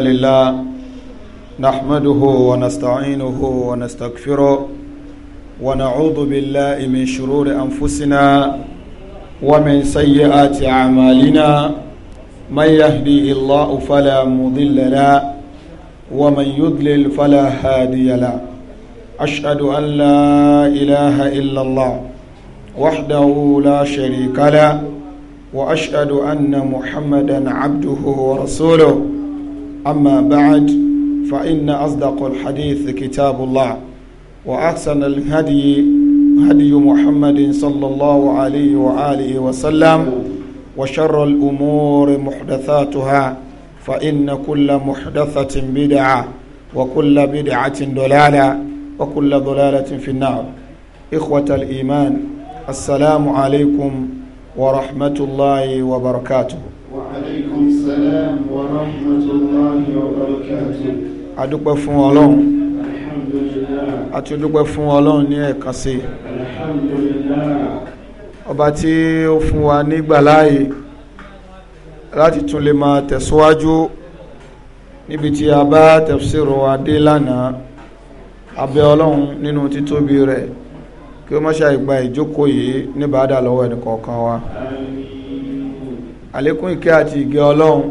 لله نحمده ونستعينه ونستغفره ونعوذ بالله من شرور أنفسنا ومن سيئات أعمالنا من يهدي الله فلا مضل له ومن يضلل فلا هادي له أشهد أن لا إله إلا الله وحده لا شريك له وأشهد أن محمدا عبده ورسوله أما بعد فإن أصدق الحديث كتاب الله وأحسن الهدي هدي محمد صلى الله عليه وآله وسلم وشر الأمور محدثاتها فإن كل محدثة بدعة وكل بدعة ضلالة وكل ضلالة في النار إخوة الإيمان السلام عليكم ورحمة الله وبركاته السلام ورحمة الله وبركاته adúpẹ́ fún ọlọ́run àti dúpẹ́ fún ọlọ́run ní ẹ̀kan sí ọba tí ó fún wa nígbà láàyè láti tún lè máa tẹ̀síwájú níbi tí a bá tafsiru wa dé lánàá abẹ́ ọlọ́run nínú títóbi rẹ̀ kí ó mọ́ṣá ìgbà ìjókòó yìí níbàádà lọ́wọ́ ẹnìkọ̀ọ̀kan wa àlékún ìkẹ́ àti ìgẹ́ ọlọ́run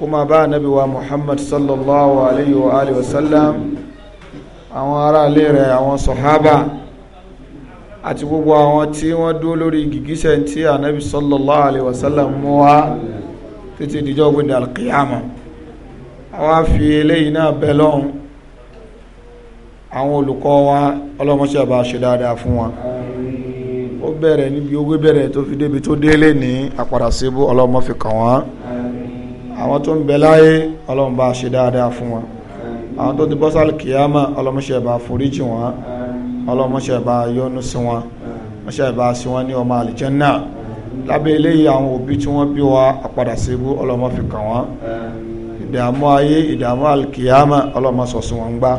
kó máa bá ànábì wa muhammad sallallahu alayhi wa alihi wa sallam àwọn aráalé rẹ̀ àwọn sọ̀hábà àti gbogbo àwọn tí wọ́n dúró lórí gìgísẹ̀ tí ànábì sallallahu alayhi wa sallam mú wá títí ìdíjọ́ gbẹ̀dẹ̀ alqiyama àwa fi eléyìí náà bẹ lọ́hùn àwọn olùkọ́ wa ọlọ́mọṣẹ́ bá ṣe dáadáa fún wa ó bẹ̀rẹ̀ níbi ó gbé bẹ̀rẹ̀ tó fi débi tó délé ní àpàdásíbú ọlọ́mọ fi kàn wọ́n àwọn tó ń bẹ láyé ọlọ́run bá ṣe dáadáa fún wa àwọn tó ti bọ́ sálì kìyàmà ọlọ́mọṣẹ́ bá foríjì wọn ọlọ́mọṣẹ́ bá yọ́nú sí wọn mọṣẹ́ bá sí wọn ní ọmọ àlìjẹ́nà lábẹ́ eléyìí àwọn òbí tí wọ́n bí wa àpadà sí ibú ọlọ́mọ fi kàn wọ́n ìdààmú ayé ìdààmú àlìkìyàmà ọlọ́mọ sọ̀sùn wọn gbá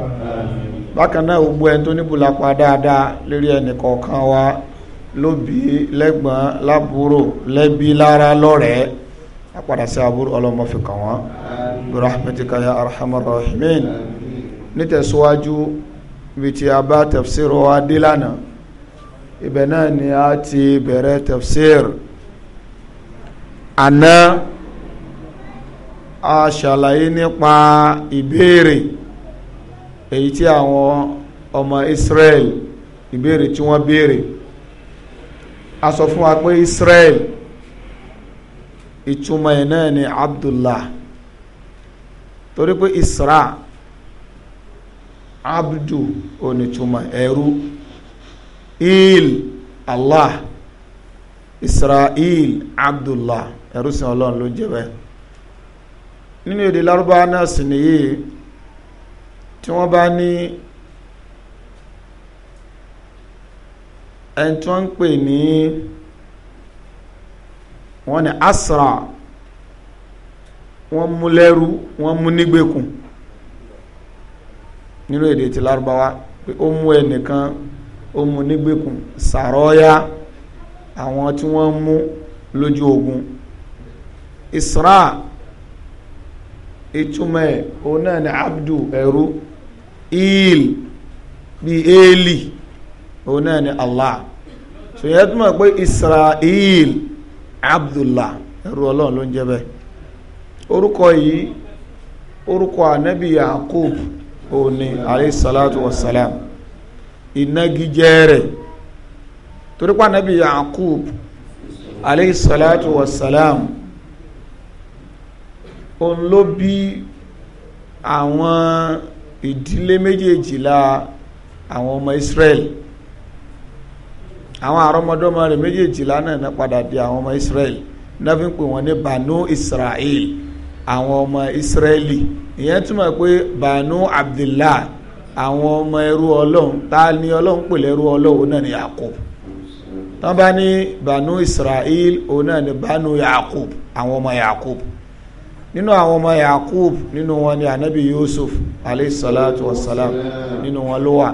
bákan náà gbogbo ẹni tó níbùlà pa dáadáa lérí ẹnì kọ̀ọ̀kan wa lóbi lẹ́gbọ̀n lábúrò lẹ́bí lára lọ́rẹ̀ẹ́ apàdà sí aburú ọlọ́mọ fi kàn wọ́n birahmatika ya arhamar rahimin nítẹ̀síwájú ibi tí a bá tafsir wa dé lánàá ibẹ̀ náà ni a ti bẹ̀rẹ̀ tafsir àná a ṣàlàyé nípa ìbéèrè èyí tí àwọn ọmọ Israel ìbéèrè tí wọ́n béèrè a sọ fún wa pé Israel ìtumọ̀ ẹ̀ náà ni abdullah torí pé isra abdu onítúmọ̀ ẹrú il allah israel abdullah ẹrú sin ọlọ́run ló jẹ́ bẹ́ẹ̀ nínú èdè lárúbáwá náà sì nìyí tí wọ́n bá ní ẹni tí wọ́n ń pè ní. Ni wọ́n ní asra wọ́n mú lẹ́rú wọ́n mú nígbèkùn nínú èdè ti lárúbáwá pé ó mú ẹnìkan ó mú nígbèkùn sàrọ́yà àwọn tí wọ́n mú lójú ogun isra ìtumọ̀ òun náà ni abdu ẹ̀rú il bíi eli òun náà ni allah ṣòyẹ́ pé israel. abdullah ẹrú ọlọ́run ló ń jẹ́ bẹ́ẹ̀ orúkọ yìí orúkọ anabi yakub òní alayhi salatu wassalam ìnagijẹ rẹ̀ torípa anabi yakub alayhi salatu salam òun ló bí àwọn ìdílé méjèèjìlá àwọn ọmọ israel. àwọn àrọ́mọdọ́mọ rẹ̀ méjèèjìlá náà ní padà di àwọn ọmọ Israel náà fi ń pè wọ́n ní banu Israel àwọn ọmọ Israeli ìyẹn túmọ̀ pé banu Abdullah àwọn ọmọ ẹrú Ọlọ́run tá a ní Ọlọ́run pè lẹ́rú Ọlọ́run náà ní Yakub tán bá ní banu Israel òun náà ní banu Yakub àwọn ọmọ Yakub nínú àwọn ọmọ Yakub nínú wọn ni anabi Yusuf alayhi salatu wa salam nínú wọn ló wà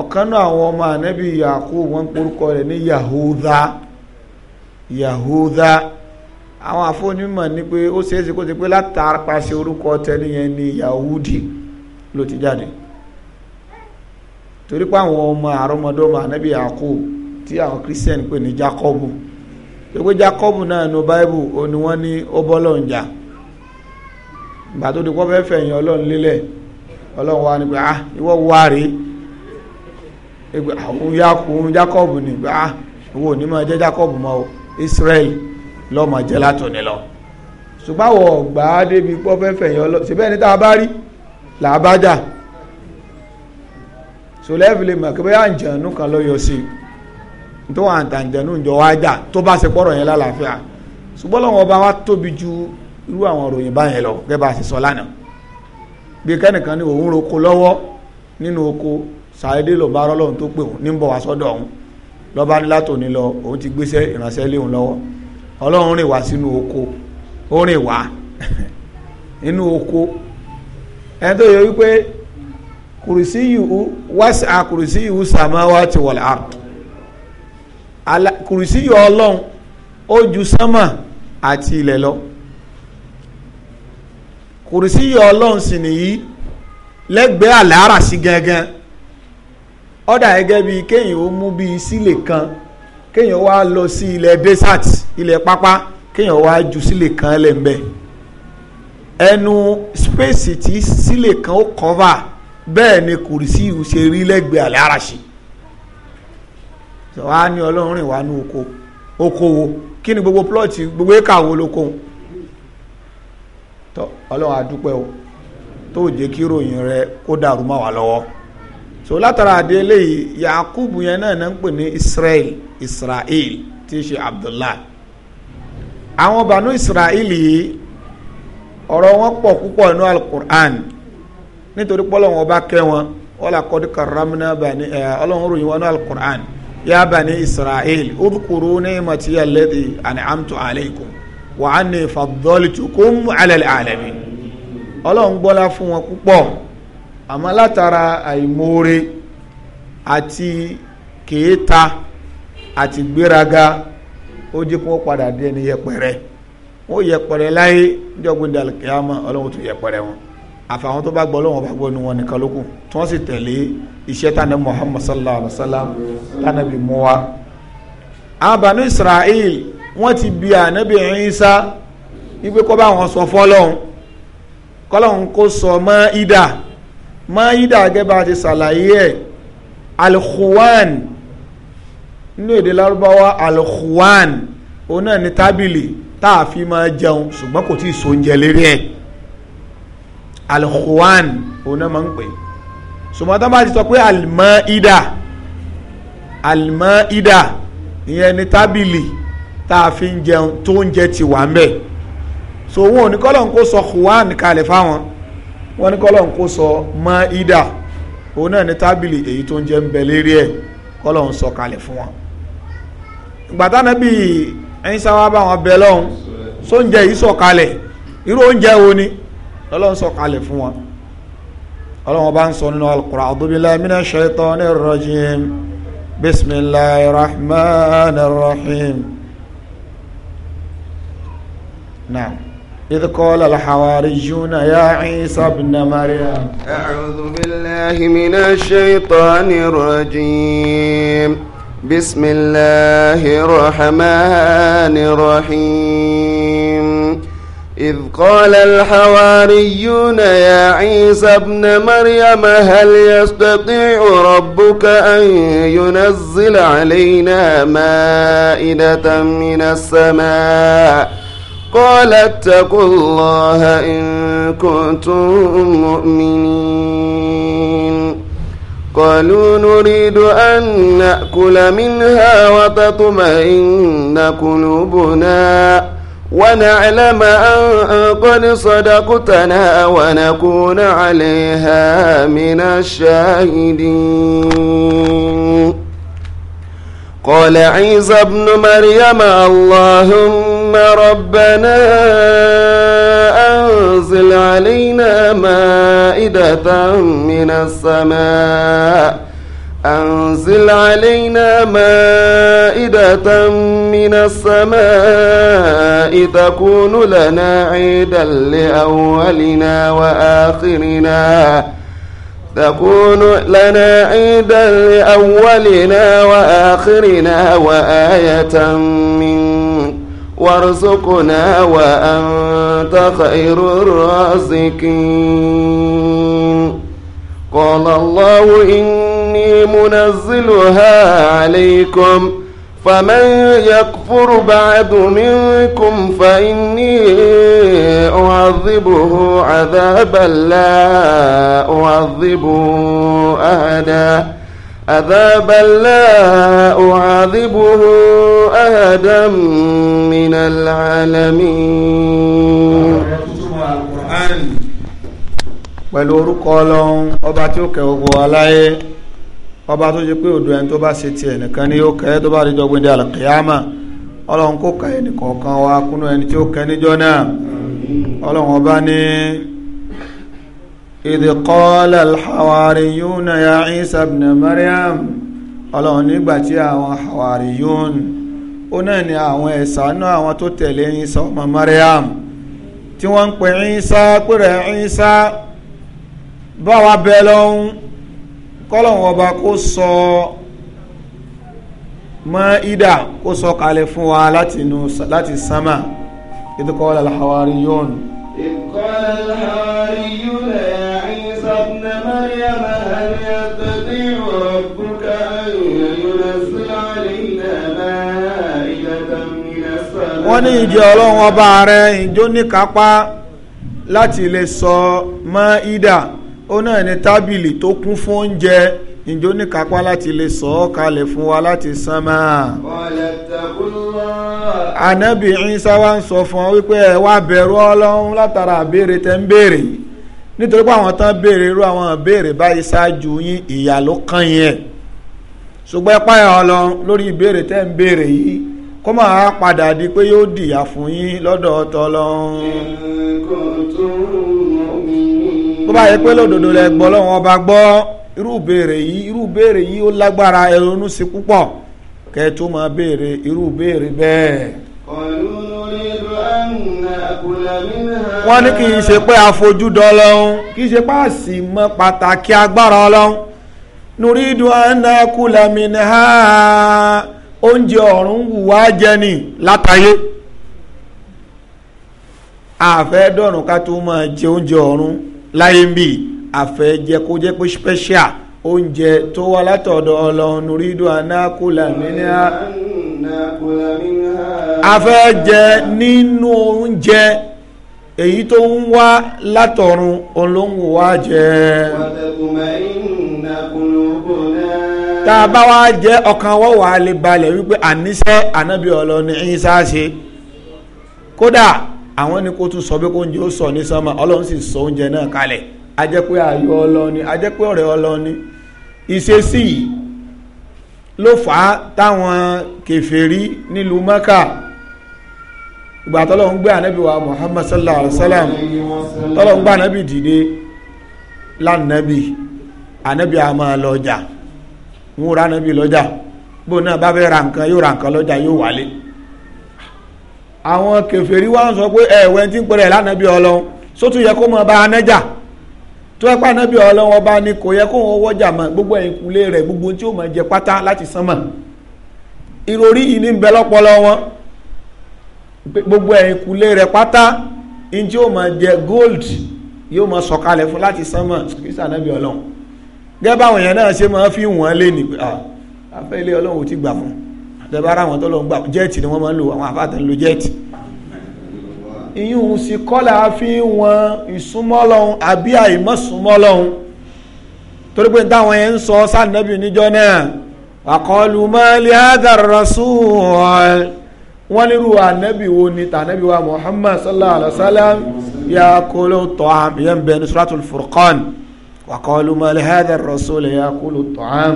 ọ̀kan náà àwọn ọmọ ànábì Yakub wọ́n porúkọ rẹ̀ ní Yahuda Yahuda àwọn àfọ́nímọ̀ ni pé ó ṣeéṣe kó ti pé látàpàṣẹ orúkọ tẹni yẹn ni Yahudi ló ti jáde torí pé àwọn ọmọ àrọ́mọdọ́mọ ànábì Yakub tí àwọn Christian pè ní Jacob pé Jacob náà nu Bible ó ní wọ́n ní ó bọ́ lọ́njà ìgbà tó di pọ́ fẹ́ fẹ̀yìn ọlọ́run lélẹ̀ ọlọ́run wa ni pé ah ìwọ wá rèé ẹgbẹ́ àwọn ah, yakun jacob ní bá owó ní máa jẹ́ jacob mọ́ o israel lọ́mọ jẹ́ látòní lọ ṣùgbọ́n àwọn ọ̀gbà débi pọ́ fẹ́fẹ́ yẹn lọ síbẹ̀ ní tá a bá rí là á bá jà sọlẹ́ẹ̀fì lè mọ̀ kí bẹ́ẹ̀ àǹjẹ̀nu kan ló yọ sí i tó wà àǹtàǹjẹ̀nu ìjọ wa jà tó bá ṣe pọ̀rọ̀ yẹn lálàáfíà ṣùgbọ́n lọ́wọ́ ọba wa tóbi ju irú àwọn òròyìn báyẹn lọ gẹ́gẹ́ bá a ṣe sọ lánàá bí kẹ́nìkan ní òun roko lọ́wọ́ nínú oko sàyédè ló bá rọ́lọ́hún tó pè ní wá sọ́dọ̀ òun lọ́ba ní lọ òun ti gbéṣẹ́ ìránṣẹ́ lọ́wọ́ ọlọ́run rìn sínú oko ó rìn wá inú oko ẹni tó yẹ wípé kùrùsí yìí wáṣẹ àkùrùsí yìí sàmáwá ti wọ̀lẹ̀ yìí ọlọ́run ó ju sánmà àti ọ̀dà gẹ́gẹ́ bíi kéèyàn ó mú bíi sílè kan kéèyàn wá lọ sí ilẹ̀ desert ilẹ̀ pápá kéèyàn wá ju sílè kan lẹ̀ ń bẹ̀ ẹnu spéèsì tí sílè kan ó kọ́fà bẹ́ẹ̀ ni kùrìsì ìhù ṣe rí lẹ́gbẹ̀ẹ́ àlẹ́ àràṣì wàá ní ọlọ́run rìn wá ní oko oko wo kí ni gbogbo plọ́ọ̀tì gbogbo éka wo lóko tọ́ ọlọ́run a o tó jẹ́ kí ròyìn rẹ kó dàrú mọ́ wa lọ́wọ́ so látara àdé eléyìí yakubu yẹn náà ń pè ní israel israel tí í ṣe abdullahi àwọn banu israel yìí ọ̀rọ̀ wọn pọ̀ púpọ̀ nínú alukur'an nítorí pọ́lọ́ wọn bá kẹ́ wọn wọ́n là kọ́dí karamna bani ẹ̀ ọlọ́run ròyìn wọn nínú alukur'an ya bani israel udukuru ní matiya lẹ́dí àni amtu aleikum wàá ní fadọ́lì tukum alẹ́ ọlọ́run gbọ́lá fún wọn púpọ̀ àmọ́ látara àìmoore àti kèéta àti gbéraga ó jẹ́ kó padà dé ẹni yẹpẹrẹ wọ́n yẹpẹrẹ láyé níjọ́gbìn dàlùkìyàmọ́ ọlọ́run tó yẹpẹrẹ wọn àfàwọn tó bá gbọ́ ọlọ́run bá gbọ́ ní wọn nìkan lókun tí wọ́n sì tẹ̀lé iṣẹ́ tánà Muhammad sallallahu alayhi wa sallam tánà bí mú wa. abanu Israel wọ́n ti bi ànábì Ìsá wípé kó bá wọn sọ fọ́lọ́hún kọ́lọ́hún kó sọ mọ́ ìdá máyídà gẹ́gẹ́ bá ti ṣàlàyé ẹ̀ alkhuwan nínú èdè lárúbáwá alkhuwan òun náà ni tábìlì tá a fi máa jẹun ṣùgbọ́n kò tí so oúnjẹ lérí ẹ̀ alkhuwan òun náà máa ń pè ṣùgbọ́n tó bá ti sọ pé almaida almaida ìyẹn ni tábìlì tá a fi ń jẹun tó oúnjẹ ti wà ń bẹ̀ so òun ò ní kọ́lọ̀ ń kó sọ khuwan kalẹ̀ fáwọn. So, wọ́n ní kọ́lọ́hún kó sọ Máídà òun náà ní tábìlì èyí tó ń jẹ́ ń bẹ lérí ẹ̀ kọ́lọ́hún sọ kalẹ̀ fún wọn. ìgbà táná bí ẹyin sáwá bá wọn bẹ lọ́hún sóúnjẹ yìí sọ kalẹ̀ irú oúnjẹ wo ni lọ́lọ́hún sọ kalẹ̀ fún wọn. ọlọ́wọ́n bá ń sọ nínú Al-Qur'an a'udhu billahi minash shaitanir rajim bismillahir rahim. Naam. إذ قال الحواريون يا عيسى ابن مريم أعوذ بالله من الشيطان الرجيم بسم الله الرحمن الرحيم إذ قال الحواريون يا عيسى ابن مريم هل يستطيع ربك أن ينزل علينا مائدة من السماء قال اتقوا الله إن كنتم مؤمنين قالوا نريد أن نأكل منها وتطمئن قلوبنا ونعلم أن قد صدقتنا ونكون عليها من الشاهدين قال عيسى ابن مريم اللهم ثم ربنا أنزل علينا مائدة من السماء أنزل علينا مائدة من السماء تكون لنا عيدا لأولنا وآخرنا تكون لنا عيدا لأولنا وآخرنا وآية من وارزقنا وأنت خير الرازقين قال الله إني منزلها عليكم فمن يكفر بعد منكم فإني أعذبه عذابا لا أعذبه أهداً عذابا لا أعذبه أحدا من العالمين pẹ̀lú orúkọ ọlọ́run ọba tí ó kẹ́ gbogbo aláyé ọba tó jẹ́ pé ọ̀dọ̀ ẹni tó bá ṣe tiẹ̀ nìkan ni ó kẹ́ tó bá rí jọgbìn dé àlùkìyàmà ọlọ́run kó kẹ́ ẹnìkọ̀ọ̀kan wa kúnú ẹni tí ó kẹ́ níjọ́ náà ọlọ́run ọba ní. إذ قال الحواريون يا عيسى ابن مريم ọlọ́run nígbà tí àwọn hawariyun ó náà ni àwọn ẹ̀sánú àwọn tó tẹ̀lé Ìsá ọmọ Mariam tí wọ́n ń pè Ìsá pèrè Ìsá báwa bẹ lọ́hún kọ́lọ́hún ọba kó sọ mọ́ ida kó sọ kalẹ̀ fún wa láti sánmà idh qala al-hawariyun. idh qala al-hawariyun. مريم هل يستطيع ربك أن ينزل علينا مائدة من السماء wọ́n ní ìjọ ọlọ́run ọba rẹ̀ ìjọ níkápá láti lè sọ mọ́ ìdá ó náà ní tábìlì tó kún fún oúnjẹ ìjọ níkápá láti lè sọ ọ́ kalẹ̀ fún wa láti san máa. ànábì Ìsá ń sọ fún ọ wípé ẹ wá bẹ̀rù ọlọ́run látara àbèrè tẹ́ ń béèrè nítorí pé àwọn tán béèrè irú àwọn béèrè báyìí ṣáájú yín ìyà ló kàn yín ṣùgbọ́n ẹ páyà Ọlọ́run lórí ìbéèrè tẹ́ ń béèrè yìí kó máa padà di pé yóò dìyà fún yín lọ́dọ̀ t'Ọlọ́run. bó bá yẹ pé lódodo lẹ gbọ́ lọ́wọ́ ọba gbọ́ irú béèrè yìí irú béèrè yìí ó lágbára ẹ ronú púpọ̀ kẹ́ máa béèrè irú béèrè bẹ́ẹ̀. ọ̀rọ̀ wọ́n ní kì í ṣe pé àfojúdọ́ ọlọ́run kì í ṣe pé àsì mọ́ pàtàkì agbára ọlọ́run nùrídù anákùlà mìnàá oúnjẹ ọ̀run wùwá jẹni látayé àfẹ́ dọ̀rùn ká tó máa jẹ oúnjẹ ọ̀run láyé ń bì àfẹ́ jẹ kó jẹ́ pé special oúnjẹ tó wá látọ̀dọ̀ ọlọ́run nùrídù anákùlà mìnàá afẹ́ jẹ nínú oúnjẹ èyí tó ń wá látọ̀run olóhùn wa jẹ tá a bá wá jẹ ọkàn wọ́n wà lè balẹ̀ wípé àníṣẹ́ ànábì ọlọ́ni ìsá ṣe kódà àwọn ni kó tún sọ pé kó oúnjẹ ó sọ ní sánmà ọlọ́run sì sọ oúnjẹ náà kalẹ̀ a jẹ́ pé ayọ̀ ọlọ́ni a jẹ́ pé ọ̀rẹ́ ọlọ́ni ìṣesí yìí ló fà á táwọn kèfèrí nílùú Mẹ́kà ìgbà tọ́lọ̀ ń gbé ànábì wa Muhammad sallallahu alaihi wa sallam tọ́lọ̀ ń gbé ànábì dìde lánàbì ànábì a máa lọ́jà ń wúra ànábì lọ́jà bó náà bá fẹ́ ra nǹkan yóò ra nǹkan lọ́jà yóò wálé àwọn kèfèrí wá ń sọ pé ẹ̀wẹ̀ tí ń pẹ̀rẹ̀ lánàbì ọlọ́run sótú yẹ kó mọ̀ bá anájà tó ẹ pa nábì ọlọ́wọ́n bá ní kò yẹ kó wọn wọ́jà mọ́ gbogbo ẹ̀yìn kulé rẹ̀ gbogbo tí ó mọ̀ jẹ pátá láti sánmà ìròrí yìí ní bẹ wọn gbogbo ẹ̀yìn kulé rẹ̀ pátá in tí ó gold yóò mọ̀ sọ̀kalẹ̀ fún láti gẹ́gẹ́ báwọn náà ṣe máa fi wọ́n lé ní pé afẹ́ ilé ti gbà fún àtẹ̀bára àwọn tó ìyún sí kọ́là fi wọn ìsúnmọ́lọ́hun àbí àìmọ́súnmọ́lọ́hun torí pé táwọn yẹn ń sọ sànẹ́bì níjọ́ náà àkọlù mọ́lẹ́ àdàrọ̀sùn wọ́n nírú ànẹ́bì wo ni tànẹ́bì wa Muhammad sallallahu alayhi wa sallam ya kolo tọ́ham yẹn bẹ́ẹ̀ ní suratul furqan àkọlù mọ́lẹ́ àdàrọ̀sùn ya kolo tọ́ham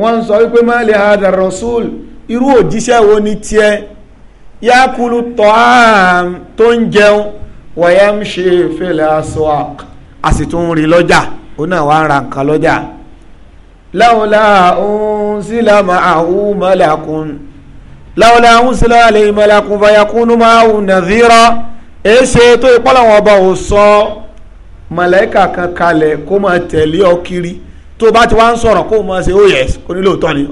wọ́n sọ wípé mọ́lẹ́ àdàrọ̀sùn irú òjíṣẹ́ wo ni tiẹ̀ yakulu tọ́ám tó ń jẹun wayamshi fil aswaq a sì tún rí lọ́jà ó náà wá ń ra nǹkan lọ́jà láwùlá unsila ma'ahu malakun láwùlá unsila alayhi malakun fayakunu ma'ahu nadhira èsè tó ìpọ́lọ́wọ́ ọba ò sọ màláíkà kan kalẹ̀ kó máa tẹ̀lé ọ kiri tó bá ti wá ń sọ̀rọ̀ kó máa ṣe ó oh yẹ kó nílò tọ́ ni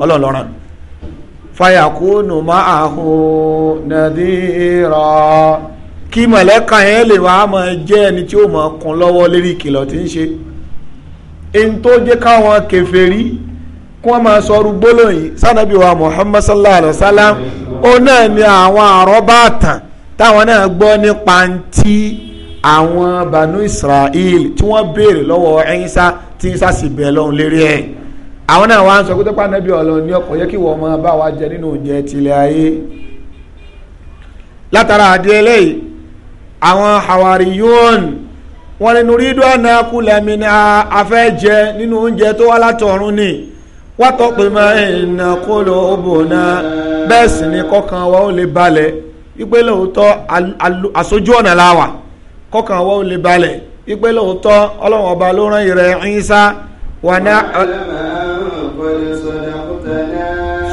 fayakunu ma'ahu nadira kí mọ̀lẹ́ka yẹn lè wá máa jẹ́ ẹni tí ó máa kún lọ́wọ́ lérí ìkìlọ̀ tí ń ṣe in tó jẹ́ káwọn kèfèrí kí wọ́n máa sọrú gbólóyìn sanabi wa muhammad sallallahu alayhi wa sallam ó náà ni àwọn àrọ́bàtàn táwọn náà gbọ́ nípa ti àwọn banu israel tí wọ́n béèrè lọ́wọ́ ẹ̀yìnsá tí ń sá sì bẹ̀ lọ́hùn lérí ẹ̀ àwọn náà wá ń sọ nẹ́bí ní ọkọ̀ yẹ kí wọ́n bá wa jẹ nínú oúnjẹ tilẹ̀ ayé látara àdé àwọn àwárí yóòn wọn nínú rídú àná kúlẹ̀mí ni a jẹ nínú oúnjẹ tó tọ́ ìnà kó òbò náà bẹ́ẹ̀ ni kọ́kàn wa lè balẹ̀ wípé lóòótọ́ ọ̀nà la wà kọ́kàn wa ó lè balẹ̀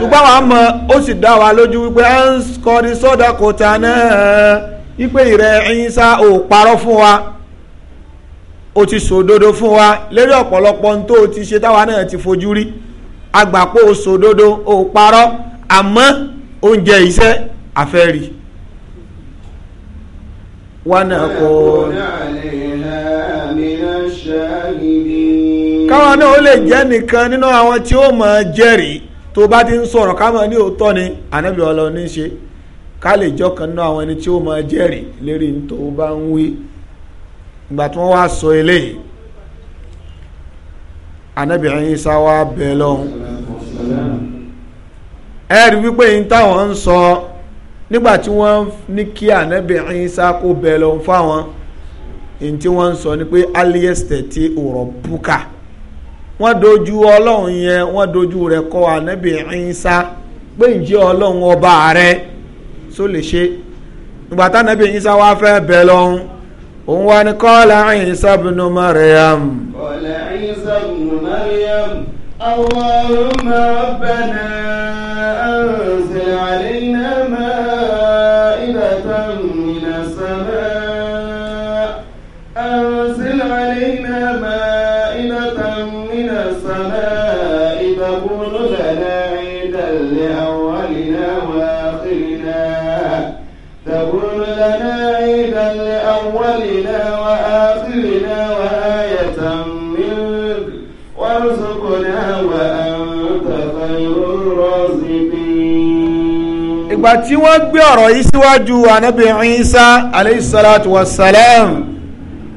ṣùgbọ́n wàá mọ ó sì dá wa lójú wípé à ń kọrí sọ́dà kòtà náà wípé ìrẹ̀ ẹ̀yin ò parọ́ fún wa ó ti sòdodo fún wa lérí ọ̀pọ̀lọpọ̀ ohun tó ti ṣe táwa náà ti fojú rí agbàpọ̀ ó sòdodo ó parọ́ àmọ́ oúnjẹ iṣẹ́ àfẹ́rí wánà kò káwọn náà ó lè jẹ́ nìkan nínú àwọn tí ó mọ̀ jẹ́rìí tó bá ti ń sọ̀rọ̀ ká máa ní òótọ́ ni ànábì ọlọ́run ní ṣe ká lè náà àwọn ẹni tí ó máa jẹ́rìí lérí tó bá ń wí ìgbà tí wọ́n wá sọ eléyìí ànábì Ìsá wá bẹ̀ ẹ rí wípé yín táwọn ń sọ nígbà tí wọ́n ní kí ànábì sọ ni pé búkà. wọ́n dojú ọlọ́run yẹn wọ́n dojú rẹ̀ kọ́ ànábì Ìsá pé ǹjẹ́ ọlọ́run ọba rẹ̀ só lè ṣe ìgbà tánábì Ìsá wá fẹ́ bẹ̀ lọ́hún òun wá ní kọ́lá Ìsá bínú Mariam. kọ́lá Ìsá bínú لنا عيدا لأولنا وآخرنا وآية منك وارزقنا وأنت خير الرازقين ìgbà tí wọ́n gbé ọ̀rọ̀ yìí síwájú ànábì Ìsá aleyhisalatu wasalam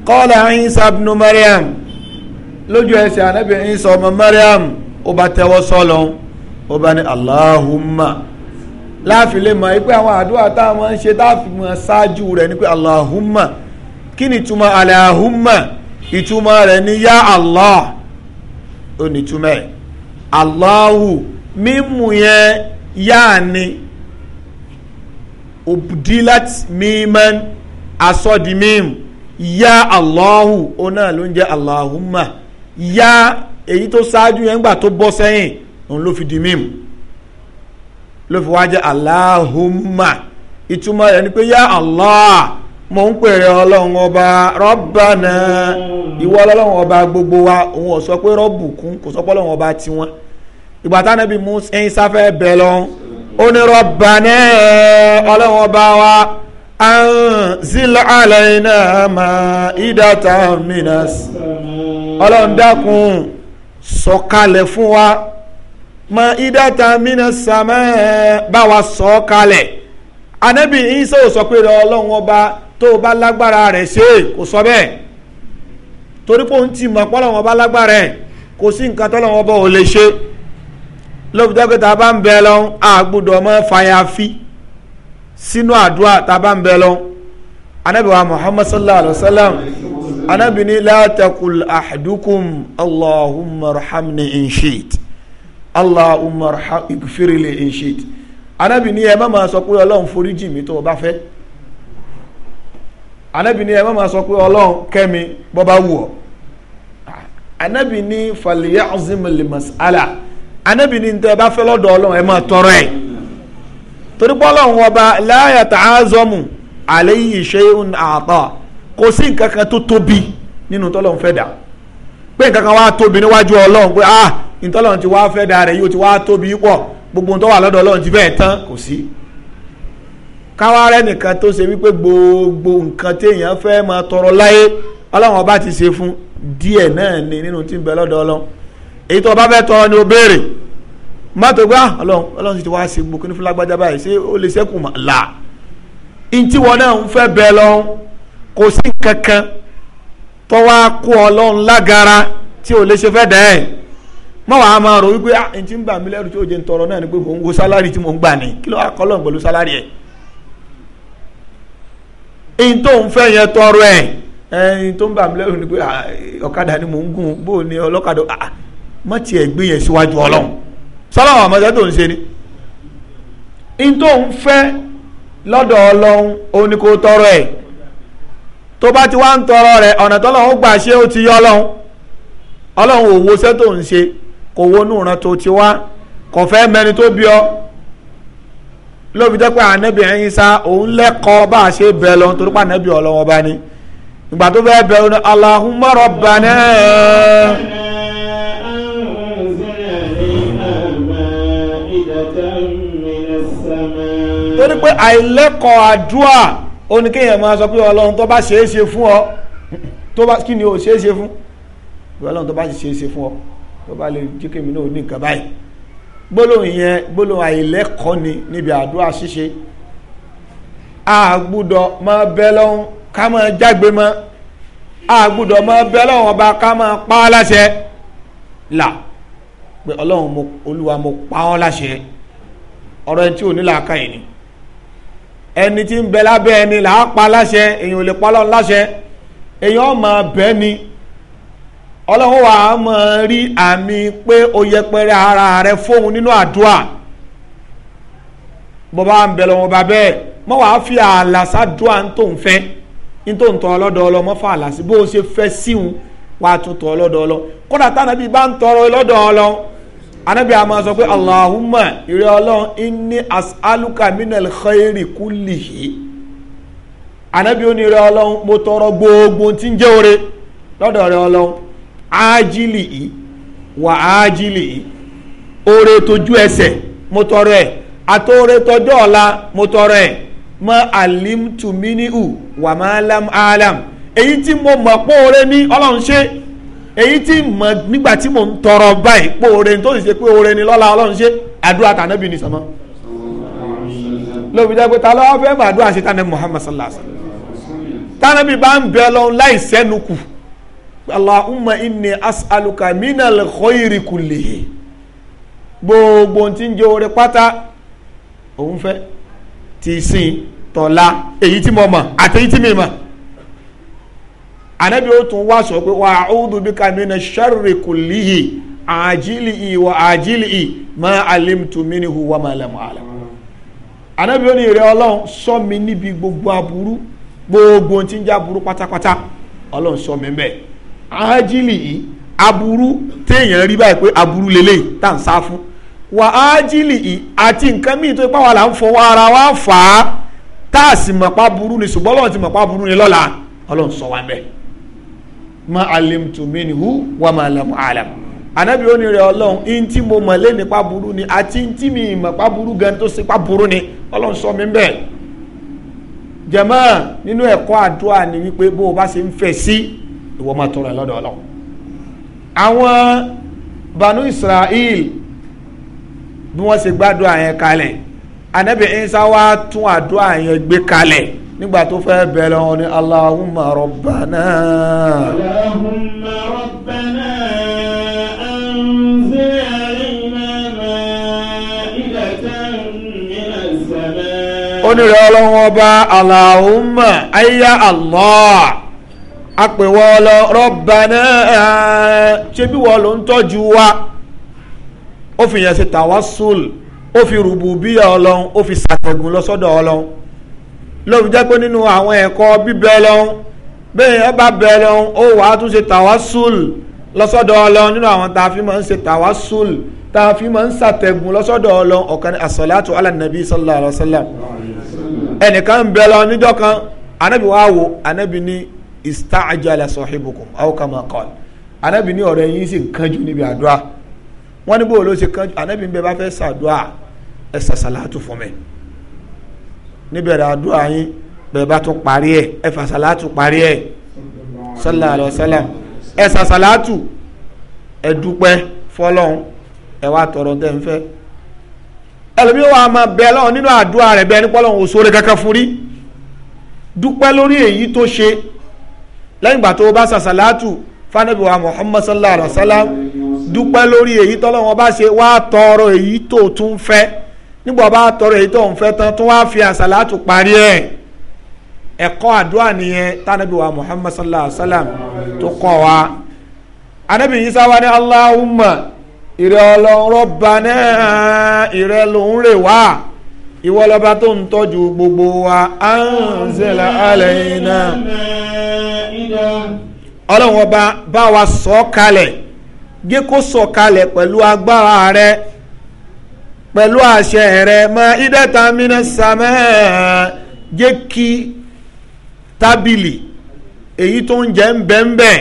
kọ́lá Ìsá ibnu Maryam lójú ẹsẹ̀ ànábì Ìsá ọmọ Maryam ó bá tẹ́wọ́ sọ́lọ́ ó bá ní Allahumma láàfin lè mọ̀ pé àwọn àdúrà tá a máa ń ṣe táàfin mọ̀ ṣáájú rẹ̀ ni pé Allahumma kí ni ìtumọ̀ Allahumma ìtumọ̀ rẹ̀ ni yá Allah ó ní ìtumọ̀ ẹ̀ Allahu mímú yẹn yá ni obdilat mímán asọ́di yá Allahu ó náà ló ń jẹ́ Allahumma yá èyí tó ṣáájú yẹn gbà tó bọ́ sẹ́yìn òun ló fi di mímu. ló fi wá aláhùnmá ìtumọ̀ rẹ̀ ni pé yá allah mo ń pèrè ọlọ́run ọba rọ́bànà ìwọ ọlọ́run ọba gbogbo wa òun ò sọ pé rọ́bù kún kò sọ pé ọlọ́run ọba tiwọn ìgbà táwọn ẹbí mú ẹyin lọ ó ní ọba wa wa. mọ ìdáta mina sàmẹ bá wa sọ kalẹ̀ anabi isa ò sọ pé rẹ ọlọ́run ọba tó o bá lágbára rẹ̀ ṣe kò sọ bẹ́ẹ̀ torí pé òun ti mọ̀ pọ́lọ́run ọba lágbára ẹ̀ kò sí nǹkan tọ́lọ́run ọba ò lè ṣe lóbìtọ́ pé tá bá ń bẹ lọ́n a gbọ́dọ̀ fàyàfi sínú àdúrà tá a bá ń bẹ lọ́n anabi wa muhammad sallallahu alaihi wa sallam anabi ni la taqul allahumma rahamni in shi'ta allahumma igfirili in shit anabi ni ẹ má máa sọ pé ọlọ́run foríjì mi tó o bá fẹ́ anabi ni ẹ má máa sọ pé ọlọ́run kẹ́mi bọ́ bá wù ọ́ anabi ni faliya azimili masala anabi ni ntẹ bá fẹ́ lọ́dọ̀ ọlọ́run ẹ máa tọrọ ẹ̀ torí pé ọlọ́run ọba láyà tá a zọmù àléyìn ṣẹ́yìn àtọ̀ kò sí nǹkan kan tó tóbi nínú tọ́lọ́run fẹ́ dà pé nǹkan kan wá tóbi níwájú ọlọ́run pé ah ntọ́lọ́run ti wá fẹ́ da rẹ̀ yóò ti wá tóbi pọ̀ gbogbo ntọ́ wà lọ́dọ̀ ọlọ́run ti fẹ́ tán kò sí. káwá rẹ nìkan tó ṣe wípé gbogbo nǹkan téèyàn fẹ́ máa tọrọ láyé ọlọ́run ọba ti ṣe fún díẹ̀ náà ni nínú tí ń bẹ lọ́dọ̀ ọlọ́run èyí tó ọba fẹ́ tọrọ ni ó béèrè mọ́tò gbá ah, ọlọ́run ọlọ́run ti wá ṣe gbogbo kí ní fúlágbájá báyìí ṣé ó lè ṣẹ́kù là ntí wọn náà ń fẹ́ bẹ lọ́run kò sí kankan tó wá kó ọlọ́run lágara tí ò lè ṣe fẹ́ dẹ́ mọ wàá máa rò wípé ah ntí ń bà mí lẹ́rù tí ó ń tọrọ náà ni pé mò ń wo sálárì tí mò ń gbà ní kí ló wà kọ́ lọ́n pẹ̀lú sálárì ẹ̀. ẹ̀yìn ń fẹ́ yẹn tọrọ ẹ̀ ẹ̀yìn tó ń bà mí lẹ́rù ni pé ah, ọ̀kadà ni mò ń gùn bó ni ọlọ́kadà ah, ah má tiẹ̀ gbé yẹn síwájú ọlọ́run sálárì àwọn ọmọdé tó ń ṣe ni. ẹ̀yìn tó ń fẹ́ lọ́dọ̀ ọlọ́run òun ni kò tọrọ ẹ̀ tó bá ti wá ń tọrọ rẹ̀ ọ̀nà tọ́lọ́run gbà ṣe ó ti yọ ọlọ́run ọlọ́run òwò sẹ́tò ń ṣe kò wọnú ìran ti wá kò fẹ́ mẹni tó bí ọ ló fi jẹ́ pé ànábì òun lẹ́kọ̀ọ́ bá a ṣe bẹ̀ lọ torí pé ànábì ọlọ́wọ́ bá ní ìgbà tó fẹ́ bẹ̀ ọ ní Allahumma torí pé àìlẹ́kọ̀ọ́ àdúrà oníkéèyàn máa sọ pé ọlọ́run tó bá ṣeé ṣe fún ọ tó bá kí ni ó ṣeé ṣe fún ọlọ́run tó bá ṣeé ṣe fún ọ tó bá lè jẹ́ kémi náà ní nǹkan báyìí gbólóhùn yẹn gbólóhùn àìlẹ́kọ̀ọ́ ni níbi àdúrà ṣíṣe àgbúdọ̀ máa bẹ lọ́hún ká máa jágbe mọ́ àgbúdọ̀ máa bẹ lọ́hún ọba ká máa pa á láṣẹ là pé ọlọ́run mo olúwa mo pa ọ́ láṣẹ ọ̀rọ̀ ẹni tí ò ní làákà yìí ni ẹni tí ń bẹ lábẹ́ ẹni là pa láṣẹ èèyàn ò lè pa ọlọ́run láṣẹ èèyàn máa bẹ ni ọlọ́run wà á mọ̀ rí àmì pé o yẹpẹrẹ ara rẹ fóun nínú àdúrà bọ́bá ń bẹ̀ lọ́wọ́ bá bẹ́ẹ̀ mọ́ wàá fi ààlà sádùá ń tó ń fẹ́ ń tó ń tọ́ ọlọ́dọ̀ ọlọ́ mọ́ fà ààlà sí bó o ṣe fẹ́ síhun wàá tún tọ́ ọlọ́dọ̀ ọlọ́ kódà táwọn àbí bá ń tọrọ ọlọ́dọ̀ anabi a sọ pé allahumma ìrẹ́ ọlọ́run inni as'aluka minal khayri kullihi anabi ó ní ìrẹ́ ọlọ́run mo tọrọ gbogbo tí ń jẹ́ ore lọ́dọ̀ ọlọ́run ájílì wà ájílì oore tójú ẹsẹ̀ mo tọrọ ẹ̀ àtọ́rẹ tọjọ́ ọla, mo tọrọ mọ alim tuminiu wà má lam alam èyí tí mo mọ póore ní ọlọ́run ṣe èyí tí mọ nígbà tí mo ń tọrọ báyìí póore tó sì ṣe pé ni lọ́la ọlọ́run ṣe àdúrà tànàbí ni sọmọ lóbi jẹ́ ta ló fẹ́ àdúrà ṣe tànàbí Muhammad sallallahu tànàbí bá ń bẹ láì sẹ́nu kù Allahumma inni as'aluka minal khoiri kullihi gbogbo tí ń jẹ oore pátá òun fẹ́ ti sin tọ̀la èyí tí mo mọ̀ àti èyí tí mi mọ̀ ànábi ó tún wá sọ pé wa a'udhu bika minash sharri kullihi àjílì wa àjílì ma alimtu minhu wa ma lam alam ànábi ó ní ìrẹ́ ọlọ́run ṣọ́ mi níbi gbogbo aburú gbogbo tí ń jẹ́ aburú pátápátá ọlọ́run mi bẹ́ẹ̀ ájílì yìí aburú téèyàn rí báyìí pé aburú lélẹ̀ tá n sá fún wà ájílì yìí àti nǹkan míì tó ipá là ń fọwọ́ ara wa fà á tá a sì mọ̀ pa burú ni ṣùgbọ́n ọlọ́run ti mọ̀ burú ni lọ́la ọlọ́run sọ wa bẹ́ẹ̀ ma alimtu minhu wa ma lam alam anabi ó ní rẹ ọlọ́run in mo mọ̀ lé nípa burú ni àti in tí mi mọ̀ burú gan tó ṣe pa burú ni ọlọ́run sọ mi bẹ́ẹ̀ jẹ̀mọ́ nínú ẹ̀kọ́ àdúrà ni wípé bó o bá ṣe ń fẹ́ sí. Si ìwọ máa tọrọ ẹ̀ lọ́dọ̀ ọlọ́run àwọn banu israel bí wọ́n ṣe gbàdúrà yẹn kalẹ̀ anabi isa wa tún àdúrà yẹn gbé kalẹ̀ nígbà tó fẹ́ bẹ̀rẹ̀ wọn ni allahumma rabbana. allahumma rabbana. onírẹ̀ ọlọ́wọ́n ọba allahumma ayya allah apèwọ́ lọ Rabbana ṣé bí wọ́n ló ń tọ́jú wa ó fi yẹn ṣe tawassul ó fi rùbùbíyà ọlọ́run ó fi ṣàtẹ̀gùn lọ sọ́dọ̀ ọlọ́run lóbi jẹ́ pé nínú àwọn ẹ̀kọ́ bíbẹ lọ́hún bẹ́ẹ̀ ẹ bá bẹ lọ́hún ó wàá tún ṣe tawassul lọ́sọ́dọ̀ ọlọ́run nínú àwọn tá a fi máa ń ṣe tawassul tá a fi máa ń ṣàtẹ̀gùn lọ́sọ́dọ̀ ọlọ́run ọ̀kan ní alànàbí sallallahu alayhi wa sallam ẹnìkan ń bẹ lọ níjọ́ kan anábì wá wò anábì ní istajala sahibukum aw kama qala anabi ní ọ̀rọ̀ yín sì ń kánjú níbi àdúrà wọ́n ní bó ló ṣe kánjú anabi ń bẹ bá fẹ́ ṣàdúrà ẹ ṣàṣàlátù fún mi níbẹ̀rẹ̀ àdúrà yín bẹ́ẹ̀ bá tún parí ẹ̀ ẹ fàṣàlátù parí ẹ̀ sallallahu alaihi wasallam ẹ ṣàṣàlátù ẹ dúpẹ́ fọlọ́hún ẹ wá tọrọ tẹ́ ń fẹ́ ẹlòmí wa máa bẹ lọ́wọ́ nínú àdúrà rẹ̀ bẹ́ẹ̀ ní pọ́lọ́hún òṣòro kankan fún rí dúpẹ́ lórí èyí tó ṣe lẹ́yìn ìgbà tó o bá sàṣàlátù fanabi wa muhammad sallallahu alaihi wa sallam dúpẹ́ lórí èyí tọ́lọ́wọ́n bá ṣe wá tọrọ èyí tó tún fẹ́ nígbà bá tọrọ èyí tó ń fẹ́ tán tún wá fi àṣàlátù parí ẹ̀ ẹ̀kọ́ àdúrà nìyẹn tanabi wa muhammad sallallahu alaihi wa sallam tó kọ́ wa anabi yìí sáwa ní allahumma ìrẹ Ọlọ́run Rabbana ìrẹ lòún rè wá ìwọ tó ń tọ́jú gbogbo wa anzala alayna. ọlọ́run ọba bá wa sọ ọ́ kalẹ̀ gé kó sọ kalẹ̀ pẹ̀lú agbára rẹ pẹ̀lú àṣẹ rẹ ma idata mina samẹ́ jẹ́ kí tábìlì èyí tó ń jẹ́ ń bẹ́ ń bẹ́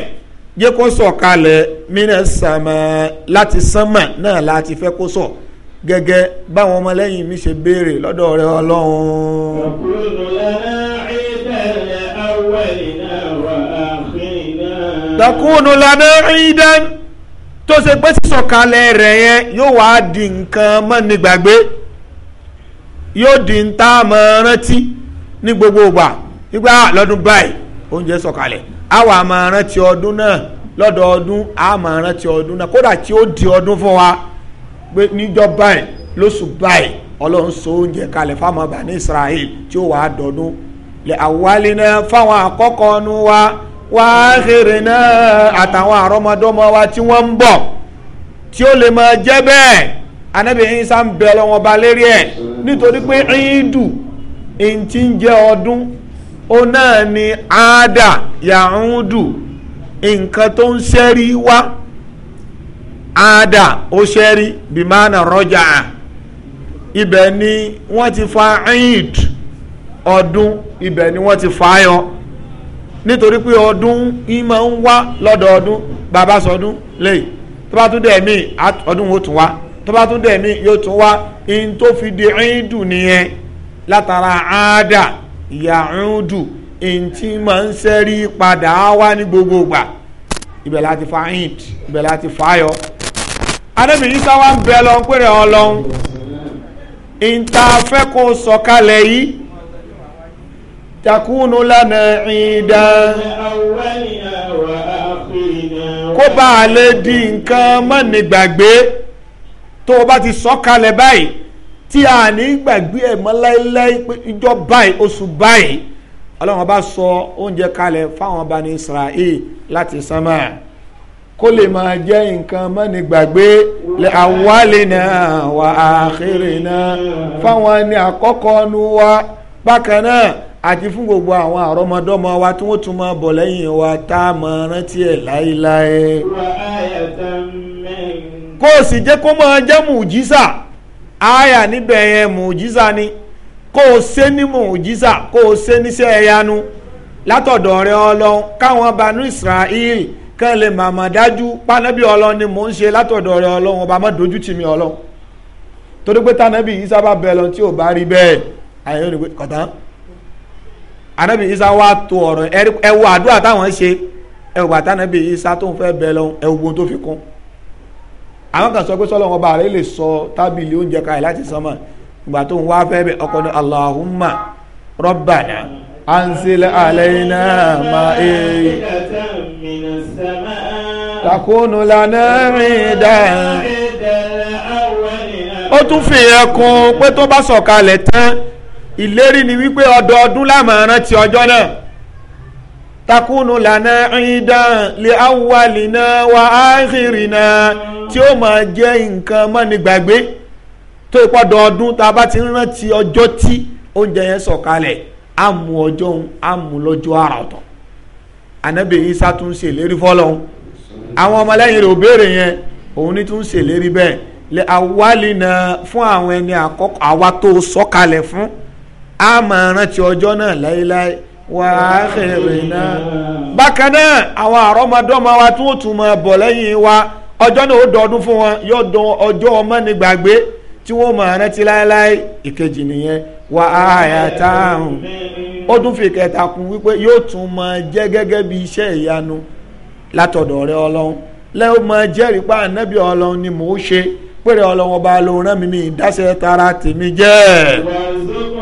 jẹ́ kó sọ̀ kalẹ̀ mina samẹ́ láti sánmà náà láti fẹ́ kó sọ̀ gẹ́gẹ́ báwọn ọmọlẹ́yìn mi ṣe béèrè lọ́dọ̀ rẹ ọlọ́run. ọ̀pọ̀ ìrọ̀lẹ́ takunu lana idan tó ṣe pé sísọ̀kalẹ̀ rẹ̀ yẹn yóò wá di nǹkan mọ́nigbàgbé yóò di ń rántí ní gbogbo ìgbà nígbà lọ́dún báyìí oúnjẹ sọ̀kalẹ̀ àwa máa rántí ọdún náà lọ́dọọdún a rántí ọdún náà kódà tí ó di ọdún fún wa pé báyìí lóṣù báyìí ọlọ́run so oúnjẹ kalẹ̀ fáwọn ọba ní Israel tí ó wàá dọdún àwálé náà fáwọn àkọ́kọ́ wa. wáhìrìnà àtàwọn àrọmọdọ́mọ wa tí wọ́n ń bọ̀ tí ó lè máa jẹ́ bẹ́ẹ̀ anabi isa ń bẹ lọ́wọ́ ba lérí ẹ̀ nítorí pé ìdù ìntì ń jẹ́ ọdún ó náà ni àádà yàrúndù nǹkan tó ń ṣẹ́rí wá àádà ó ṣẹ́rí bìmánà rọ́jà ibẹ̀ ni wọ́n ti fa ìd ọdún ibẹ̀ ni wọ́n ti fa ayọ̀ nítorí pé ọdún ìmọ̀ ń wá lọ́dọọdún bàbá sọdún lẹ́yìn tó bá tún dẹ̀ mí ọdún ó tún wá tó bá tún dẹ̀ mí yóò tún wá in tó fi di ìdù nìyẹn látara àádà ìyá ìdù in tí máa ń sẹ́rí padà wá ní gbogbo ìgbà ibẹ̀ láti fa ind ibẹ̀ láti fa ayọ̀ anábì yìí sáwá ń bẹ lọ ń pèrè ọ lọ́hún in tá fẹ́ kó sọ̀kalẹ̀ yìí takunu lana ida kó bá a lè di nǹkan má ní gbàgbé tó o bá ti sọ kalẹ̀ báyìí tí a ní gbàgbé ẹ̀ mọ́ láéláé pé ìjọ báyìí oṣù báyìí ọlọ́run bá sọ oúnjẹ kalẹ̀ fáwọn bani Israel láti sánmà kó lè máa jẹ́ nǹkan má ní gbàgbé lè awwalina wa akhirina fáwọn ẹni àkọ́kọ́ nu wa bákan náà àti fún gbogbo àwọn àrọmọdọ́mọ wa tí wọ́n tún máa bọ̀ lẹ́yìn wa tá a mọ rántí ẹ̀ láéláé kó o sì jẹ́ kó máa jẹ́ mùjísà àyà níbẹ̀ yẹn mùjísà ni kó o ṣe ní mùjísà kó o ṣe níṣẹ́ ẹ̀yanu látọ̀dọ̀ rẹ ọlọ́run káwọn banú Israel kán lè màmá dájú pánábì ọlọ́run ni mò ń ṣe látọ̀dọ̀ rẹ ọlọ́run ọba má dojú tì mí ọlọ́run torí pé tánábì yìí sábà bẹ̀ tí ò bá rí bẹ́ẹ̀ àyẹ̀wò ni kọ̀tán anabi isa wa to ọ̀rọ̀ ẹ wo àdúrà táwọn ṣe ẹ wò bàtà anabi isa tó ń fẹ́ bẹ lọ ẹ wo tó fi kún àwọn kan sọ pé sọlọ wọn rẹ lè sọ tábìlì oúnjẹ kalẹ̀ láti sánmọ̀ ìgbà tó ń wá fẹ́ bẹ ọkọ ní Allahumma rabbana anzil alayna ma'i takunu lana ridan ó tún fi ẹkùn pé tó bá sọ̀kalẹ̀ tán ìlérí ni wípé ọdọọdún la máa rántí ọjọ́ náà takunu lana idan li awwalina wa akhirina tí ó máa jẹ́ nǹkan mọ́ni gbàgbé tó ìpọ́dọ̀ ọdún tá a bá ti rántí ọjọ́ tí oúnjẹ yẹn sọ̀kalẹ̀ á mú ọjọ́ òun á mú lọ́jọ́ àrà ọ̀tọ̀ ànábì Ìsá tún ṣèlérí fọ́lọ́hún àwọn ọmọlẹ́yìn rẹ̀ ò béèrè yẹn òun ní tún ṣèlérí bẹ́ẹ̀ li awwalina fún àwọn ẹni àkọ́kọ́ àwa tó sọ̀kalẹ̀ fún. So a máa rántí ọjọ́ náà láéláé wà á fèrè náà. bákan náà àwọn àrọ́mọdọ́mọ wa tún ó tún máa bọ̀ lẹ́yìn wa ọjọ́ náà ó dọdún fún wọn yóò dún ọjọ́ ọmọ ní gbàgbé tí wọ́n máa rántí láéláé ìkejì nìyẹn wà á yà táwọn. ó tún fi kẹta kún wípé yóò tún máa jẹ́ gẹ́gẹ́ bí iṣẹ́ ìyanu látọ̀dọ̀ rẹ ọlọ́run lẹ́yìn máa jẹ́rìí pa ànábì ọlọ́run ni mò ń ṣe pèrè ọlọ́run ọba ló rán mi mi ìdásẹ̀ tara tèmi jẹ́. wàá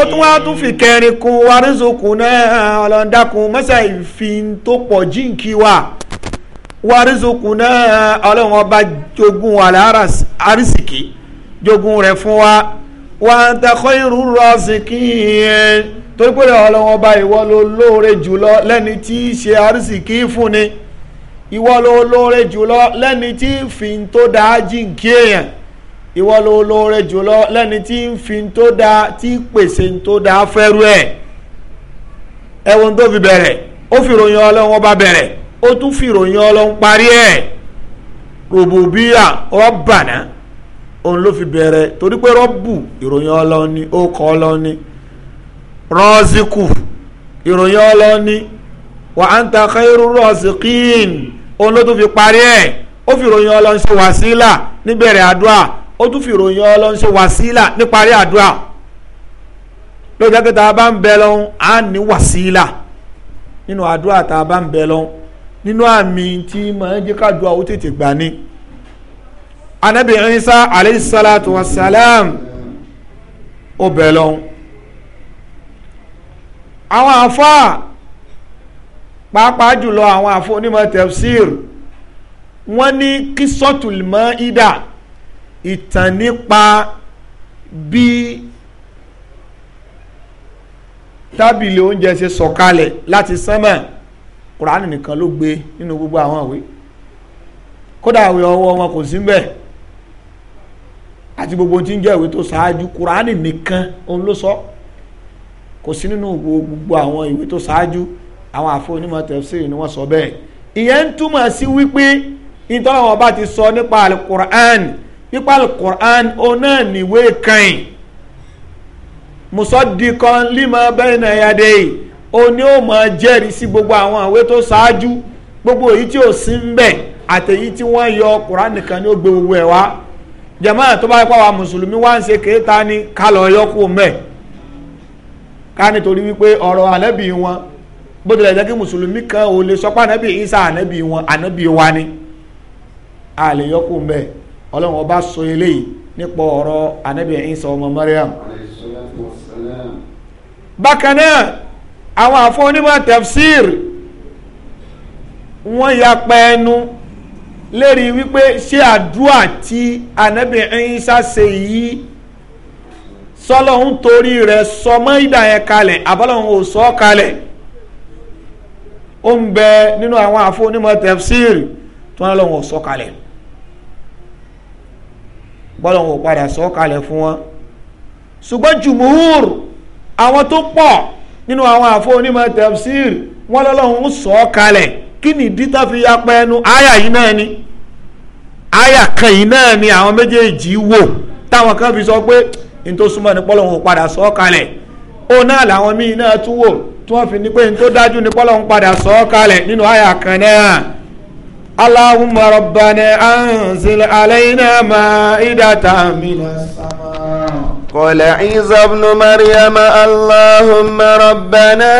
ó tún wá tún fi kẹrin kun warizokun náà ọlọ́ndàkùn mọ́sá ìfin tó pọ̀ jíǹkí wa warizokun náà ọlọ́run ọba jogun wà arísìkí jogun rẹ̀ fún wa wà á takọ́ irú rọ́ọ̀sìkì yẹn torí pé ọlọ́run ọba ìwọ ló lóore jùlọ lẹ́ni tí í ṣe arísìkí fún ni ìwọ ló lóore jùlọ lẹ́ni tí fi tó dáa jíǹkí èèyàn ìwọ ló lóore jùlọ lẹni tí ń fi tó dáa tí pèsè tó da fẹ́rú ẹ̀ ẹ̀wọ̀n tó fi bẹ̀rẹ̀ ó fi ròyìn ọlọ́run ọba ó tún fi ròyìn ọlọ́run parí ẹ̀ rògbòbíà ọ̀bànà òun ló fi bẹ̀rẹ̀ torí pé rọ́bù ìròyìn ọlọ́run ni ó kọ́ ọlọ́run ni rọ́ọ̀sìkù ìròyìn ọlọ́run ni wa anta khairu rọ́ọ̀sìkìn òun ló tún fi parí ó ó tún fi ìròyìn ọlọ́run ṣe wàsílà níparí àdúrà lóòjọ́ pé tá a bá ń bẹ lọ́hún á ní wàsílà nínú àdúrà tá a bá ń bẹ lọ́hún nínú àmì tí màá jẹ́ kádùá ó tètè gbà ní. anabi Isa aleyhi salatu salam ó bẹ lọ́hún àwọn àfáà pàápàá jùlọ àwọn àfọ onímọ̀ tafsir wọ́n ní kí sọ́tùlmọ́ ìdá ìtàn nípa bí tábìlì oúnjẹ ṣe sọ̀kalẹ̀ láti sánmà kùránì nìkan ló gbé nínú gbogbo àwọn ìwé kódà ìwé ọwọ́ wọn kò sí mbẹ̀ àti gbogbo tí ń jẹ́ ìwé tó ṣáájú kùránì nìkan òun ló sọ kò sí nínú gbogbo àwọn ìwé tó ṣáájú àwọn àfọ onímọ̀ tẹ̀síì ni wọ́n sọ bẹ́ẹ̀ ìyẹn ń túmọ̀ sí wípé ìtọ́lọ́wọ́n bá ti sọ nípa alukur'an pípa alukur'an ọ̀nà níwé kan musodikan lima bẹ́ẹ̀nà yàdé ó ní ó máa jẹ́rìí sí gbogbo àwọn àwé tó ṣáájú gbogbo èyí tí ò sí ń bẹ̀ àtẹ̀yí tí wọ́n yọ kur'an nìkan ni ó gbé gbogbo ẹ̀ wá jàmáà tó bá yẹ kó àwa mùsùlùmí wá ń ṣe kéétà ní kálọ̀ yọkù mẹ́ẹ̀ ká nítorí wípé wọn bó tilẹ̀ jẹ́ kí kan ò lè sọ pé Isa ànábì wọn ànábì wa ni a lè yọkù mbẹ́ ọlọ́run ọba sọ eléyìí nípa ọ̀rọ̀ anabi Isa ọmọ Mariam bákan náà àwọn àfọ onímọ̀ tafsir wọ́n ya pẹ́ẹ́nu lérí wípé ṣé àdúrà tí anabi Isa ṣe yìí sọlọ́hún torí rẹ̀ sọmọ́ ìdá yẹn kalẹ̀ àbọ́lọ́hún ò sọ kalẹ̀ ó ń bẹ nínú àwọn àfọ onímọ̀ tafsir tí wọ́n lọ́wọ́ sọ kalẹ̀ bọ́lọ̀ wọn ò padà sọ kalẹ̀ fún wọn ṣùgbọ́n jùmùhúr àwọn tó pọ̀ nínú àwọn àfọ onímọ̀ tafsir wọn lọ́lọ́run sọ kalẹ̀ kí ni dítà fi ya pa ẹnu àyà yìí náà ni àyà kan yìí náà ni àwọn méjèèjì wò táwọn kan fi sọ pé n tó súnmọ́ ní bọ́lọ̀ wọn ò padà sọ kalẹ̀ ó náà làwọn míì náà tún wò tí wọ́n fi ní pé n tó dájú ní bọ́lọ̀ wọn padà sọ nínú àyà kan náà اللهم ربنا أنزل علينا مائدة من السماء قال عيسى ابن مريم اللهم ربنا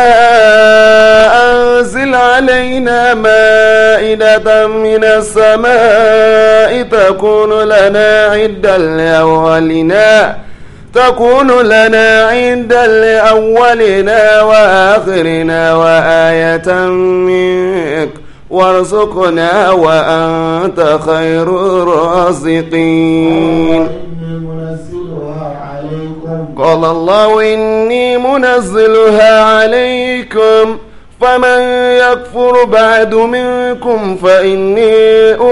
أنزل علينا مائدة من السماء تكون لنا عدا لأولنا تكون لنا عند لأولنا وآخرنا وآية منك وارزقنا وأنت خير الرازقين قال الله إني منزلها عليكم فمن يكفر بعد منكم فإني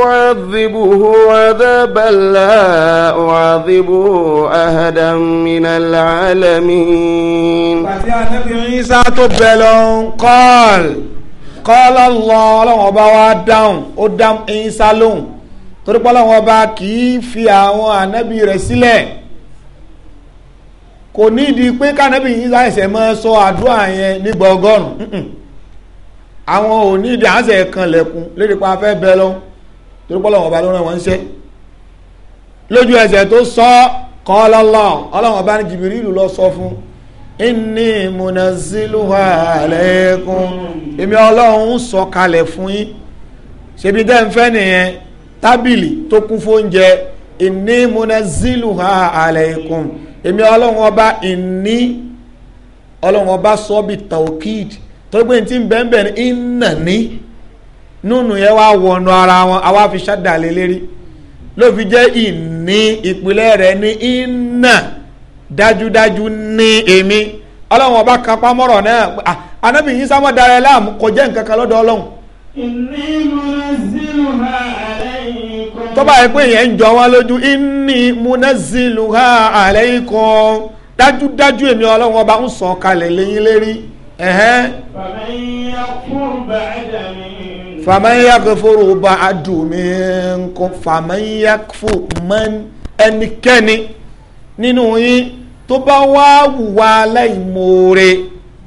أعذبه عذابا لا أعذبه أهدا من العالمين قال kọ́lá lọ ọlọ́run ọba wa dáhùn ó dá ẹ̀yìnsá lóhùn torí pé ọlọ́run ọba kì í fi àwọn ànábì rẹ̀ sílẹ̀ kò nídìí pé kánábì ẹ̀yìnsá ẹ̀sẹ̀ máa sọ àdúrà yẹn ní gbọ̀ngọ́rùn àwọn ò nídìí àṣẹ kanlẹ̀kùn lédè pa afẹ́ bẹ́ẹ̀ lọ torí pé ọlọ́run ọba ló rán wọn ṣẹ́ lójú ẹsẹ̀ tó sọ kọ́lá lọ ọlọ́run ọba ní jìbìrì ìlú lọ sọ fún un inni munaziluha aleikum èmi ọlọ́run sọ kalẹ̀ fún yín ṣebí dẹ́ fẹ́ nìyẹn tábìlì tó kún fóúnjẹ inni munaziluha aleikum èmi ọlọ́run ọba inni ọlọ́run ọba sọ́bi taokid tó gbé tí iná ní yẹn wá wọnú ara wọn àwa fi lérí ló fi jẹ́ ìpìlẹ̀ ní dájúdájú ní èmi ọlọ́run ọba kan pamọ́rọ̀ náà anábì yín sá mọ́ dára ẹ láàmú kò nǹkan kan lọ́dọ̀ ọlọ́run. inni munazziluha alaykum. tó bá pé ìyẹn ń jọ lójú dájúdájú èmi ọlọ́run ọba ń sọ kalẹ̀ lẹ́yìn lérí. ẹnikẹ́ni. nínú yín tó bá wá wùwá aláìmoore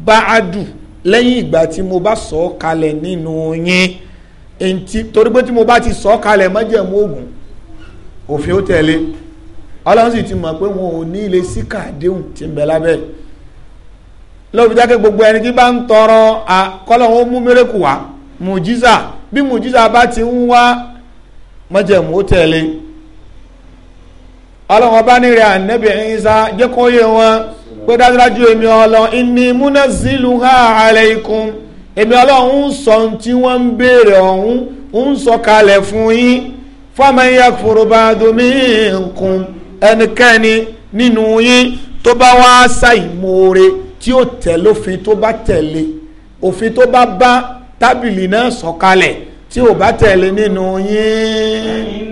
bá a dù lẹ́yìn ìgbà tí mo bá sọ kalẹ̀ nínú yín torí pé mo bá ti ogun òfin ó tẹ̀lé ọlọ́run sì ti mọ̀ pé wọn ò ní ilé síkà àdéhùn tí ń bẹ lábẹ́ lọ́bi dákẹ́ gbogbo ẹni tí bá ń tọrọ àkọ́lọ́hún ó mú mérekù wá mùjísà bí mùjísà bá ti ń wá ó tẹ̀lé ọlọ́wọ́n bá ní rẹ̀ ànẹ́bì Ìsá jẹ́ kó yé wọn pé dájúdájú èmi ọlọ́run inni munazziluha alaykum èmi ọlọ́run ń sọ tí wọ́n ń béèrè ọ̀hún ń sọ kalẹ̀ fún yín faman yakfuru ba'du minkum ẹnikẹ́ni nínú yín tó bá wá ṣàìmoore tí ó tẹ̀lé òfin tó bá tẹ̀lé òfin tó bá bá tábìlì náà sọ̀kalẹ̀ tí ò bá tẹ̀lé nínú yín.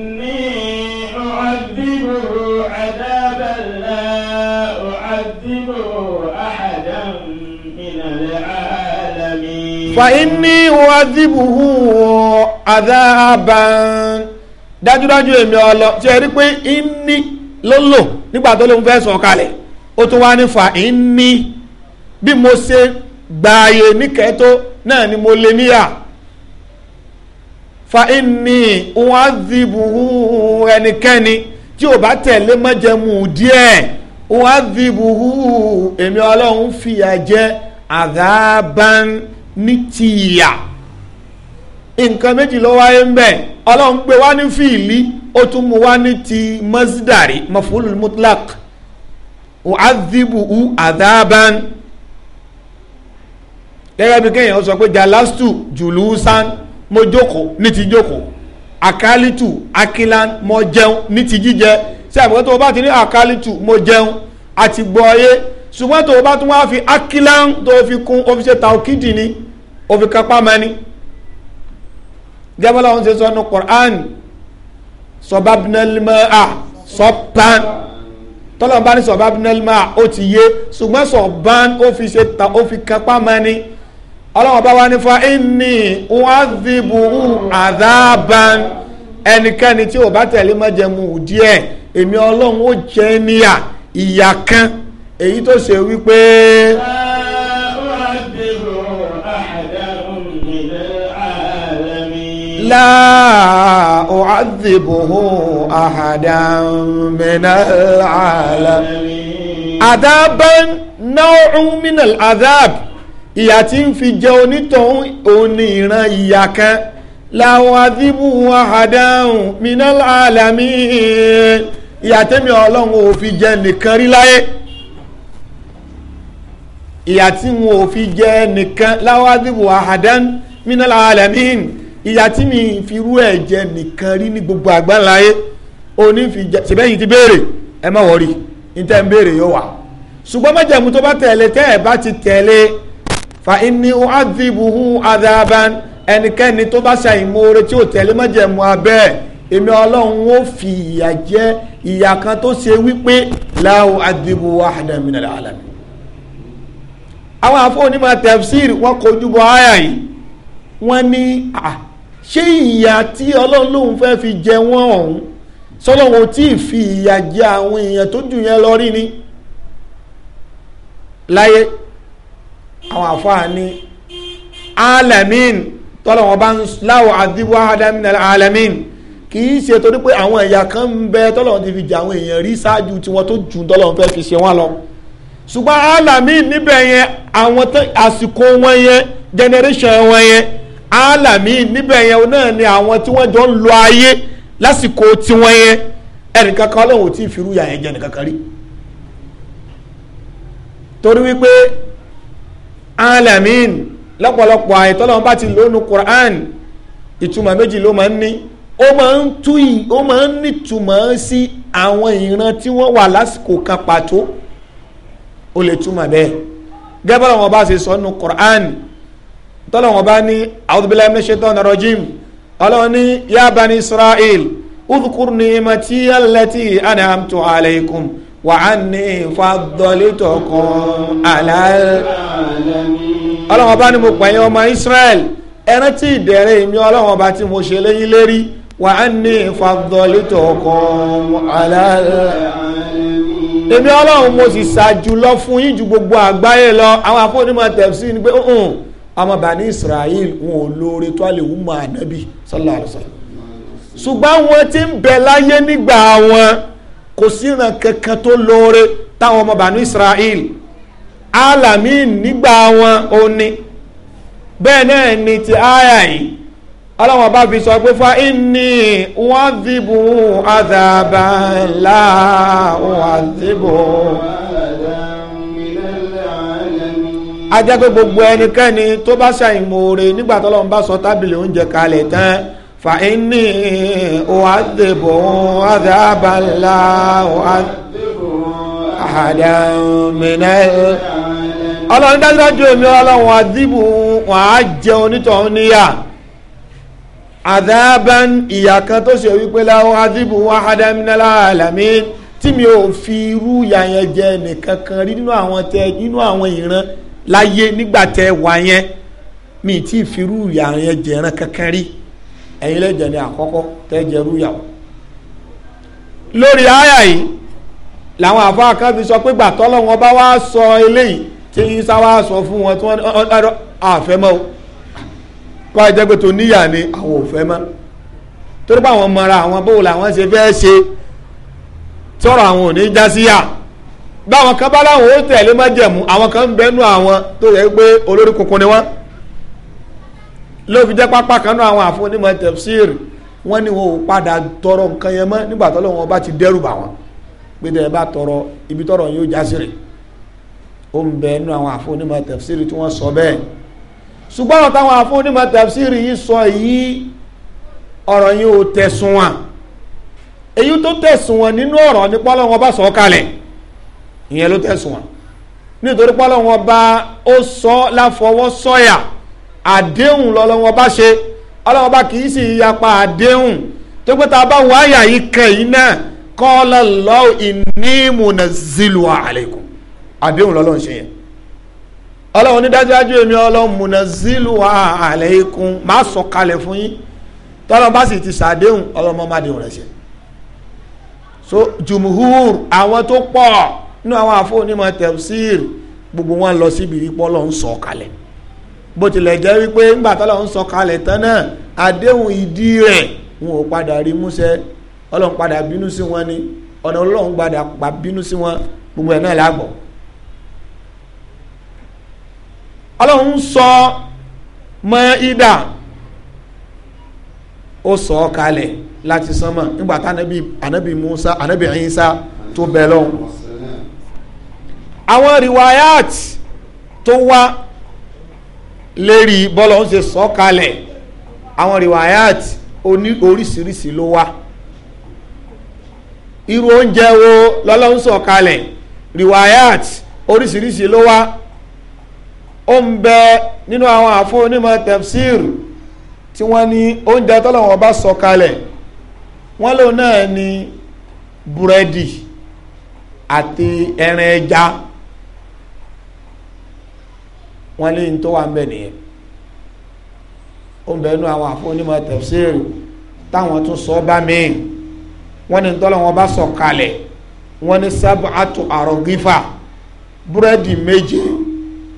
fàíní wàdìbùhù àdáàbàn dájúdájú èmi ọlọ tí ẹ rí pé ìní ló lò nígbà tó lóun fẹ́ sọ kalẹ̀ ó tún wá ní fàíní bí mo ṣe gbààyè níkẹtó náà ni mo lè níyà fàíní wàdìbùhù ẹnikẹ́ni tí ò bá tẹ̀lé mọ́jẹ̀mú díẹ̀ wàdìbùhù èmi ọlọ́run fìyà jẹ àdáàbàn ní ti ìyà nǹkan méjì ló wáyé ń bẹ̀ ọlọ́run gbé wá ní fìlí ó tún mú wá ní ti mọ́sídàrí mafulul mutlak u'adhibuhu adhaban gẹ́gẹ́ bí kéèyàn sọ pé jalastu julusan mo jókòó ní ti jókòó akalitu akilan mo jẹun ní ti jíjẹ sí àbúkọ́ tó o bá ti ní akalitu mo jẹun àti gbọ́ ọyé ṣùgbọ́n tó o bá tún wá fi akilan tó o fi kún o fi ṣe taokidi ni ó fi kápá mẹ́ni gẹ́gẹ́ bọ́lá wọn ṣe sọ ní Qur'an sọ̀bábínálímọ́ à sọ̀pán tọ́lọ̀ bá ní sọ̀bábínálímọ́ à ó ti yé ṣùgbọ́n sọ̀bán ó fi ṣe ta ó fi kápá mẹ́ni ọlọ́wọ́n bá wá ní fa inni uadhibuhu adhaban ẹnikẹ́ni tí ò bá tẹ̀lé májẹ̀mú díẹ̀ èmi ọlọ́run ó jẹ́ níyà ìyà kan èyí tó ṣe wípé. لا أعذبه أحدا من العالمين عذابا نوع من العذاب ìyà tí ń fi jẹ onítọ̀hún òní ìran ìyà kan láwọn adíbù àhàdáhùn minal alamin ìyà tẹ́mi ọlọ́run ò fi jẹ nìkan rí láyé ìyà tí wọn ò fi jẹ nìkan láwọn adíbù àhàdáhùn minal alamin ìyà tí mi fi rú ẹ̀ jẹ nìkan rí ní gbogbo àgbáńláyé òní fi jẹ ṣèbẹ́yìn ti béèrè ẹ má wọrí níta ń béèrè yóò wà ṣùgbọ́n májẹ̀mú tó bá tẹ̀lé tẹ́ ẹ̀ bá ti tẹ̀lé fa inni u'adhibuhu adhaban ẹnikẹ́ni tó bá ṣe àìmoore tí ò tẹ̀lé májẹ̀mú abẹ́ èmi ọlọ́run ó fi ìyà jẹ ìyà kan tó ṣe wípé la u'adhibu wa minal alamin àwọn afọ onímọ̀ tafsir wọ́n kojú bọ àyà yìí wọ́n ní à ah, ṣé ìyà tí ọlọ́run lòun fẹ́ fi jẹ wọ́n ọ̀hún sọlọ́run tí ì fi ìyà jẹ àwọn èèyàn tó jù yẹn lọ rí ni láyé àwọn àfáà ní alamin tọ́lọ́wọ́n bá ń láwọ̀ àdíwá adamin alamin kì í ṣe torí pé àwọn ẹ̀yà kan ń bẹ tọ́lọ́wọ́n ti fi jẹ àwọn èèyàn rí ṣáájú tiwọn tó jù tọ́lọ́wọ́n fẹ́ fi ṣe wọ́n lọ ṣùgbọ́n alamin níbẹ̀ yẹn àwọn àsìkò wọn yẹn generation wọn yẹn alàmì níbẹ̀ yẹn náà ni àwọn tí wọ́n jọ ń lo ayé lásìkò tiwọn yẹn ẹnìkan kan ọlọ́run ò tí ì firú yà yẹn jẹ ẹnìkan kan rí torí wípé alàmì lọ́pọ̀lọpọ̀ àìtọ́lọ́wọ́n bá ti lónú Quran ìtumọ̀ méjì ló máa ń ní ó máa ń tú yìí ó máa ń nítumọ̀ sí àwọn ìran tí wọ́n wà lásìkò kan pàtó ó lè túmọ̀ bẹ́ẹ̀ gẹ́gẹ́ bá wọn bá ṣe sọ Qur'an tọ́lọ́wọ́n bá ní a'udhu billahi minash shaitani rajim ọlọ́run ní ya bani israel udhkuru ni'mati allati an'amtu alaykum wa anni faddaltukum ala alamin ọlọ́run bá ní mo pẹ̀yìn ọmọ israel ẹ rántí ìdẹ̀rẹ̀ mi ọlọ́run bá tí mo ṣe lẹ́yìn lérí wa anni faddaltukum ala alamin èmi ọlọ́run mo sì ṣàjù lọ fún yín ju gbogbo àgbáyé lọ àwọn afọ́nímọ̀ tẹ̀sí ni pé àmọ́ bani israel wọn ò lóore tó àlè wúmọ ànábì sallallahu alaihi wasallam ṣùgbọ́n wọn ti ń bẹ láyé nígbà wọn kò síran kankan tó lóore táwọn ọmọ bani israel alamin nígbà wọn ò ní bẹ́ẹ̀ náà ni ti aya yìí ọlọ́wọ́n bá fi sọ pé fa inni wọ́n dìbò àdàbà ńlá wọ́n dìbò àdàbà ajẹ́ pé gbogbo ẹnikẹ́ni tó bá ṣàìmoore nígbà tó lọ́n bá sọ tábìlì oúnjẹ kalẹ̀ tán fa inni òhádébò àdábàlá àdàmìnà ọlọ́run dájúdájú èmi ọlọ́run àdìbò wọn á jẹ onítọ̀hún níyà àdábàn ìyà kan tó ṣe wípé láwọn àdìbò àdàmìnà láàlámì tí mi ò fi irú ìyà yẹn jẹ nìkankan rí nínú àwọn tẹ nínú àwọn ìran láyé nígbà tẹ wà yẹn mi tí ìfirú ìyá yẹn jẹran kankan rí ẹ̀yin lẹ́jẹ̀ ni àkọ́kọ́ tẹ́ jẹrú ìyàwó lórí àyà yìí làwọn àfáà kan fi sọ pé gbà tọ́lọ́ wọn bá wá sọ eléyìí tí yín sá wá sọ fún wọn tí wọ́n ọ̀dọ́ àfẹ́ mọ́ o kọ́ ẹ pé tó níyà ni àwọn ò fẹ́ mọ́ torí pé àwọn mọ̀ra àwọn bóòlù àwọn ṣe fẹ́ ṣe tọ́rọ àwọn ò ní já síyà. báwọn kan bá láwọn ó tẹ̀lé májẹ̀mú àwọn kan ń bẹnu àwọn tó yẹ pé olórí kunkun ni wọn ló fi jẹ́ pápá kan náà wọn ò padà tọrọ nǹkan yẹn mọ́ nígbà tó lọ́wọ́ bá ti dẹ́rù bà wọ́n pé tẹ̀ bá tọrọ ibi tọrọ yóò já ó ń bẹ àwọn àfúnnímọ̀ tẹ̀síìrì tí wọ́n sọ bẹ́ẹ̀ ṣùgbọ́n ọ̀tá àwọn àfúnnímọ̀ tẹ̀síìrì yìí sọ yìí ọ̀rọ̀ yìí ò tẹ̀sùn wọn èyí tó tẹ̀sùn wọn nínú ọ̀rọ̀ nípa ọlọ́wọ́n bá ìyẹn ló tẹ̀sùn wọn nítorí pọ́lọ́wọ́n bá ó sọ láfọwọ́ sọ́yà àdéhùn lọ́lọ́wọ́n bá ṣe ọlọ́wọ́n bá kì í sì yapa àdéhùn tó pé tá a bá wá àyà yìí kan yìí náà qala Allahu inni munazziluha alaykum àdéhùn lọ́lọ́wọ́n ṣe yẹn ọlọ́wọ́n ní dájúdájú èmi ọlọ́wọ́n munazziluha alaykum máa sọ kalẹ̀ fún yín tọ́lọ́ bá sì ti sàdéhùn ọlọ́wọ́n má déhùn rẹ̀ ṣe so jùmùhúr àwọn tó pọ̀ nínú àwọn àfọ onímọ̀ tẹ̀síìr gbogbo wọn lọ síbi ipò ọlọ́run sọ kalẹ̀ bó tilẹ̀ jẹ́ wípé ńgbà tọ́lọ́run sọ kalẹ̀ tán náà àdéhùn ìdí rẹ̀ wọn ò padà rí múṣẹ ọlọ́run padà bínú sí wọn ni ọ̀nà ọlọ́run padà gbà bínú sí wọn gbogbo ẹ̀ náà lágbọ̀ ọlọ́run sọ mọ́ ìdá ó sọ ọ́ kalẹ̀ láti sánmọ̀ nígbà tí anabi anabi musa anabi isa tó bẹ̀ lọ́hùn àwọn riwayat tó wá lérí bọ́lọ̀ ń ṣe sọ́kalẹ̀ àwọn riwayat oní oríṣiríṣi ló wá irú oúnjẹ wo lọ́lọ́ ń sọ̀kalẹ̀ riwayat oríṣiríṣi ló wá ó ń bẹ nínú àwọn àfọ onímọ̀ tafsir tí wọ́n ní oúnjẹ tọ́lọ́wọ́n bá sọ̀kalẹ̀ wọ́n lò náà ní búrẹ́dì àti ẹran ẹja wọ́n lé ní tó wà ń bẹ̀ nìyẹn ó ń bẹ inú àwọn àfọwọ́nímọ̀ tẹ̀síìrì táwọn tún sọ bá mi wọ́n ní tọ́lọ́ wọn bá sọ kalẹ̀ wọ́n ní sábàtú àrọ̀gífà búrẹ́dì méje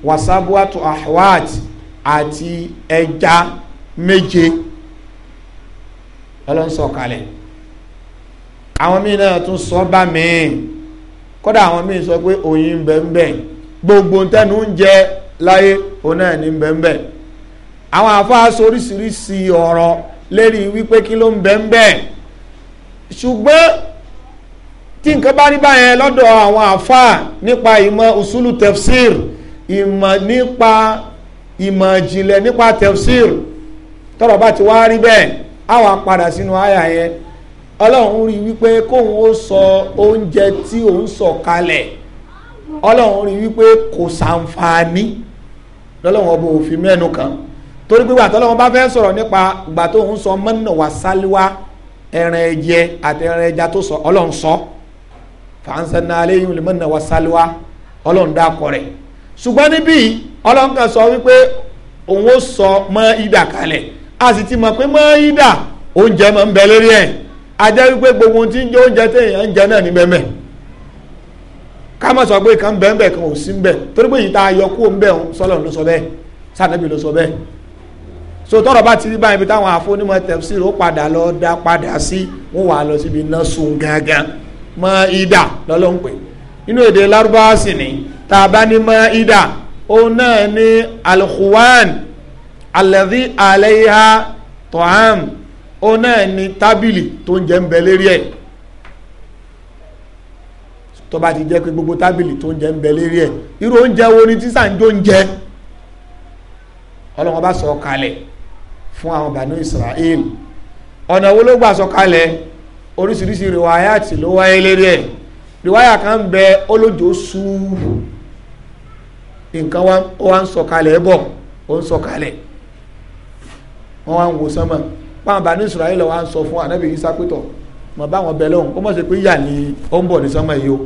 wàsábàtú àhwat àti ẹja méje ọlọ́run sọ kalẹ̀ àwọn míì náà tún sọ bá mi kódà àwọn míì sọ pé oyin ń bẹ ń bẹ gbogbo ntẹnu ń láyé òun náà ní bẹ́ẹ̀nbẹ́ẹ̀ àwọn àfáà oríṣiríṣi ọ̀rọ̀ lérí wípé kí ló ń bẹ́ẹ̀nbẹ́ẹ̀ ṣùgbọ́n tí nǹkan bá rí báyẹn lọ́dọ̀ usulu tefsir ìmọ̀ nípa ìmọ̀ ìjìnlẹ̀ nípa tefsir tọ́rọ̀ bá ti wá rí bẹ́ẹ̀ àwa padà sínú àyà yẹn ọlọ́run rí wípé kóun ó sọ oúnjẹ tí òun sọ kalẹ̀ ọlọ́run rí wípé kò lọ́lọ́wọ́n bó fi mẹ́nu kan torí pé gbàtọ́ lọ́wọ́n bá fẹ́ sọ̀rọ̀ nípa ìgbà tó ń sọ mọ́nà wà sálíwá ẹran ẹjẹ àti ẹran ẹja tó sọ ọlọ́run sọ fàǹsẹ̀nà aléyìn lè mọ́nà wà sálíwá ọlọ́run dákọ̀ rẹ̀ ṣùgbọ́n níbí ọlọ́run kan sọ wípé òun ó sọ mọ́ ìdà kalẹ̀ a sì ti mọ̀ pé mọ́ ìdà oúnjẹ máa ń bẹ lórí ẹ̀ a wípé gbogbo ohun tí ń jẹ oúnjẹ téèyàn ń jẹ náà ní mẹ́mẹ́ ká má sọ pé kan bẹ́ẹ̀ bẹ́ẹ̀ kan ò sí bẹ́ẹ̀ torí pé yìí tá a yọ kúrò bẹ́ẹ̀ ń ló sọ bẹ́ẹ̀ sànẹ́bí ló sọ bẹ́ẹ̀ so tọrọ bá ti rí báyìí táwọn afọ́nímọ̀ tafsir ó padà lọ dá padà sí wọn wà lọ síbi iná sun gangan mọ ìdá lọ́lọ́ǹpẹ̀ inú èdè lárúbáwá sì ni tá a bá ní mọ ìdá òun náà ní alhuwan alladhi alayha toham òun náà ní tábìlì tó ń jẹ́ ń bẹ lérí ẹ̀ tó bá ti jẹ́ pé gbogbo tábìlì tó ń jẹ ń bẹ lérí ẹ̀ irú oúnjẹ wo ni tísà ń jó ń jẹ ọlọ́run bá sọ kalẹ̀ fún àwọn bànú Israel ọ̀nà wo ló gbà sọ kalẹ̀ oríṣiríṣi rìwáyà tì ló wáyé lérí ẹ̀ rìwáyà kan ń bẹ olójó sùúrù nǹkan wa ń sọ kalẹ̀ bọ̀ ó ń sọ kalẹ̀ wọ́n wá ń wo sánmà páwọn bànú Israel wa ń sọ fún ànábì Isa pé tọ̀ mọ̀ báwọn bẹ̀ lọ́hùn ó mọ̀ sí pé yà ni ó ń bọ̀ ní sánmà yìí o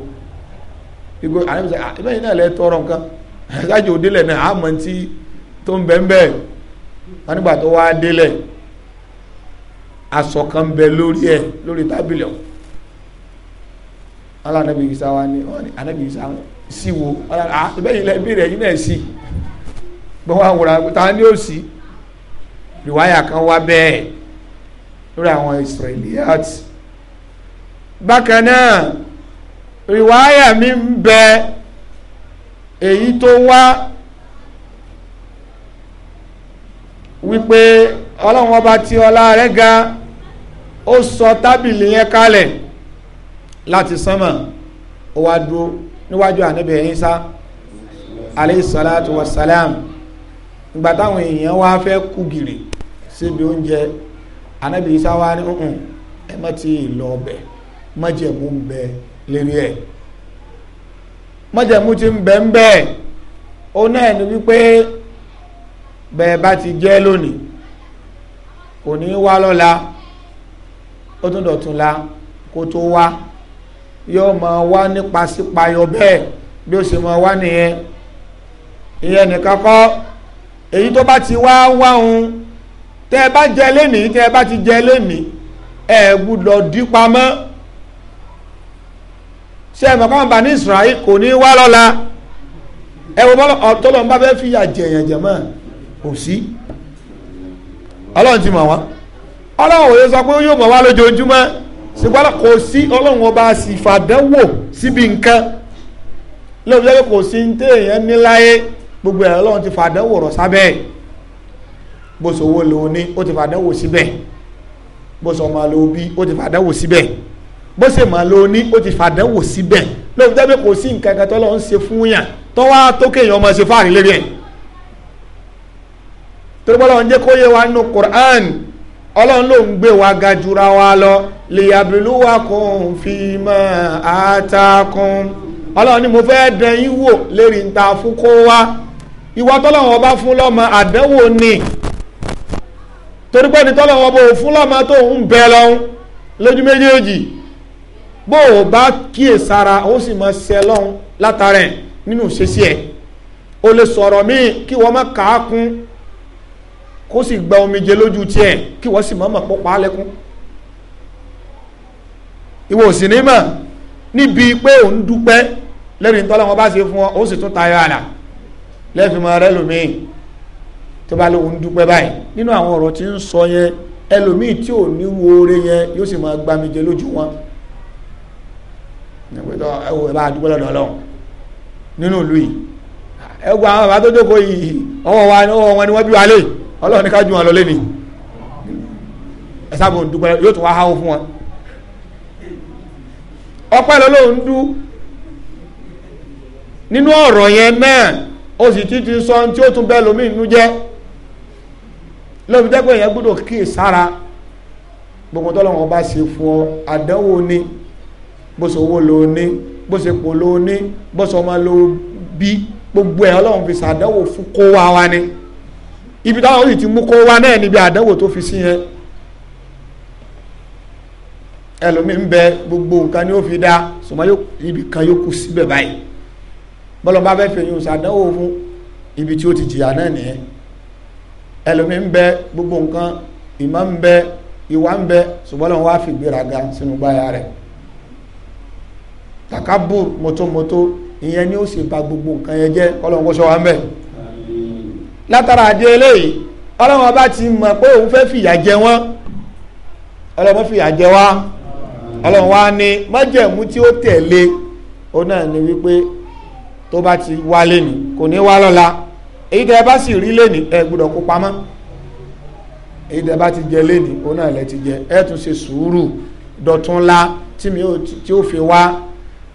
igbó àyẹ̀mísà ìbẹ́yìn ah, náà lẹ tọrọ nǹkan ṣáàjì ò délẹ̀ náà àmọ́ tí tó ń bẹ́ ń bẹ́ wọn nígbà tó wá délẹ̀ aṣọ kan bẹ lórí ẹ lórí tábìlì ọ̀hún ala anabi isa wa ni ọ ni anabi isa si wo ọlá ah ìbẹ́yìn lẹ bí rẹ̀ yín náà sí bọ́n wá wòrán ta ni ó sí rìwáyà kan wá bẹ́ẹ̀ lórí àwọn Israeli art bákan náà. rìwáyà mi ń bẹ èyí tó wá wípé ọlọ́run ọba ga ó sọ tábìlì yẹn kalẹ̀ láti sánmà ó wá dúró níwájú salatu wassalam ìgbà táwọn èèyàn wá fẹ́ kú gìrì síbi oúnjẹ ànábì Ìsá wá ní ẹ má ti lọ ọbẹ̀ má lérí ẹ̀ mọ́jẹ̀mú ti ń bẹ̀ ń bẹ̀ ó náà ní wípé bẹ́ẹ̀ bá ti jẹ́ lónìí kò ní wá lọ́la ó tún dọ̀tún la kó tó wá yóò máa wá nípa sípayọ bẹ́ẹ̀ bí ó ṣe máa wá nìyẹn ìyẹn nìkan kọ́ èyí tó bá ti wá wá òun tẹ́ ẹ bá jẹ lénìí tẹ́ ẹ bá ti jẹ lénìí ẹ gbúdọ̀ dípamọ́ ṣe é mọ̀kàn bá ní Israel kò ní wá lọ́la ẹ wo bọ́lá ọ̀tọ́lọ́ ń bá fẹ́ fìyà jẹ̀yàn jẹ̀mọ́ kò sí ọlọ́run ti mọ̀ wá ọlọ́run òye sọ pé yóò mọ̀ wá lójoojúmọ́ ṣùgbọ́n kò sí ọlọ́run ọba sì fàdánwò síbi nǹkan lóòótọ́ pé kò sí ní téèyàn ní láyé gbogbo ẹ̀ ọlọ́run ti fàdánwò rọ̀ sábẹ́ bó sọ owó lòun ní ó ti fàdánwò síbẹ̀ bó sọ ọmọ lòun bí ó ti fàdánwò síbẹ̀ bó ṣe mà ló ní ó ti fàdánwò síbẹ̀ lóòótọ́ jẹ́ pé kò sí nǹkan kan tó lọ́n ń ṣe fún yàn tó wá tó kéèyàn ọmọ ṣe fáàrin lérí ẹ̀ torí bọ́lá ń jẹ́ kó wa nínú Qur'an ọlọ́run ló ń gbé wa ga jura wa lọ liyabluwakum fima atakum ọlọ́run ni mo fẹ́ dán yín wò lérí ń ta fún kó wá ìwà tọ́lọ́run ọba fún lọ́mọ àdánwò ni torí pé ní tọ́lọ́run ọba lọ́mọ tó ń bẹ lójú méjèèjì bó o bá kíyè sára ó sì mọ ṣe lọ́hún látara ẹ̀ nínú ìṣesí ẹ̀ o lè sọ̀rọ̀ míì kí wọ́n má kàá kún kó sì gba omijé lójú tiẹ̀ kí wọ́n sì mọ̀ọ́mọ̀ pọ́pá lẹ́kún ìwọ òsì ní mọ̀ níbi pé ò ń dúpẹ́ lẹ́rìí ń tọ́lá wọn bá ṣe fún ọ ó sì tún tayọ àlà lẹ́fìmọ̀ rẹ lòmíì tó bá lóun ń dúpẹ́ báyìí nínú àwọn ọ̀rọ̀ tí ń sọ yẹn ẹlòmíì tí ò ní wo yẹn yóò sì máa gbamijé lójú wọn nígbẹ́tọ́ ẹwọ ẹ̀bá àdúgbò lọ́dọ̀ ọlọ́run nínú ìlú yìí ẹgbẹ́ àwọn bàbá tó jókòó yìí ọwọ́ wa ọwọ́ wọn ni wọ́n bí wa lé ọlọ́run ní ká ju wọn lọ lé ni ẹ̀sàbò ìdúgbò yóò tún wá háwó fún wọn ọpẹ́ lọ́lọ́run dú nínú ọ̀rọ̀ yẹn náà ó sì ti ti sọ tí ó tún bẹ́ẹ̀ lómi inú jẹ́ lóbi jẹ́ pé èèyàn gbọ́dọ̀ kíyè sára gbogbo tọ́lọ́run bó ṣe owó ló ní bó ṣe ló ní gbogbo ẹ ọlọ́run fi ṣàdánwò fún kó wá wa ni ibi táwọn yìí ti mú kó wá náà níbi àdánwò tó fi sí yẹn ẹlòmíì ń gbogbo nǹkan ni ó fi dá ibi kan yóò kù síbẹ̀ báyìí bá fẹ́ fi fún ibi tí ó ti jìyà náà nìyẹn ẹlòmí ń bẹ gbogbo nǹkan ìmọ̀ ń bẹ ìwà ń bẹ wá fi takabur mọ́tòmọ́tò ìyẹn ni ó sì ba gbogbo nǹkan yẹn jẹ́ ọlọ́run kó ṣọ́ wa ń bẹ̀ látara àdé eléyìí ọlọ́run ọba ti mọ̀ pé òun fẹ́ fìyà jẹ wọ́n ọlọ́run fìyà jẹ wá ọlọ́run wá ní májẹ̀mú tí ó tẹ̀lé ó náà ní wípé tó bá ti wá lẹ́nu kò ní wá lọ́la èyí tẹ́ bá sì rí lẹ́nu ẹ gbọ́dọ̀ kó pamọ́ èyí tẹ́ bá ti jẹ lẹ́nu ó náà lẹ́ ti jẹ ẹ tún ṣe sùúrù dọ̀tún la tí mi ò fi wá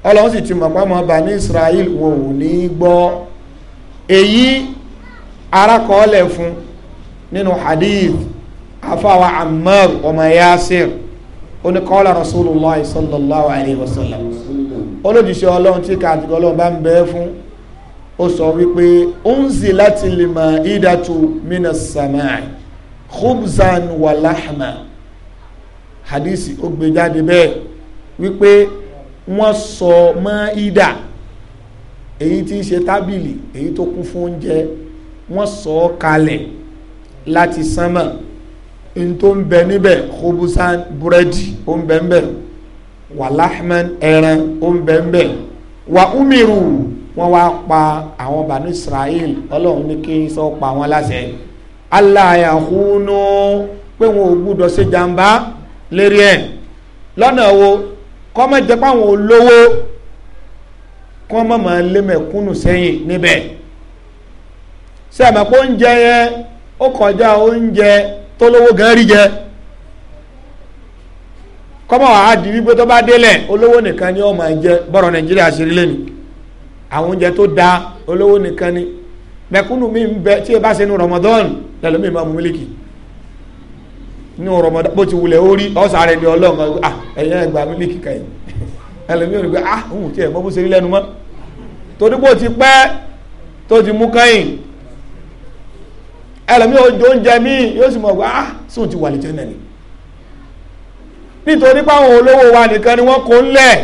ọlọ́run sì ti mọ̀ pọ́mọ́ bani Israel wọn ò ní gbọ́ èyí arákọọ́lẹ̀ fún nínú hadith afáwa Ammar ọmọ Yasir oníkọ́lá Rasulullah sallallahu alayhi wa sallam olójúṣe ọlọ́run tí kàtìkọ́ ọlọ́run bá ń bẹ́ fún ó sọ wípé ounzi láti lè mọ ìdàtú mina samai khubzan wa lahma hadith ó gbé jáde bẹ́ẹ̀ wípé wọ́n sọ Máídà èyí tí í ṣe tábìlì èyí tó kún fún oúnjẹ wọ́n sọ ọ́ kalẹ̀ láti sánmà n tó ń bẹ níbẹ̀ khubusan búrẹ́dì ó ń bẹ ń bẹ wàláhmán ẹran ó ń bẹ ń bẹ wà úmìrù wọ́n wá pa àwọn bànú Israel ọlọ́run ní kí sọ pa wọn láṣẹ aláyàhúnú pé wọn ò gbúdọ̀ ṣe jàǹbá lérí ẹ̀ lọ́nà wo kọ́mọ jẹ́ páwọn olówó kọ́mọ máa lé mẹ̀kúnnù sẹ́yìn níbẹ̀ sẹ́mi pé oúnjẹ yẹn ó kọjá oúnjẹ tó lówó gan rí jẹ kọ́mọ wàá di wípé tó bá délẹ̀ olówó nìkan ni ó máa jẹ bọ́rọ̀ nàìjíríà ṣe rí lẹ́nu àwọn oúnjẹ tó dáa olówó nìkan ni mẹ̀kúnnù mi ń bẹ tí e bá ṣe nu Ramadan lẹ́lọ́mí máa mú mílíkì nínú Ramadan bó ti wulẹ̀ ó rí ọ̀sán rẹ̀ ní ah ẹ̀yìn ẹgbàá mi lè kíkà yìí ẹlòmíràn rẹ̀ ah òun ti ẹ̀ mọ́ bó ṣe rí lẹ́nu mọ́ torí bó ti pẹ́ tó ti mú kẹ́yìn ẹlòmíràn ojú oúnjẹ míì yóò sì mọ̀ pé ah sóun ti wà lè jẹ́ nàní nítorí páwọn olówó wa nìkan ni wọ́n kó lẹ̀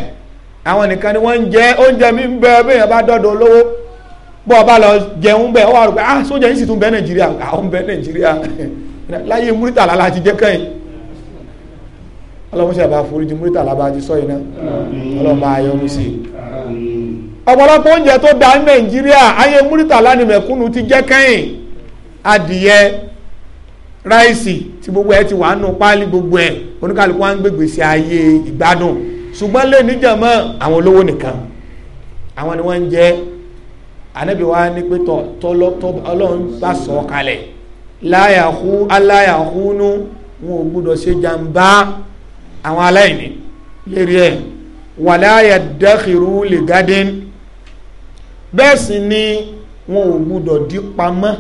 àwọn nìkan ni wọ́n ń jẹ oúnjẹ mi ń bẹ bẹ́yàn bá dọ́dọ̀ olówó bọ́ọ̀ bá lọ jẹun bẹ́ẹ̀ ó wà rò pé ah sóúnjẹ yìí sì tún bẹ Nàìjíríà àwọn bẹ Nàìjíríà láyé múrítàlá láti jẹ́ kẹ́yìn ọlọ́mọṣẹ́ àbá foríjì múrítàlá bá ti sọ yìí náà ọlọ́mọ ayọ́mú sí ọ̀pọ̀lọpọ̀ oúnjẹ tó da ní nàìjíríà ayé múrítàlá ni mẹ̀kúnnù ti jẹ́ kẹ́yìn adìyẹ ráìsì tí gbogbo ẹ ti wà nù páálí gbogbo ẹ oníkàlùkù wa ń gbègbè sí ayé ìgbádùn ṣùgbọ́n lè níjàmọ́ àwọn olówó nìkan àwọn ni wọ́n ń jẹ́ ànábì ní pé tọ́ ọlọ́run bá sọ kalẹ̀ láyàhú aláyàhúnú wọn ò gbúdọ̀ ṣe jàǹbá àwọn aláìní lérí ẹ̀ wàláyà dákìrú lè gádín bẹ́ẹ̀ sì ni wọn ò gbúdọ̀ dí pamọ́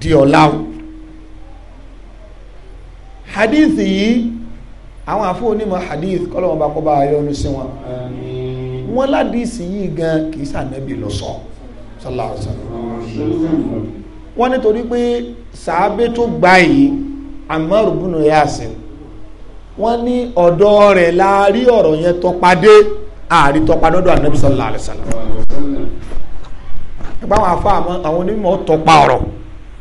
di ọ̀la o hadith yìí àwọn àfọ onímọ̀ hadith kọ́lọ́wọ́n bá kọ́ bá yọnu sí wọn wọn ládìsí yìí gan kì sànẹ́bì lọ sọ sallallahu alaihi wọ́n nítorí pé sàábé tó gbà yìí Ammar ibn Yasir wọ́n ní ọ̀dọ̀ rẹ̀ la rí ọ̀rọ̀ yẹn tọpadé ààrí tọpadọ́dọ̀ Ànábì sallallahu alaihi wasallam nípa àwọn afọ àwọn onímọ̀ tọpa ọ̀rọ̀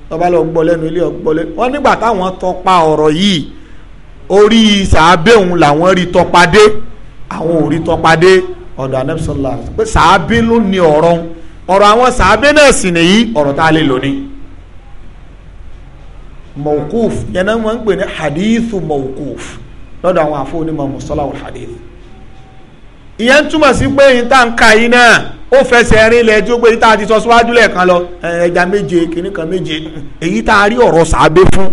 tọba lọ gbọ́ lẹ́nu ilé ọgbọ́ lẹ́nu wọ́n nígbà táwọn tọpa ọ̀rọ̀ yìí orí sàábé òun làwọn rí tọpadé àwọn ò rí tọpadé ọ̀dọ̀ Ànábì sallallahu pé sàábé ló ní ọ̀rọ̀ ọ̀rọ̀ àwọn sàábé náà sì nìyí ọ̀rọ̀ tá a lè lò ní mawkuf yẹn náà wọ́n ń pè ní hadithu mawkuf lọ́dọ̀ àwọn àfọwọ́nímọ̀ mùsọ́lá wal hadith ìyẹn túmọ̀ sí pé yìí tá n ka yìí náà ó fẹsẹ̀ rin ilẹ̀ tí ó pé tá a ti sọ síwájú lẹ́ẹ̀kan lọ ẹja méje kìnnì kan méje èyí tá a rí ọ̀rọ̀ sàábé fún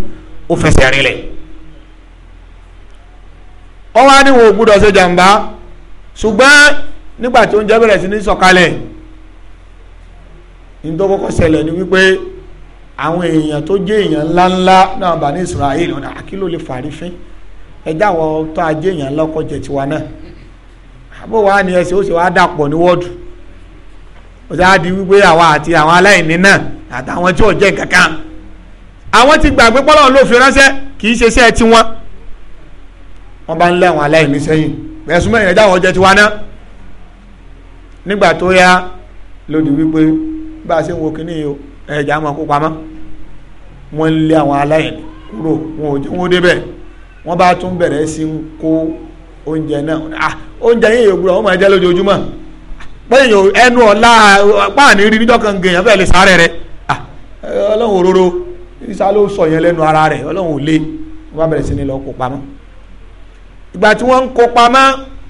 ó fẹsẹ̀ rin ilẹ̀. wọ́n wá ní wọn gbúdọ̀ ṣe jàǹbá ṣùgbọ́n nígbà tí oúnjẹ bẹ̀rẹ̀ sí ní sọ̀kalẹ̀ ní tó kọ́kọ́ ṣẹlẹ̀ ni wípé àwọn èèyàn tó jẹ́ èèyàn ńláńlá náà bá ní Israel ọ̀nà àkìlò lè fàárí fín ẹjẹ́ àwọn tó ajé èèyàn lọ́kọ̀ jẹ tiwa náà àbò wa ni ẹsẹ̀ ó sì wá dàpọ̀ ní wọ́ọ̀dù ó sì á di wípé àwa àti àwọn aláìní náà àtàwọn tí ò jẹ́ kankan àwọn ti gbàgbé pọ́lọ́ ló fi ránṣẹ́ kì í ṣe iṣẹ́ tiwọn wọ́n bá ń lé àwọn aláìní sẹ́yìn ẹ̀sùn mẹ́rin ẹjẹ́ àwọn jẹ tiwa náà nígbà tó yá lòdì wípé bá a ṣe ń wo kinní ẹ̀jẹ̀ á máa kó pamọ́ wọ́n ń lé àwọn aláìní kúrò wọn ò jẹ́ wọ́n débẹ̀ wọ́n bá tún bẹ̀rẹ̀ sí ń kó oúnjẹ náà ah oúnjẹ yẹn yóò gbúra wọ́n máa jẹ lójoojúmọ́ pé ẹnu ọ̀la páàní rí níjọ́ kan gèèyàn fẹ́ẹ́ lè sáré rẹ̀ ah ọlọ́run òróró isa ló sọ yẹn lẹ́nu ara rẹ̀ ọlọ́run ò lé wọ́n bá bẹ̀rẹ̀ sí ní lọ kó pamọ́ ìgbà tí wọ́n ń kó pamọ́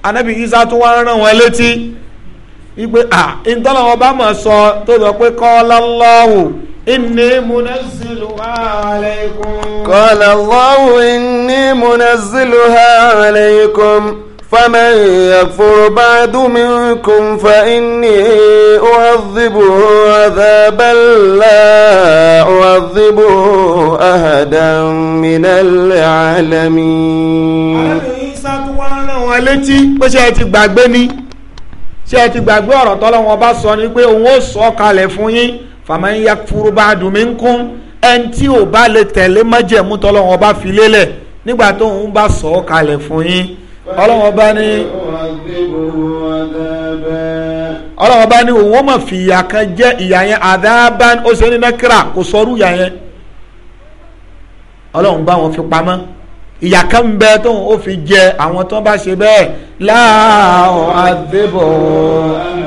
anabi isa tún wá rán wọn létí wípé ah ìtọ́lọ́wọ́ bá mọ̀ sọ tó sọ pé kọ́ lọ́lọ́wọ́ إني منزلها عليكم قال الله إني منزلها عليكم فمن يكفر بعد منكم فإني أعذبه عذابا لا أعذبه أحدا من العالمين faman yakfuru ba'du minkum ẹni tí ò bá lè tẹ̀lé májẹ̀mú tọ́lọ́wọ́n bá fi lélẹ̀ nígbà tó ń bá sọ̀ ọ́ kalẹ̀ fún yín ọlọ́wọ́n bá ní ọlọ́wọ́n bá ní òun ó mọ̀ fi ìyà kan jẹ́ ìyà yẹn àdáàbá ó ṣe ní nẹ́kírà kò sọ́rú ìyà yẹn ọlọ́run bá wọn fi pamọ́ ìyà kan bẹ tóun ó fi jẹ àwọn tó bá ṣe bẹ́ẹ̀ láàá àdébọ̀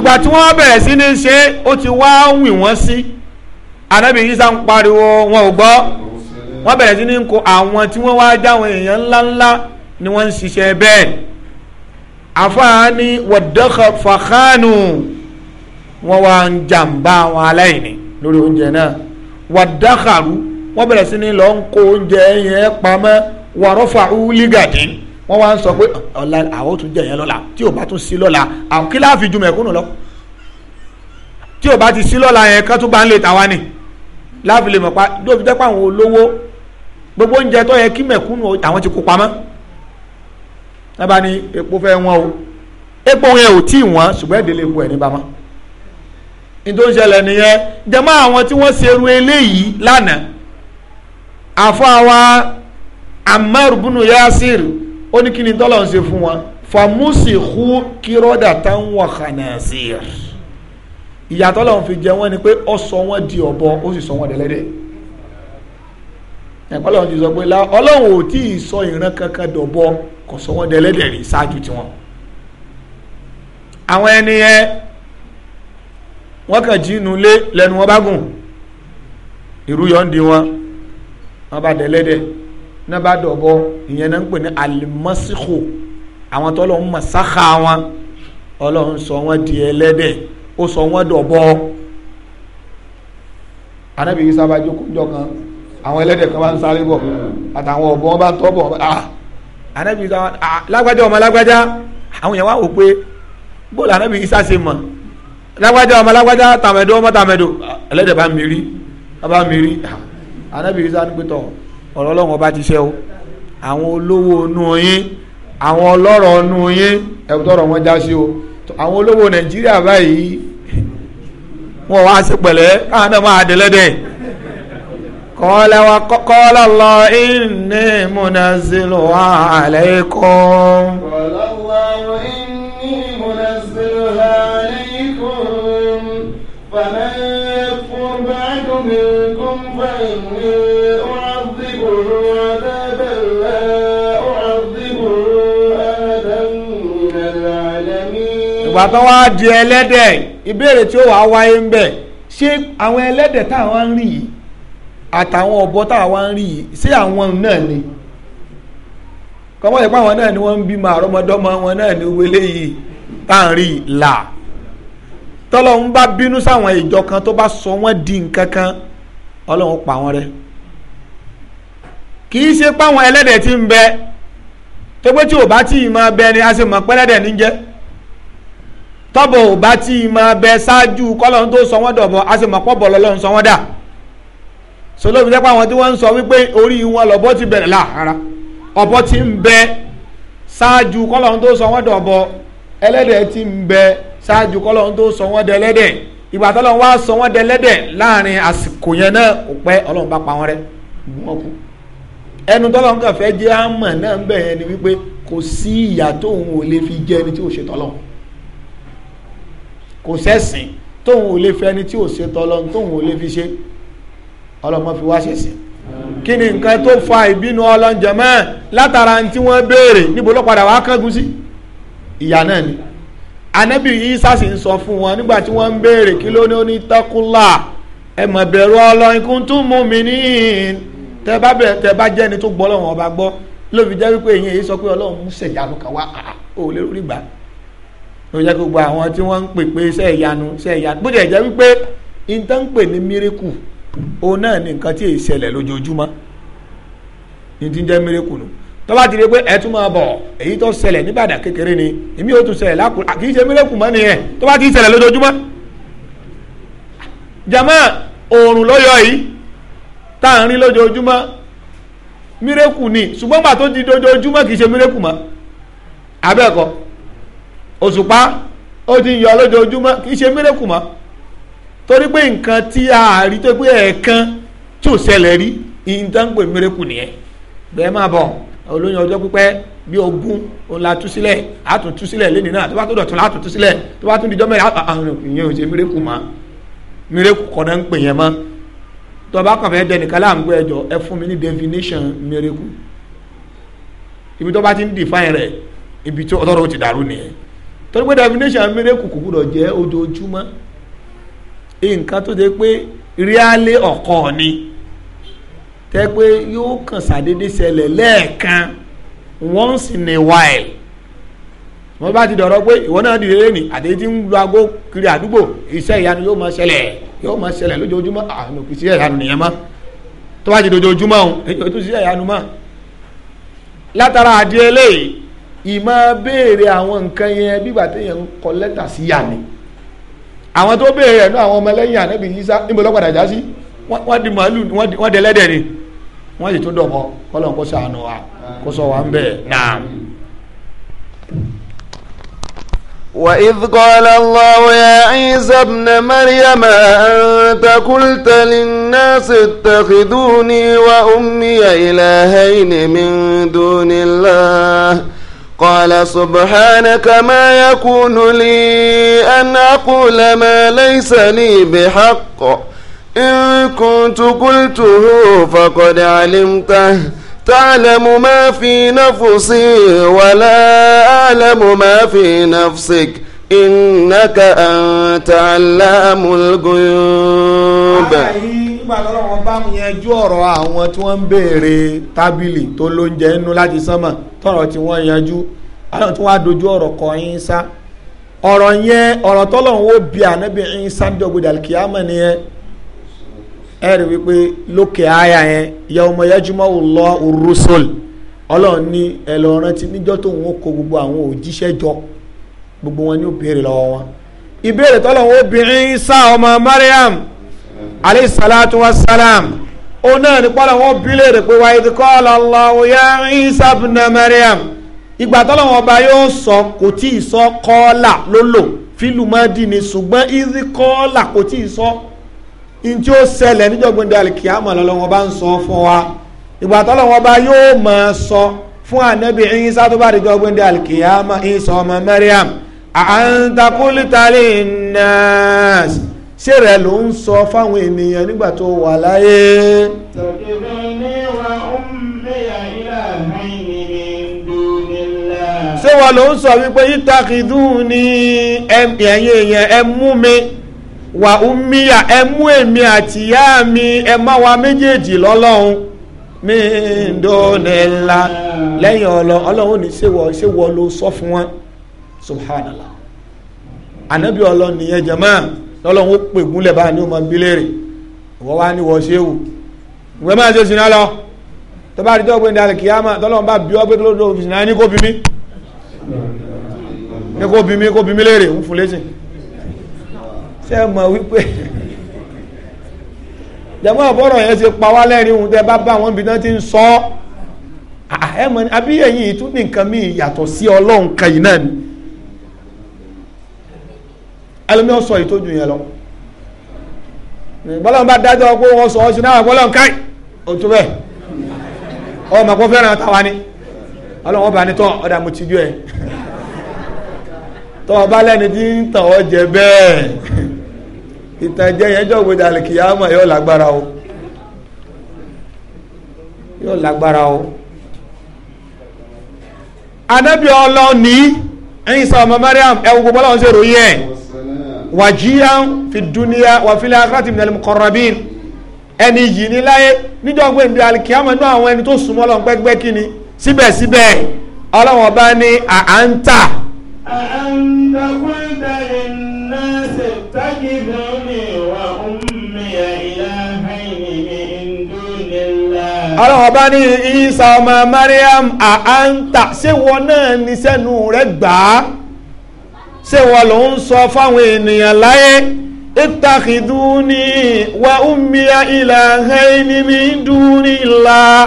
ìgbà tí wọ́n bẹ̀rẹ̀ sí ní ṣe ó ti wá wìn wọ́n sí anábì Ìsá ń pariwo wọn ò gbọ́ wọ́n bẹ̀rẹ̀ sí ní kó àwọn tí wọ́n wá jáwọn èèyàn ńláńlá ni wọ́n ń ṣiṣẹ́ bẹ́ẹ̀ àfáàní wọ̀dọ́kọ̀ fàkánù wọ́n wá ń jàǹbá àwọn aláìní lórí oúnjẹ náà wọ̀dọ́kàrú wọ́n bẹ̀rẹ̀ sí ní lọ ń kó oúnjẹ yẹn pamọ́ wàrọ́fà úlígàdín wọ́n wá ń sọ pé ọ̀la àwọn tún jẹ̀yẹn lọ́la tí ò bá tún sí lọ́la àwọn kí láàfi ju mẹ̀kúnnù lọ tí ò bá ti sí lọ́la yẹn kán tún bá ń lè tàwa ni láàfi lè mọ̀ pa ló fi dẹ́pọ̀ àwọn olówó gbogbo oúnjẹ tó yẹ kí mẹ̀kúnnù àwọn ti kó pamọ́ lábàá ni epo fẹ́ wọn o epo yẹn ò tí ì wọ́n ṣùgbọ́n èdè lè wọ ẹ̀ níbàámọ́ nítorí ó ń ṣẹlẹ̀ nìyẹn jẹ́mọ́ àwọn tí wọ́n ṣerú eléyìí lánàá àfọ àwa Ammar bunu Yasir ó ní kí ni tọ́lọ̀ ń ṣe fún wọn fàmúsìkú kírọ́dà táwọn wà khanazir ìyàtọ̀ lọ́n fi jẹ wọ́n ni pé ó sọ wọ́n di ọ̀bọ ó sì sọ wọ́n dẹ̀lẹ́dẹ̀ ẹ̀kọ́ lọ́n ti sọ pé ọlọ́run ò tí ì sọ ìran kankan dọ̀bọ kò sọ wọ́n dẹ̀lẹ́dẹ̀ rí ṣáájú tiwọn àwọn ẹni yẹn wọ́n kàn jí inú lé lẹ́nu wọn bá gùn ìrú yọ̀ ń di wọn wọ́n bá dẹ̀lẹ́dẹ̀ náà bá dọ̀bọ ìyẹn náà ń pè ní alimọ́síkò àwọn tó lọ́n mọ̀sáká wọn ọlọ́run sọ wọ́n di ẹlẹ́dẹ̀ ó sọ wọ́n dọ̀bọ. anábì yìí sábà jókòó kan àwọn ẹlẹ́dẹ̀ kan bá ń sáré bọ̀ àtàwọn ọ̀bọ wọn bá ń tọ́ bọ̀ anábì ah, yìí sábà ah, lágbájá ọmọ lágbájá àwọn èèyàn wá wò pé bóòlù anábì yìí sá ṣe mọ̀ lágbájá ọmọ lágbájá tàmẹ̀dó ọmọ tàmẹ̀dó ah, ẹlẹ́dẹ̀ bá mi rí bá mi rí anábì yìí sá ní pẹ́tọ́ ọ̀rọ̀ ọlọ́run ọba ti ṣe o àwọn olówó inú yín àwọn ọlọ́rọ̀ inú yín ẹ̀rù tọrọ wọn já sí o àwọn olówó nàìjíríà báyìí wọn wá sí pẹ̀lẹ́ káwọn náà máa dẹ́lẹ́dẹ́ قال وقال الله إني منزلها عليكم قال الله إني منزلها عليكم فمن يكفر بعد منكم فإني أعذبه عذابا لا أعذبه أحدا من العالمين ìgbà tó wá ìbéèrè tí ó wàá wáyé ń bẹ̀ ṣé àwọn ẹlẹ́dẹ̀ táwọn ń rí yìí àtàwọn ọ̀bọ táwọn ń rí yìí ṣé àwọn náà ni kọ́mọ́ ìpá àwọn náà ni wọ́n ń bímọ àrọ́mọdọ́mọ wọn náà ni wọlé yìí tá à ń rí là tọ́lọ́run bá bínú sáwọn ìjọ kan tó bá sọ wọn di nǹkan kan ọlọ́run pa wọ́n rẹ́ kì í ṣe páwọn ẹlẹ́dẹ̀ ti ń bẹ tó pé tí ò bá tí ì máa bẹ ni a ṣe mọ pẹ́lẹ́dẹ̀ ní jẹ́ tọ́bọ̀ ò bá tí ì máa bẹ ṣáájú kọ́lọ́run tó sọ wọn dọbọ a ṣe mọ̀ pọ́bọ̀ lọ́lọ́run sọ wọn dà solóbi jẹ́ pé àwọn tí wọn ń sọ wípé orí wọn lọ́bọ́ ti bẹ̀rẹ̀ láàárá ọ̀bọ ti ń bẹ ṣáájú kọ́lọ́run tó sọ wọn dọbọ ẹlẹ́dẹ̀ ti ń bẹ ṣáájú kọ́lọ́hún tó sọ wọ́n dẹlẹ́dẹ̀ ìgbà tọ́lọ́hún wá sọ wọ́n dẹlẹ́dẹ̀ láàrin àsìkò yẹn náà kò pẹ́ ọlọ́run bá pa wọ́n rẹ́ wọ́n kú ẹnu tọ́lọ́hún kàn fẹ́ jẹ́ àmọ̀ náà ń bẹ̀ yẹn ni wípé kò sí ìyà tóun ò lè fi jẹ ẹni tí ò ṣe tọ́lọ́hún kò sẹ́sìn tóun ò lè fẹ́ ẹni tí ò ṣe tọ́lọ́hún tóun ò lè fi ṣe ọlọ́mọ fi wá ṣẹ̀sìn kí ni nǹkan tó fa ìbínú ọlọ́njẹ̀mọ́ látara tí wọ́n béèrè níbo ló padà wá kángun sí ìyà náà ni anabi isa sì ń sọ fún wọn nígbà tí wọ́n ń béèrè kí ló ní ó ní taqullah ẹ mọ̀ bẹ̀rù Ọlọ́run in kuntum mu'minin tẹ bá bẹ̀rẹ̀ tẹ bá jẹ́ni tó gbọ́ lọ́wọ́n ọba gbọ́ ló fi jẹ́ wípé èyí sọ pé Ọlọ́run ń ṣèyanu kan wá ò lè rí gbà ló jẹ́ gbogbo àwọn tí wọ́n ń pè pé iṣẹ́ ìyanu bó jẹ́ jẹ́ wípé ìtàn ń pè ní mírèkù òun náà ní nǹkan tí èyí ṣẹlẹ̀ lójoojúmọ́ ní ti ń jẹ́ mírèkù nù tó bá ti di pé ẹ tún máa bọ̀ èyí tó ṣẹlẹ̀ nígbàdàn kékeré ni èmi ò tún ṣẹlẹ̀ lákùn kì í ṣe mílẹ̀kùn mọ́ nìyẹn tó bá ti ṣẹlẹ̀ lójoojúmọ́ jama oòrùn ló yọ yìí tá à ń rí lójoojúmọ́ mírèkù ni ṣùgbọ́n gbà tó di dojoojúmọ́ kì í ṣe mírèkù mọ́ abẹ́ẹ̀kọ́ òṣùpá ó ti ń yọ lójoojúmọ́ kì í ṣe mírèkù mọ́ torí pé nǹkan tí a rí tó pé ẹ̀ẹ̀kan tí ò ṣẹlẹ̀ rí ìyìn tó ń pè mírèkù nìyẹn bẹ́ẹ̀ máa bọ̀ olóyún ọjọ́ pípẹ́ bí ogún òun la tú sílẹ̀ a tún tú sílẹ̀ lẹ́ni náà tó bá tó dọ̀tún la tún tú sílẹ̀ tó bá tún di jọ́mẹ́rin àrùn ìyẹn ò ṣe mírèkù mọ́ mírèkù kọ́ ń pè yẹn mọ́ tó bá kàn fẹ́ dẹ nìkan láàmúgbó ẹjọ́ ẹ fún mi ní definition mírèkù ibi tó bá ti ń define rẹ̀ ibi tó ọlọ́run ti dàrú nìyẹn torí pé definition mírèkù kò gbúdọ̀ jẹ́ ojoojúmọ́ nǹkan tó ṣe pé ríálé ọ̀kọ́ ni tẹ́ pé yóò kàn sàdédé ṣẹlẹ̀ lẹ́ẹ̀kan once in a while wọ́n bá ti dọ̀rọ̀ pé ìwọ náà dìde lẹ́nìí àtẹ̀yí tí ń lu aago kiri àdúgbò iṣẹ́ ìyanu yóò máa ṣẹlẹ̀ yóò máa ṣẹlẹ̀ lójoojúmọ́ àánú kìí ṣe ìyanu nìyẹn mọ́ tó bá ti dojoojúmọ́ òun èyí ò tún ṣe ìyanu mọ́ látara àdìẹ lẹ́yìn ìmọ̀ béèrè àwọn nǹkan yẹn bígbà téèyàn ń kọ lẹ́tà sí yà ni àwọn tó béèrè ẹ̀ náà àwọn ọmọ lẹ́yìn ànábì yíṣá níbo lọ́padà já sí wọ́n di màálù wọ́n dẹlẹ́dẹ̀ ni wọ́n yìí tó dọ̀bọ̀ kọ́lọ̀ kó sànù wa kó sọ wa ń bẹ̀ náà. وإذ قال الله يا عيسى ابن مريم أنت قلت للناس اتخذوني وأمي إلهين من دون الله قال سبحانك ما يكون لي أن أقول ما ليس لي بحق إن كنت قلته فقد علمته تعلم ما في نفسي ولا أعلم ما في نفسك إنك أنت علام الغيوب ìgbàlọ́rọ̀ wọn bá mi yanjú ọ̀rọ̀ àwọn tí wọ́n ń béèrè tábìlì tó lóúnjẹ nínú láti sánmà tọ̀rọ̀ tí wọ́n yanjú àwọn tí wọ́n á dojú ọ̀rọ̀ kọ Ìsá ọ̀rọ̀ yẹn ọ̀rọ̀ tọ́lọ́run ó bi ànábì Ìsá nìyẹn ẹ rí wípé lókè àyà yẹn yawma yajma'u Allahu ar-rusul ọlọ́run ní ẹ lọ níjọ́ tóun ó kó gbogbo àwọn òjíṣẹ́ jọ gbogbo wọn ní ó lọ́wọ́ wọn ìbéèrè bi ọmọ Maryam alayhi salatu wa salam ni ṣùgbọ́n in tí ó ṣẹlẹ̀ níjọ̀gbọ́n dalẹ̀ kíámà lọ́lọ́wọ́ bá ń sọ fún wa ìgbà tọ́lọ́wọ́ bá yóò máa sọ fún ànábì Ìsá tó bá níjọ̀gbọ́n dalẹ̀ kíámà Ìsá ọmọ Maryam anta qulta linnas ṣé rẹ̀ ló ń sọ fáwọn ènìyàn nígbà tó wà láyé. ṣé wọ́n ló ń sọ wípé yítakìdún ní ẹ̀yìn èèyàn ẹ mú mi wà ummiya ẹ èmi àti ìyá mi ẹ má wa méjèèjì lọ́lọ́run mi ń dóni ńlá lẹ́yìn ọlọ́run ní ṣèwọ ṣèwọ ló sọ fún wọn subhanallah anabi ọlọ́run nìyẹn jẹmọ lọ́lọ́run ó pè gúnlẹ̀ báyìí ní ọmọ bílẹrì ìwọ wá ní wọn ṣe wù ìwé máa ṣe sinna lọ tó bá rí tó gbẹ̀ndé tọ́lọ́run bá bí ọ pé lọ́dọ̀ òfin sinna ní kó bí mi ní kó bí mi kó bí mi léèrè ń fún lẹ́sìn ṣe é mọ̀ wípé jẹmọ́ àbọ̀rọ̀ yẹn ṣe pa wá lẹ́rìn ohun tẹ́ bá bá wọn bí náà ti ń sọ ah, ẹ mọ̀ ní àbí ẹ̀yìn ìtún ní nǹkan míì yàtọ̀ sí ọlọ́run kan yìí náà ni ẹlòmíì ó sọ ìtọ́jú yẹn lọ bọ́lọ́n bá dájọ́ pé wọ́n sọ ọ́ sí náà bọ́lọ́n káì òtún bẹ́ẹ̀ ọmọ kò fẹ́ràn táwa ni ọlọ́run bá ní tán ọ̀dà mo ti jú ẹ tọ́ ọ bá lẹ́ni tí ń tàn ọ́ jẹ bẹ́ẹ̀ ìtànjẹ yẹn jọ gbèdà àlìkìyàmọ yóò lágbára o yóò lágbára o anabi ọlọ́ni ẹ̀yin sọ ọmọ mariam ẹ̀wù gbogbo ọlọ́run ṣe ròyìn ẹ̀ wàjíyàn fi dúníà wàfílẹ̀ akérèdì minal muqarrabin ẹni yìí ní láyé níjọ́ pé ìbí alikiyama inú àwọn ẹni tó súnmọ́ lọ gbẹ́gbẹ́ kí ni síbẹ̀síbẹ̀ ọlọ́run ọba ní àáńtà. àáńtà kúndà lè ná ṣe tágìdán. ọlọ́run ọba ní Isa ọmọ Mariam àáńtà ṣé wọn náà ní sẹ́nu rẹ̀ gbà á ṣé ló ń sọ fáwọn ènìyàn láyé ìtàkìdúnì wa ummiya ilahayni min dunillah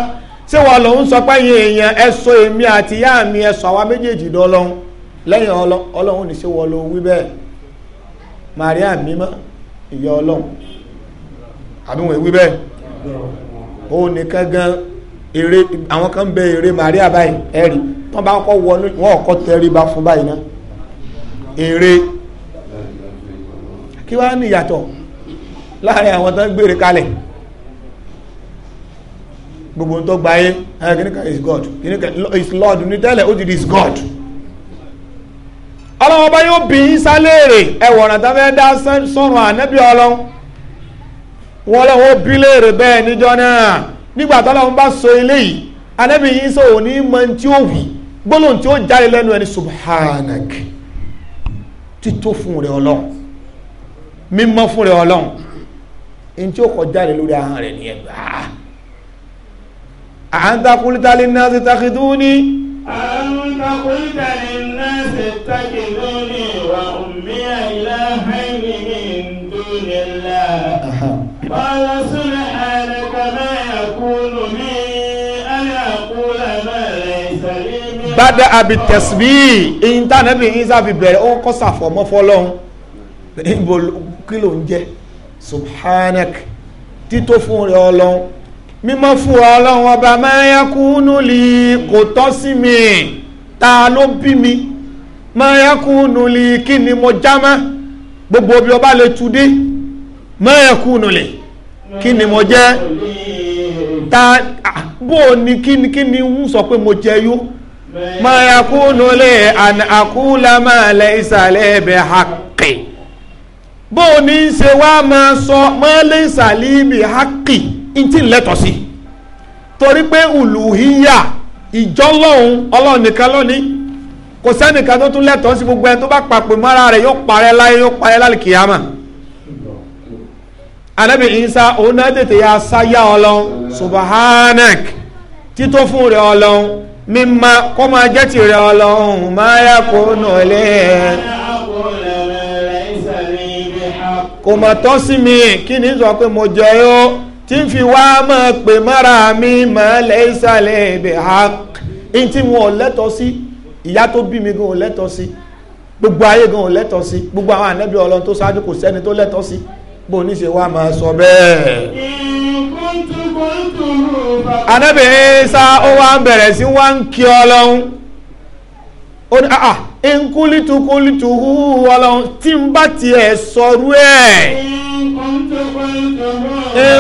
ṣé wọn ló ń sọ pé yín èèyàn ẹ sọ èmi àti ìyá mi ẹ sọ àwa méjèèjì dọ́lọ́hún lẹ́yìn ọlọ́run ní ṣé ló wí bẹ́ẹ̀ Mariam mímọ́ ìyá ọlọ́run àbí wọn èwí bẹ́ẹ̀ òun nìkan gan eré àwọn kan bẹ eré Maria báyìí ẹ̀rí wọ́n bá kọ́ wọnú teri kọ́ tẹríba fún báyìí náà eré kí wàá ní ìyàtọ̀ láàrin àwọn tó ń gbèrè kalẹ̀ gbogbo tó gbáyé ẹ̀ kìnnìkà is God kìnnìkà is Lord ní tẹ́lẹ̀ ó ti di is God ọlọ́wọ́ bá yóò bí í sálẹ̀ èrè ẹ̀wọ̀n àtàfẹ́ dá sọ́run ànẹ́bí ọlọ́run wọ́n lọ́wọ́ bí léèrè bẹ́ẹ̀ níjọ́ náà nígbà tọ́lọ́run bá sọ eléyìí Ànábì Ìsá ò ní mọ tí ó wí gbólóhùn tí ó jáde lẹ́nu ẹni subhanak tító fún rẹ̀ ọlọ́run mímọ́ fún rẹ̀ ọlọ́run in tí ó kọ jáde lórí ahọ́n rẹ̀ ní ẹgbà à ń takùlítà lè náà takùlítà lè bada abi tasbih intanẹbi isa fi bẹ̀rẹ̀ ó kọ sàfọmọ fọ́lọ́run níbo kí ló ń jẹ subhanak tító fún rẹ Ọlọ́run mímọ́ fún Ọlọ́run ọba ma yakunu li kò tọ́ sí mi ta ló bí mi ma yakunu li kí ni mo já má gbogbo bí ọba lè tu dé ma li kí ni mo jẹ ta ah, bó o ní kí ni kí ni ń sọ pé mo jẹ yó. ما يكون لي أن أقول ما ليس لي بحقي bó o ní í ṣe wá máa sọ mọ́lẹ́ ìsàlíbi hákì ntí ń lẹ́tọ̀ọ́ sí torí pé uluhiyya ìjọlọ́hún ọlọ́run nìkan lónìí kò sẹ́nìkan tó tún lẹ́tọ̀ọ́ sí gbogbo ẹni tó bá papò mọ́ra rẹ̀ yóò parẹ́ láyé yóò parẹ́ láyé kìyàmà anabi isa ya sáyà ọlọ́run subahának títọ́ fún rẹ̀ mímá kọ́ máa jẹ́ tìrẹ ọlọ́run máa yá kó nù lẹ́ kò mọ̀ tọ́ sí mi kí ni sọ pé mo jọ yó tí ń fi wá máa pè mára mi máa lẹ́ ìsàlẹ̀ ibẹ̀ ha ń tí wọn ò lẹ́tọ̀ọ́ sí ìyá tó bí mi gan ò lẹ́tọ̀ọ́ sí gbogbo ayé gan ò lẹ́tọ̀ọ́ sí gbogbo àwọn ànábì ọlọ́run tó ṣáájú kò sẹ́ni tó lẹ́tọ̀ọ́ sí bó ní ṣe wá máa sọ bẹ́ẹ̀ anabi isa ó wá ń bẹ̀rẹ̀ sí wá ń kí ọlọ́run ó ní àà nkúlítù kúlítù húhú ọlọ́run tí ń bá tiẹ̀ sọrú ẹ̀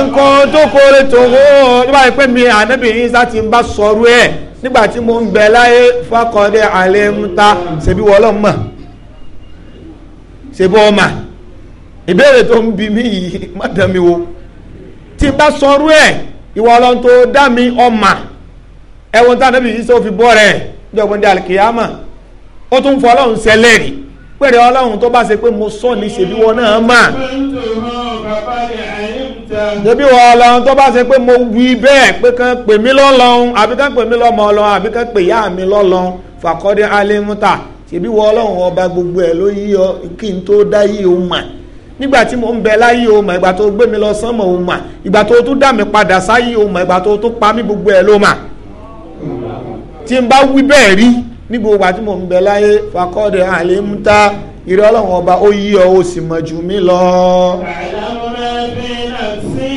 nǹkan tó kórè tó hó nígbà pẹ́ mi anabi isa ti ń bá sọrú nígbà tí mo ń bẹ láyé fakọ̀dé alẹ́ ń ta ṣèbí wọ́lọ́ mọ̀ ṣèbí ọmọ ìbéèrè tó ń bi mí yìí má dán mi wo tí bá sọrú ẹ̀ ìwọ ọlọ́run tó dá mi ọmà ẹ̀wọ̀n tá ànábì yìí sọ fi bọ́ rẹ̀ jọ̀gbọ́n di alikiyama ó tún fọ ọlọ́run sẹlẹ̀rì pẹ̀lẹ́ ọlọ́run tó bá ṣe pé mo sọ ní ṣèbí wọn náà mà ṣèbí wọn ọlọ́run tó bá ṣe pé mo wí bẹ́ẹ̀ pé kán pè mí lọ́lọ́run àbí kán pè mí lọ́mọ ọlọ́run àbí kán pè yá mi lọ́lọ́run fàkọ́dé alimuta ṣèbí wọn ọlọ́run ọba gbogbo ẹ̀ ló yí ọ kí n tó dá yìí ó mà nígbà tí mo ń bẹ láyé o mọ̀ ìgbà tó gbé mi lọ sánmọ̀ o mà ìgbà tó tún dà mí padà sáyé o mọ̀ ìgbà tó tún pa mí gbogbo ẹ̀ ló mà tí n bá wí bẹ́ẹ̀ rí ní gbogbo ìgbà mo ń bẹ láyé fakọ́dẹ̀ àlèmúta ìrẹ́ ọlọ́run ọba ó yí ọ ó sì mọ̀ jù mí lọ.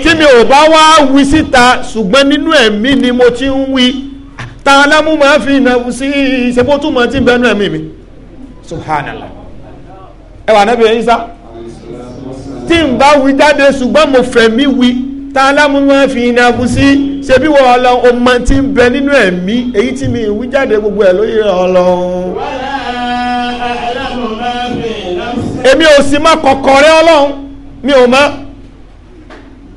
tí mi ò bá wá wí síta ṣùgbọ́n nínú ẹ̀mí ni mo ti ń wí ta lámú máa fi ìnáwó sí ìṣepótúmọ̀ tí ń bẹnu ẹ̀mí mi subhanallah ẹ wà nábì Ìsá tí n bá wí jáde ṣùgbọ́n mo fẹ̀mí wí tá a lámú máa fi iná kú sí ṣebí wọ Ọlọ́run o mọ tí ń bẹ nínú ẹ̀mí èyí tí mi wí jáde gbogbo ẹ̀ lóye Ọlọ́run. èmi ò sì má kọ̀kọ̀ rẹ Ọlọ́run mi ò mọ̀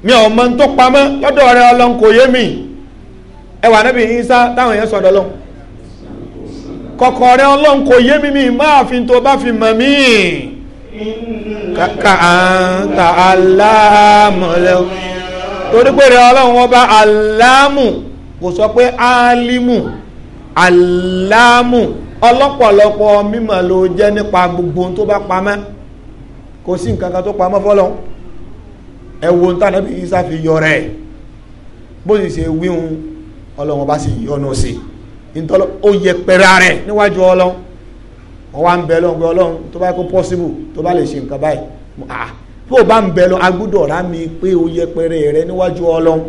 mi ò mọ̀ tó pamọ́ lọ́dọ̀ rẹ Ọlọ́run kò yé mi ẹwà níbi Ìsá táwọn èèyàn sọ̀dọ̀ lọ kọ̀kọ̀ rẹ Ọlọ́run kò yé mi mi máa fi tó bá fi mọ̀ mí kàńtà aláàmúlẹ̀ torí pé rẹ ọlọ́run wọn bá aláàmù kò sọ pé álímù aláàmù ọlọ́pọ̀lọpọ̀ mímọ̀ ló jẹ́ nípa gbogbo tó bá pamọ́ kò sí nǹkan kan tó pamọ́ fọ́lọ́run ẹ̀wọ̀n tánàbí Ìsá fi yọ rẹ̀ bó sì ṣe wíhun ọlọ́run bá sì yọnu sí ó yẹ pẹ̀rẹ̀ rẹ̀ níwájú ọlọ́run ọwọ́ à ń bẹ lọ́n ọlọ́run tó bá kó possible tó bá lè ṣe nǹkan báyìí ah o bá ń bẹ lọ agbọ́dọ̀ rà o yẹpẹrẹ rẹ níwájú ọlọ́run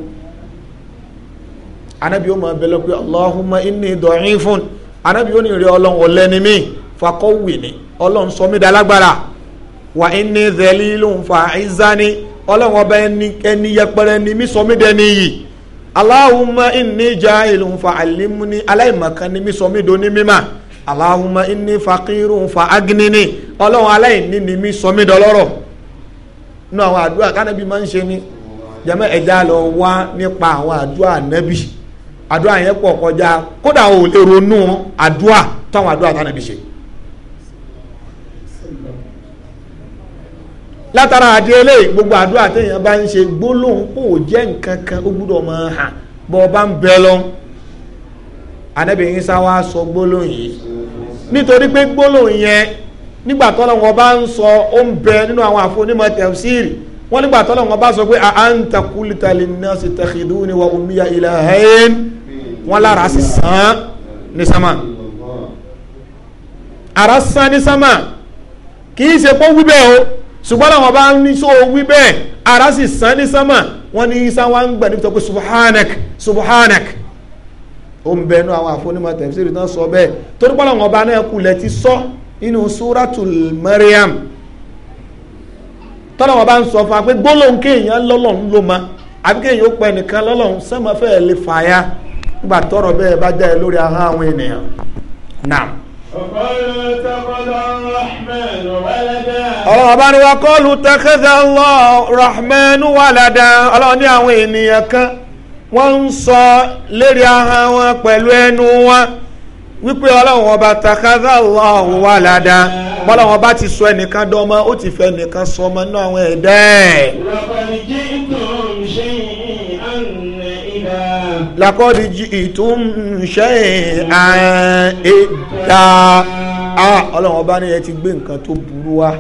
anabi ó máa bẹ lọ pé Allahumma inni da'ifun anabi ó ní ọlọ́run mi fakọ́wì ni ọlọ́run sọ mí dalágbára wà ọlọ́run ọba ẹni ni mí sọ mí dẹni aláìmọ̀kan ni mí sọ mí do ní aláhùnmá inni fakirun fa agnini ọlọ́run aláìní ni mí sọ mí dọlọ́rọ̀ nínú àwọn àdúrà kánẹ́bí máa ń ṣe ni jẹ́mọ́ ẹja lọ wá nípa àwọn àdúrà nẹ́bí àdúrà yẹn pọ̀ kọjá kódà ò lè ronú àdúrà táwọn àdúrà tánẹ́bí ṣe. látara àdé eléyìí gbogbo àdúrà téèyàn bá ń ṣe gbólóhùn kò jẹ́ nǹkan kan ó gbúdọ̀ máa hàn bọ́ ọ bá ń bẹ lọ. Ànábì Ìsá wá sọ gbólóhùn yìí nítorí pé gbólóhùn yẹn nígbà tọ́lọ́wọ́n bá ń sọ ó ń bẹ nínú àwọn àfonímọ̀ tẹ̀síìrì wọ́n nígbà tọ́lọ́wọ́n bá sọ pé a'anta qulta linnasi takhiduni wa ummiya ilahayn wọ́n lára sì sàn ní sámà ara sàn ní sámà kì í ṣe pé wí bẹ́ẹ̀ o ṣùgbọ́n làwọn bá ní sọ wí bẹ́ẹ̀ ara sì sàn ní sámà wọ́n ní sáwọn gbà níbi tó pé subhanak subhanak ó ń bẹnu àwọn àfonímọ̀ tẹ̀síìrì tán sọ bẹ́ẹ̀ torí pọ́lọ́ wọn ọba náà kulẹ̀ ti sọ nínú suratul Maryam tọ́lọ́ wọn bá ń sọ fún wa pé gbólóhùn kéèyàn lọ́lọ́run ló ma àbí kéèyàn ó pẹ́ nìkan lọ́lọ́run sẹ́mọ́ fẹ́ẹ́ lè fàyà nígbà tọ́rọ̀ bẹ́ẹ̀ bá jẹ́ lórí ahọ́n àwọn ènìyàn náà ọlọ́run bá ní wa kọ́ọ̀lù tẹ́kẹ́sẹ̀ Allah rahman walada ọlọ́run ní àwọn ènìyàn kan wọ́n ń sọ lérí ahọ́n wọn pẹ̀lú ẹnu wọn wípé ọlọ́run ọba takadá Allahu walada bọ́lọ́run ọba ti sọ ẹnìkan dọ́mọ ó ti fẹ́ ẹnìkan sọ ọmọ náà àwọn ẹ̀dẹ́ ẹ̀. lakọ́dí ìtún ṣe ẹ̀dá ọlọ́run ọba ni ẹ ti gbé nǹkan tó burú wá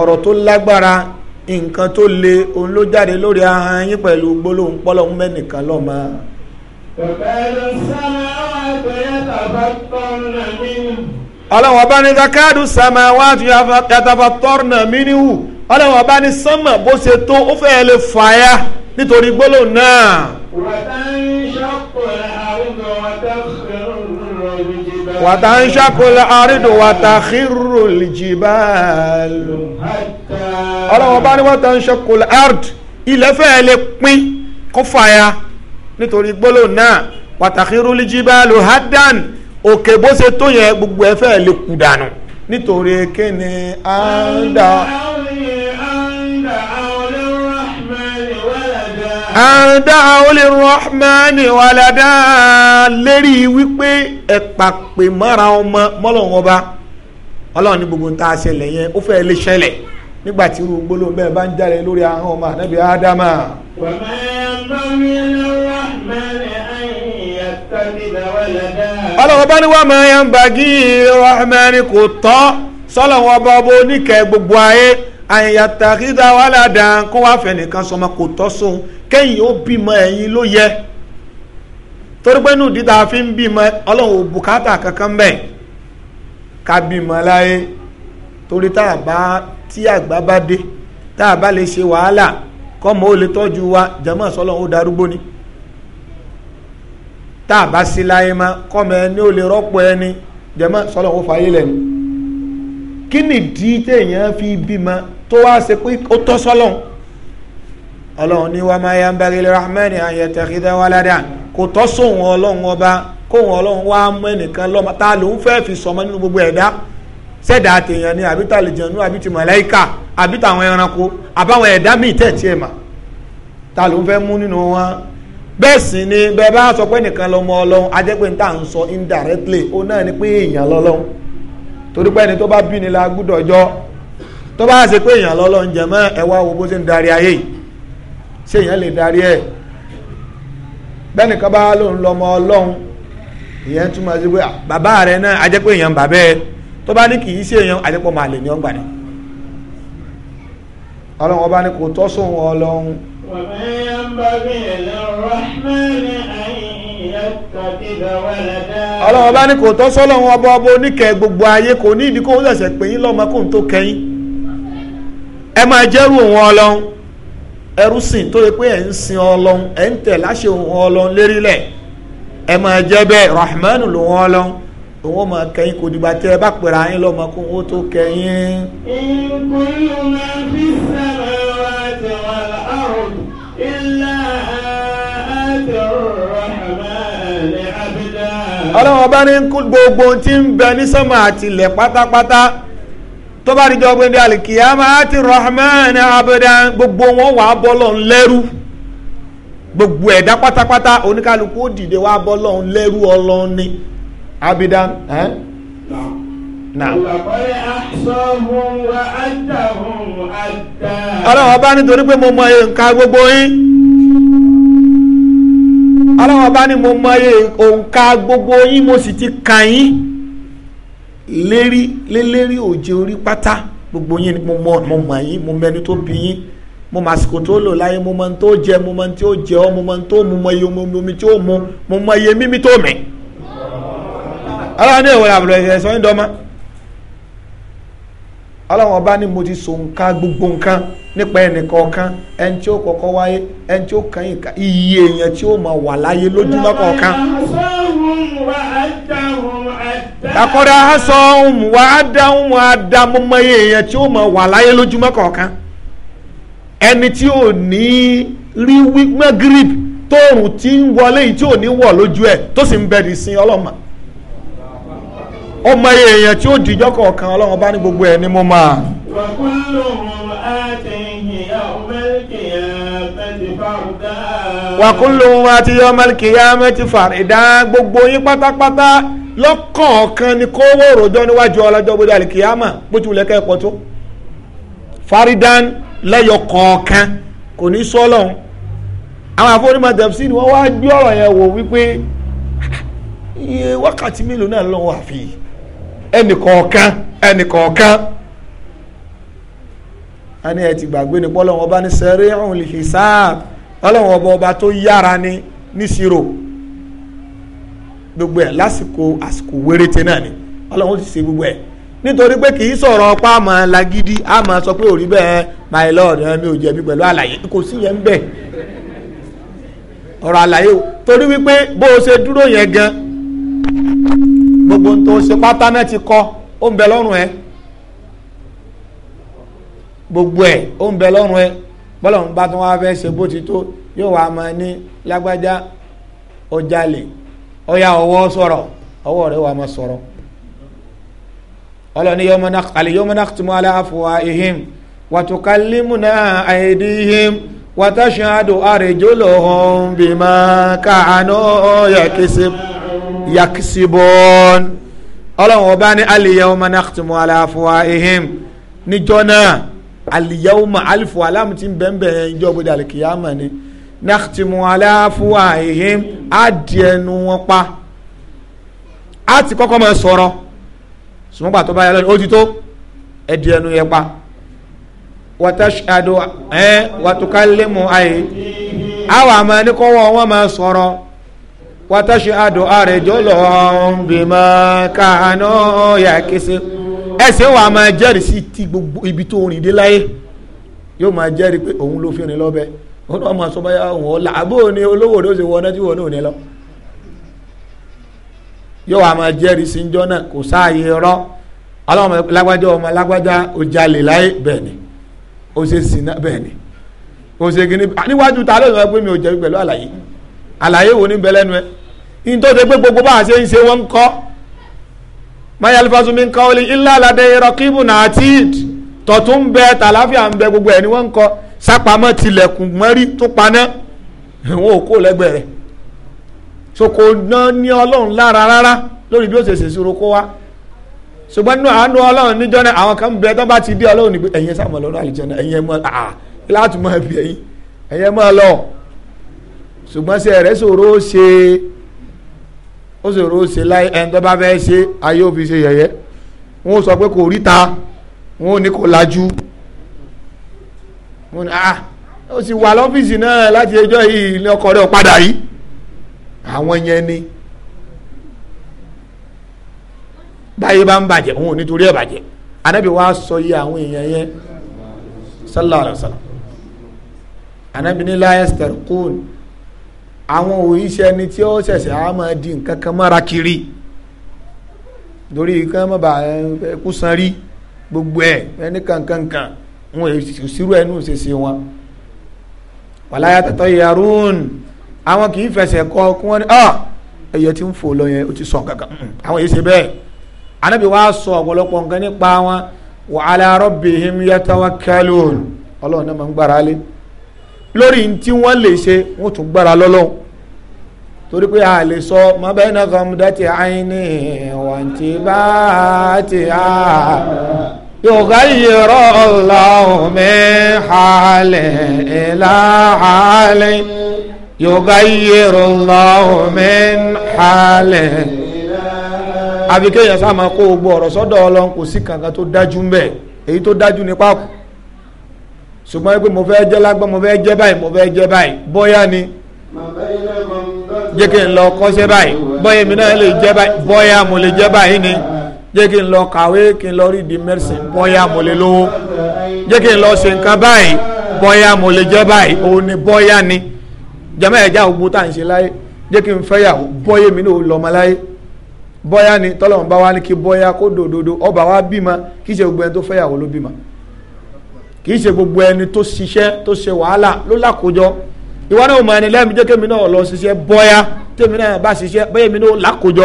ọ̀rọ̀ tó lágbára nǹkan tó le òun ló jáde lórí ahọ́n yín pẹ̀lú gbólóhùn pọ́lọ́hún mẹ́nìkan lọ́mọ. ọlọ́wọ́n ọba ní zakadu samawati yatafattarna minhu ọlọ́wọ́n ọba ní sánmà bó ṣe tó ó fẹ́ lè fàyà nítorí gbólóhùn náà. wàtá ń ṣọ́pọ̀ àwọn ọ̀gá wàtá wàtánṣákò àrídò wàtàkìrò lìjìbáàlù ọlọ́wọ́ bá ní wàtánṣákò àríd ilẹ̀ fẹ́ẹ́ lè pín kó fàya nítorí gbólóhùn náà wàtàkìrò lìjìbáàlù hadan òkè bó ṣe tó yẹ gbogbo ẹ lè kú dànù nítorí kíni àńdà. àǹdá olèrànmánì wàlàdá lérí wípé ẹ̀pàpè mọ́ra ọmọ mọ́lọ́wọ́n ọba ọlọ́run ní gbogbo nta ṣẹlẹ̀ yẹn ó fẹ́ lè ṣẹlẹ̀ nígbà tí irú gbólóhùn bẹ́ẹ̀ bá ń jáde lórí ahọ́n ọmọ ànábì ádámà. wàmẹ́ ẹ̀ńbọ́nmi lọ́rọ̀mẹ́ni ọlọ́wọ́ bá ní wà máa ń bàgí rọ́ọ̀mẹ́ni kò tọ́ sọ́lọ́wọ́ bá bó níkẹ́ gbogbo ayé àyàtàkìdá wàhálà dàn kó wá fẹ́ sọmọ kò tọ́ sóhun kẹ́yìn ó bímọ ló yẹ torí pé nù dídá fi ń bímọ ọlọ́run ò bùkátà kankan bẹ́ẹ̀ ká bímọ láyé torí tá a bá tí àgbà bá dé tá a bá lè ṣe wàhálà kọ́mọ ó lè tọ́jú wa jẹ́mọ̀ sọ́lọ́run ó darúgbó ni tá a bá sí láyé má kọ́mọ ẹni ó lè rọ́pò ẹni ó lẹ́nu kí fi bímọ tó wá ṣe pé ó tọ́ sọ́lọ́n ọlọ́run ní wàá máa yan bẹ́rẹ̀ rahman kò tọ́ sóhun ọlọ́run ọba kóhun ọlọ́run wá mọ́ ẹnìkan lọ́mọ tá a fẹ́ fi sọmọ nínú gbogbo ẹ̀dá sẹ́dá àtẹ̀yàn ni àbí tàlejànú àbí ti àbí ẹranko àbáwọn ẹ̀dá míì tẹ̀ tiẹ̀ mà tá a fẹ́ mú nínú wọn bẹ́ẹ̀ sì ni bẹ́ẹ̀ bá sọ pé nìkan lọ́mọ ọlọ́run níta ń sọ indirectly ó náà ni pé èèyàn lọ́lọ́run tó bá bí ni la gbúdọ̀ tó bá ṣe pé èèyàn lọ́lọ́ jẹ mọ́ ẹ wo bó ṣe ń darí ayé ṣé èèyàn lè darí ẹ̀ bẹ́nìkan bá lóun ọlọ́run ìyẹn bàbá rẹ náà ajẹ́ pé èèyàn bàbá ẹ tó bá ní kì í ṣe èèyàn ajẹ́pọ̀ lè ní ọgbà ni ọlọ́run gbogbo ayé kò ní ṣẹ̀ṣẹ̀ pè yín ẹ máa jẹ́rù òun ọlọ́run ẹrú sìn tó yẹ pé ẹ̀ ń sin ọlọ́run ẹ̀ ń tẹ̀ láṣẹ òun ọlọ́run lérílẹ̀ ẹ máa jẹ́ bẹ́ẹ̀ rahman lòun ọlọ́run òun ó kò dìgbà tẹ́ ẹ bá pèrè lọ lọ́mọ tó gbogbo ohun tí ń bẹ ní tó bá di jọ́gbìn alikiyama ati rahman abudan gbogbo wọn wà á bọ́lọ̀ ńlẹ́rú gbogbo ẹ̀dá pátápátá oníkálukú ó dìde wá bọ́lọ̀ ńlẹ́rú ọlọ́ni abidan. Eh? ọlọ́wọ́ bá nítorí pé mo mọ iye nǹkan gbogbo yín ọlọ́wọ́ bá ní mo mọ iye nǹkan gbogbo yín mo sì ti kàn yín. lérí lélérí òjé orí pátá gbogbo yín mo mọ mo mọ yín mo mẹni tó bí yín mo mọ àsìkò tó lò láyé mo mọ ohun tó jẹ mo mọ ohun tí ó jẹ ọ mo mọ ohun tó mu mọ iye omi tí ó mu mo mọ iye mímí tó mẹ. ara ní ìwé àbúrò ẹ̀sán ń dọ́ ọlọ́wọ́n bá ní mo ti so nǹkan gbogbo nǹkan nípa ẹnìkọ̀ọ̀kan ẹni tí ó kọ̀kọ́ wáyé ẹni tí ó kàn yín ká iye èèyàn tí ó máa wà láyé lójúmọ́ kọ̀ọ̀kan. àkọ́dá aṣọ ohun wà á wà á dá iye èèyàn tí ó wà láyé lójúmọ́ kọ̀ọ̀kan. ẹni tí ò ní rí tóòrùn ń wọlé yìí tí ò ní wọ̀ lójú ẹ̀ tó sì ń bẹ̀rẹ̀ ọmọ èèyàn tí ó dìjọ́ kọ̀ọ̀kan ọlọ́run bá ní gbogbo ẹ̀ ni mo máa. wàkúlùmù àti yọmọlìkì yá mẹ́tì fàrídà gbogbo yín pátápátá lọ́kọ̀ọ̀kan ni kó wó rojọ́ níwájú ọlọ́jọ́ gbogbo àlìkìyàmà bó ti wùlẹ̀ kẹ́ẹ̀pọ̀ tó. faridan lẹ́yọ kọ̀ọ̀kan kò ní sọ́lọ́hún àwọn àfọwọ́nìmọ̀ tẹ̀sí ni wọ́n wá gbé ọ̀rọ̀ yẹn wò wípé iye wákàtí mélòó náà lọ́wọ́ àfihàn ẹnìkọ̀ọ̀kan ẹnìkọ̀ọ̀kan a ní ẹ ti gbàgbé ní pọ́lọ́wọ́n ọba ní sẹ́ríhùn lìhìsáàb ọlọ́wọ́n ọba ọba tó yára ní níṣirò gbogbo ẹ lásìkò àsìkò wérété náà ni ọlọ́wọ́n ti ṣe gbogbo nítorí pé kì í sọ̀rọ̀ ọpá àmọ́ lagidi àmọ́ sọ my lord mi ò jẹ̀bi pẹ̀lú àlàyé kò sí yẹn ń bẹ̀ ọ̀rọ̀ àlàyé o torí wípé bó o ṣe tó ṣe pátá náà ti kọ́ ó ń bẹ lọ́rùn ẹ gbogbo ẹ ó ń bẹ lọ́rùn ẹ bọ́lọ̀ ń bá tó wá fẹ́ ṣe bó ti tó yóò wá máa ní lágbájá ó jalè ó yá ọwọ́ sọ̀rọ̀ ọwọ́ rẹ̀ wá máa sọ̀rọ̀ ọlọ́ni yọmọ náà tó mọ́ aláfọwá ihim wàtúkálímùnà àìdíhim wàtàṣáàdù àrèjọ́lọ́hún bímá káànú yàkísìbọ́n ọlọ́run ọba ní aliyahuma nakhtimu ala afwahihim níjọ́ náà aliyahuma alifu aláàmù ti ń bẹ́ẹ̀nbẹ́ẹ̀ ìjọ gbọdọ̀ alikiyama ni nakhtimu ala afwahihim á di ẹnu wọn pa á ti kọ́kọ́ máa sọ̀rọ̀ sùmọ́gbà tó bá yẹ lọ́dún ó ti yẹn pa wa ayé àwọn àmọ́ ẹni kọ́wọ́ wọn máa sọ̀rọ̀ wàtàṣáàdù àrẹjọ́lọ́hún bímọ kàánú yà kése ẹsẹ̀ wa máa jẹ́rìí sí ti gbogbo ibi tó rìn dé láyé yóò máa jẹ́rìí pé òun ló fi rìn lọ́bẹ̀ wọn náà máa sọ báyà wọn ọ̀la àbó ni olówó ló ṣe wọ náà tí wọn náà ní lọ yóò wá máa jẹ́rìí sí njọ́ náà kò sáàyè rọ́ aláwọn lágbájá ọmọ lágbájá ó láyé bẹ́ẹ̀ ni ó ṣe sìnà bẹ́ẹ̀ ni ó ṣe gíní níwájú ta ló ń sọ pé mi ò jẹ̀bi pẹ̀lú àlàyé àlàyé wo ní bẹ́lẹ́nu ẹ yín tó ṣe pé gbogbo bá a ṣe ń ṣe wọ́n ń kọ́ máyà alifasu mi ń kọ́ ọ́lẹ́ ilé aládé rọ́kìbù náà tọ̀tún bẹ tàlàfíà ń bẹ gbogbo ẹ̀ ni wọ́n ń kọ́ sápamọ́ tilẹ̀kùn mọ́rí tún paná wọn ò kó lẹ́gbẹ̀ẹ́ rẹ̀ so kò ná ní ọlọ́run lára rárá lórí bí ó ṣe ṣèṣirò kó wá ṣùgbọ́n nínú àánú ọlọ́run níjọ́ náà àwọn kan bẹ tó bá ti dé ọlọ́run ní pé ẹ̀yin sàmọ̀ lọ́rọ̀ náà ẹ̀yin mọ́ àá ah, láti mọ́ ẹ̀bí ẹ̀yin ẹ̀yin mọ́ ọlọ́run ṣùgbọ́n ṣe rẹ̀ ṣòro ṣe ó ṣòro ṣe láì ẹni tó bá fẹ́ ṣe ayé òbí ṣe yẹ̀yẹ́ wọn sọ pé kò ríta wọn ní kò lajú wọn ni ah ó sì wà lọ́fíìsì náà láti ẹjọ́ yìí ní ọkọ̀ rẹ̀ padà yìí àwọn yẹn ni báyé bá ń bàjẹ́ òun ò nítorí ẹ̀ bàjẹ́ anábì wa sọ yìí àwọn èèyàn yẹn sallallahu alaihi anábì ní la yastarqun àwọn òyìnṣẹ́ ẹni tí ó ṣẹ̀ṣẹ̀ á máa di nǹkan kan mọ́ra kiri torí kán má bàa kú san rí gbogbo ẹ̀ ẹni kankankan wọn ò sírú ẹnu ṣèṣe wọn wàláyà tẹ̀tọ́ yarun àwọn kì í fẹsẹ̀ kọ kí wọ́n ní ah ẹyẹ tí ń fò lọ yẹn ó ti sọ kankan àwọn yìí ṣe bẹ́ẹ̀ anábì wa sọ ọ̀pọ̀lọpọ̀ nǹkan nípa wọn wa ala rabbihim yatawakkalun ọlọ́run náà máa ń gbára lé lórí tí wọ́n lè ṣe wọ́n tún gbára lọ́lọ́run torí pé a lè sọ mọ́bẹ́nà kọ́mùdátì àìní wọ̀ntì bá ti á yóò yẹ̀rọ ọ̀làwọ̀mí halẹ̀ ìlà halẹ̀ yóò yẹ̀rọ ọ̀làwọ̀mí halẹ̀ àbíkẹ́yìn sáà máa kó gbọ́ ọ̀rọ̀ sọ́dọ̀ ọlọ́run kò sí kankan tó dájú ń bẹ̀ èyí tó dájú nípa kù ṣùgbọ́n pé mo fẹ́ jẹ́ lágbọ́n mo fẹ́ jẹ́ báyìí mo fẹ́ jẹ́ báyìí bóyá ni jẹ́ kí n lọ kọ́ṣẹ́ báyìí bóyá mi náà lè jẹ́ báyìí bóyá mo lè jẹ́ báyìí ni jẹ́ kí n lọ kàwé kí n lọ rí di mẹ́rìsìn bóyá mo lè lówó jẹ́ kí n lọ ṣe nǹkan báyìí bóyá mo lè jẹ́ báyìí òun ni bóyá ni jẹ́mọ́ ẹ̀já ògbó tá à ń ṣe láyé jẹ́ kí n fẹ́yàwó bóyá mi náà lọ́mọ láyé bóyá ni tọ́lọ́mọba wa ni kí bóyá kó dòdòdò ọba wa bímọ kí ṣe gbogbo kì í ṣe gbogbo ẹni tó ṣiṣẹ́ tó ṣe wàhálà ló lákòjọ ìwọ náà mọ ẹni lẹ́mìí jẹ́ kémi náà lọ ṣiṣẹ́ bọ́yá tèmi náà bá ṣiṣẹ́ bóyá èmi náà lákòjọ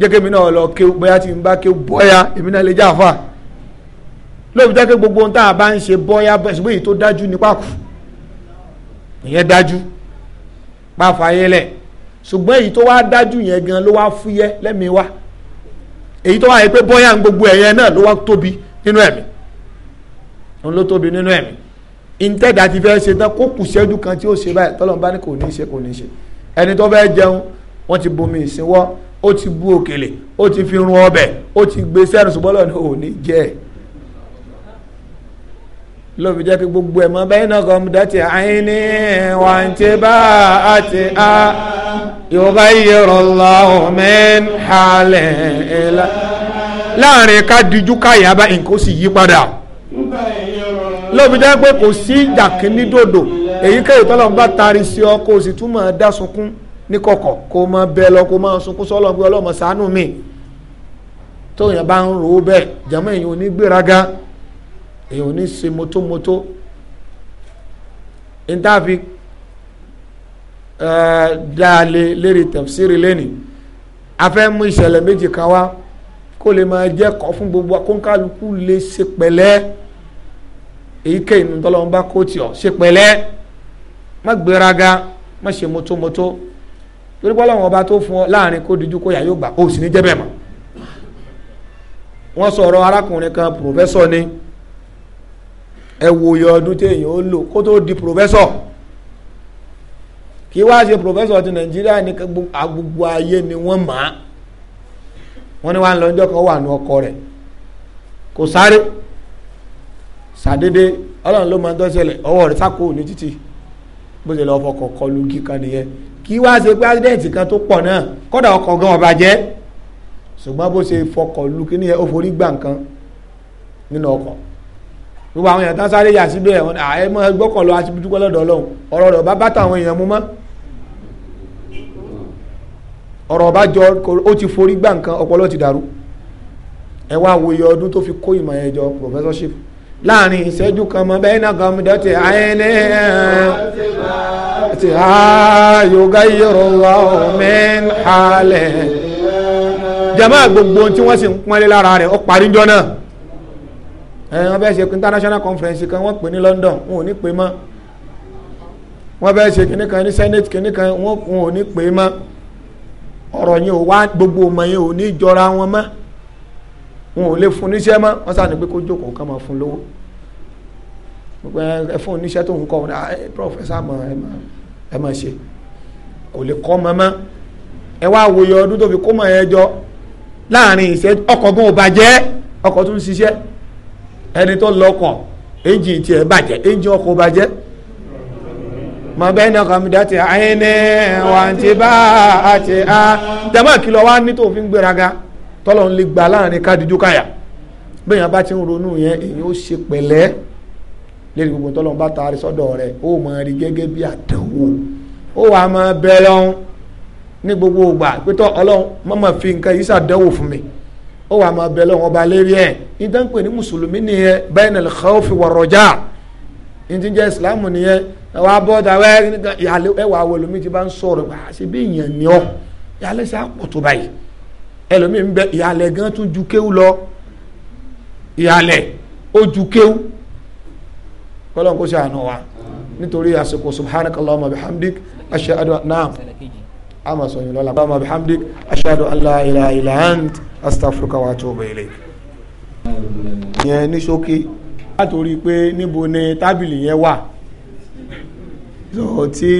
jẹ́ kémi náà lọ kéw bóyá tí n bá kéw bọ́yá èmi náà lè jẹ́ àfà lóòbí jẹ́ pé gbogbo ohun tá a bá ń ṣe bọ́yá ṣùgbọ́n èyí tó dájú ní pàkó ìyẹn dájú pàfà yẹn lẹ̀ ṣùgbọ́n èyí tó wá dájú yẹn gan ló wá fúyẹ́ lẹ́mìí wá èyí tó wá yẹ pé bọ́yá gbogbo ẹ̀yẹn náà ló wá tóbi nínú ẹ̀mí òun ló tóbi nínú ẹ̀mí ìntẹ́dà ti fẹ́ ṣe tán kó kù ṣẹ́jú kan tí ó ṣe báyìí tọ́lọ́n bá ní kò ní ṣe kò ní ṣe ẹni tó fẹ́ jẹun wọ́n ti bomi ìsinwọ́ ó ti bu òkèlè ó ti fi run ọbẹ̀ ó ti gbé sẹ́nu ṣùgbọ́n lọ́ni ò ní jẹ́ ẹ̀ lóbi jẹ́ kí gbogbo ẹ̀ mọ́ bẹ́ẹ̀ náà kọ́ mu dátì àìní wàǹtí bá àti a yorùbá yìí rọ̀lá òmìn hàlẹ̀ láàrin ká dijú káyà bá nǹkan ó sì yí padà lóbi jẹ́ pé kò sí ìjàkín ní dòdò èyíkéyìí tọ́lọ́ bá tari sí ọ kó o sì tún máa dá sunkún ní kọ̀kọ̀ kó o máa bẹ lọ kó o máa sunkún sọ́lọ́ pé ọlọ́mọ ṣàánú mi tóyìn bá ń rò ó bẹ́ẹ̀ jẹ́mọ́ èyàn ò ní gbéraga èyàn ò ní ṣe mọ́tómọ́tó ìtàfi dáalé lérí tẹ̀síìrì lẹ́nìí a fẹ́ mú ìṣẹ̀lẹ̀ méjì kan wá kó lè máa jẹ́ kọ́ fún gbogbo akóńkálukú lè ṣe pẹ̀lẹ́ èyíkéyìí nínú tọ́lọ́run bá kó tì ọ́ ṣe pẹ̀lẹ́ má gbéraga má ṣe mọ́tómọ́tó torí pé ọlọ́run ọba tó fún ọ láàrin kó dijú kó yà yóò gbà ó sì ní jẹ́bẹ̀ mọ́ wọ́n sọ̀rọ̀ arákùnrin kan pòfẹ́sọ̀ ni ẹ wo iye ọdún téèyàn ó lò kó tó di pòfẹ́sọ̀ kí wá ṣe pòfẹ́sọ̀ ti nàìjíríà ní gbogbo ayé ni wọ́n mọ̀ á wọ́n ní wá ń lọ ọjọ́ kan wà ní ọkọ rẹ̀ kò sáré sàdédé ọlọ́run ló máa ń tọ́sẹ̀lẹ̀ ọwọ́ rẹ̀ sáko ní títì bó ṣe lọ́ọ́ fọkọ̀ kọlu kíkan nìyẹn kí wá ṣe pé ásídẹ̀ǹtì kan tó pọ̀ náà kọ́dà ọkọ̀ gan ọba jẹ́ ṣùgbọ́n bó ṣe fọkọ̀ lu kí ni ó forí gbà nǹkan nínú ọkọ̀ gbogbo àwọn èèyàn tán sáré yà síbẹ̀ ẹ mọ gbọ́kọ̀ lọ asibítú kọ́ lọ́dọ̀ ọlọ́run ọ̀rọ̀ rẹ̀ ọba bàtà àwọn èèyàn mú mọ́ ọ̀rọ̀ ọba jọ ó ti forí gbà nǹkan ọpọlọ ti dàrú ẹ wá wo ọdún tó fi kó ìmọ̀ yẹn jọ professorship láàrin ìṣẹ́jú kan mọ́ bẹ́ẹ̀ náà kan mọ́tò ti àyẹ̀lẹ́ ti àyọ̀gá yọ̀rọ̀ wa ọ̀mẹ́n halẹ̀ jama gbogbo tí wọ́n sì ń pọ́nlé lára rẹ̀ ó parí jọ náà wọ́n bẹ́ẹ̀ ṣe international conference kan wọ́n pè ní London wọn ò ní pè mọ́ wọ́n bẹ́ẹ̀ ṣe kínní kan ní senate kínní kan wọn ò ní pè mọ́ ọ̀rọ̀ yẹn ò wá gbogbo ọmọ yẹn ò ní jọra wọn mọ́ wọn ò lè fún níṣẹ́ mọ́ wọ́n sá ni pé kó jókòó kán máa fún lówó ẹ fún oníṣẹ́ tó ń kọ́ wọn ah, eh, ẹ prọfẹsà mọ ẹ máa ṣe ò lè kọ́ mọ́ mọ́ ẹ wá wòye ọdún tó fi kó mọ̀ ẹ jọ láàrin ìṣẹ́ ọkọ̀ gan ò bàjẹ́ ọkọ̀ tún ń ṣiṣẹ́ ẹni tó lọ́kọ̀ engine tiẹ̀ bàjẹ́ engine ọkọ̀ bàjẹ́ mọ bẹ́ẹ̀ náà kàn mí dá ti ní wàǹtí bá àti à tẹ̀mọ́ kìlọ̀ wá ní tó fi ń gbéraga tọ́lọ̀ ń lè gba láàrin kádìjú káyà bẹ́ẹ̀ yẹn bá ti ń ronú yẹn èyí ó ṣe pẹ̀lẹ́ lérí gbogbo tọ́lọ̀ ń bá taari sọ́dọ̀ rẹ̀ ó mọ̀ rí gẹ́gẹ́ bí àdánwò ó wà á máa bẹ lọ́hún ní gbogbo ògbà pé tọ́ ọlọ́run mọ́mọ́ fi nǹkan yìí ṣàdánwò fún mi ó wà á máa bẹ lọ́hún ọba lérí ẹ̀ ní dáńpẹ́ ní mùsùlùmí nìyẹn bainal khawfi warraja ní jẹ́ ìsìlámù nìyẹn ẹwà bọ́dà wẹ́ẹ́ ẹwà wẹ̀lómi ti bá ń sọ̀rọ̀ gbà ṣe ni ọ́ ìyálẹ́sẹ̀ àpọ̀ báyìí ẹlòmíì ń bẹ ìhàlẹ̀ gan tún ju kéwú lọ ìhàlẹ̀ ó ju kéwú kọ́lọ́n kó ṣe àánú wa nítorí àsìkò subhanakallahumma bihamdik ashhadu naam ama sọ yín lọ́la allahumma bihamdik ashhadu an la ilaha illa ant astaghfiruka wa atubu ilayk. yẹn ní ṣókí látòrí pé níbo ni tábìlì yẹn wà tí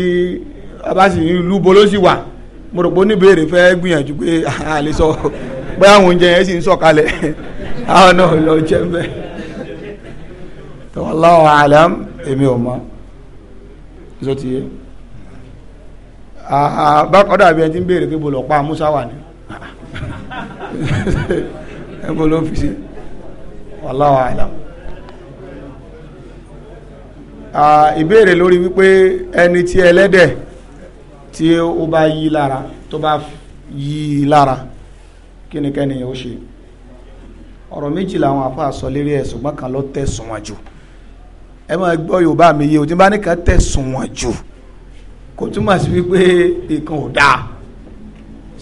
a bá sì ń lúbo ló sì wà mo rò pé oníbèrè fẹ́ gbìyànjú pé a lè sọ pé àwọn oúnjẹ yẹn sì ń sọ̀kalẹ̀ àwọn náà lọ jẹ́ ń bẹ̀. wallahu alam èmi ò mọ̀ ṣó ti yé bákan dàbí ẹni tí ń béèrè pé bolo pa musa wà ní ẹ bolo fi sí wallahu alam ìbéèrè lórí wípé ẹni tí ẹlẹ́dẹ̀ẹ́ tí ó bá yí lára tó bá yí lára kí ni kẹ́ni ó ṣe ọ̀rọ̀ méjì làwọn àfáà sọ lérí ẹ̀ ṣùgbọ́n kan ló tẹ̀sùn wọn jù ẹ máa gbọ́ yorùbá mi yé o tí bá ní kan tẹ̀sùn wọn jù kò túmọ̀ sí wípé nǹkan ò dáa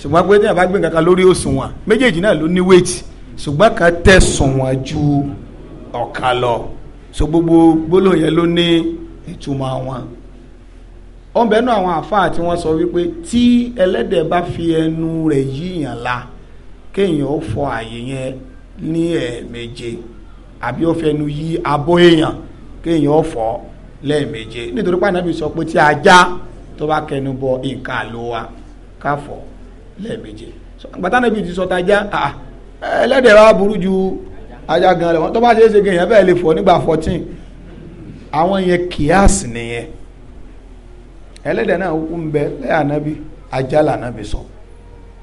ṣùgbọ́n pé tí a gbé nǹkan kan lórí òṣùwọ̀n méjèèjì náà ló ní wéètì ṣùgbọ́n kan tẹ̀sùn wọn ju ọ̀kan lọ so gbogbo gbólóhùn ló ní ìtumọ̀ wọn wọ́n bẹ̀rù àwọn àfáà tí wọ́n sọ wípé tí ẹlẹ́dẹ̀ bá fi ẹnu rẹ̀ yíyàn la kéèyàn ó fọ àyè yẹn ní ẹ̀ẹ̀méje àbí ó fẹnu yí abọ́ èèyàn kéèyàn ó fọ lẹ́ẹ̀méje nítorí pé ànábì sọ pé tí ajá tó bá kẹnu bọ nǹkan àlò wa ká fọ lẹ́ẹ̀méje gbàtà ànábì ti sọ tajá ẹlẹ́dẹ̀ wa burú ju ajá gan lọ tó bá ṣeé ṣe kéèyàn bẹ́ẹ̀ lè fọ nígbà fourteen àwọn yẹn kíyàsì nìyẹn ẹlẹ́dẹ̀ náà kú ń bẹ lẹ́yìn ànábì ajá lànábì sọ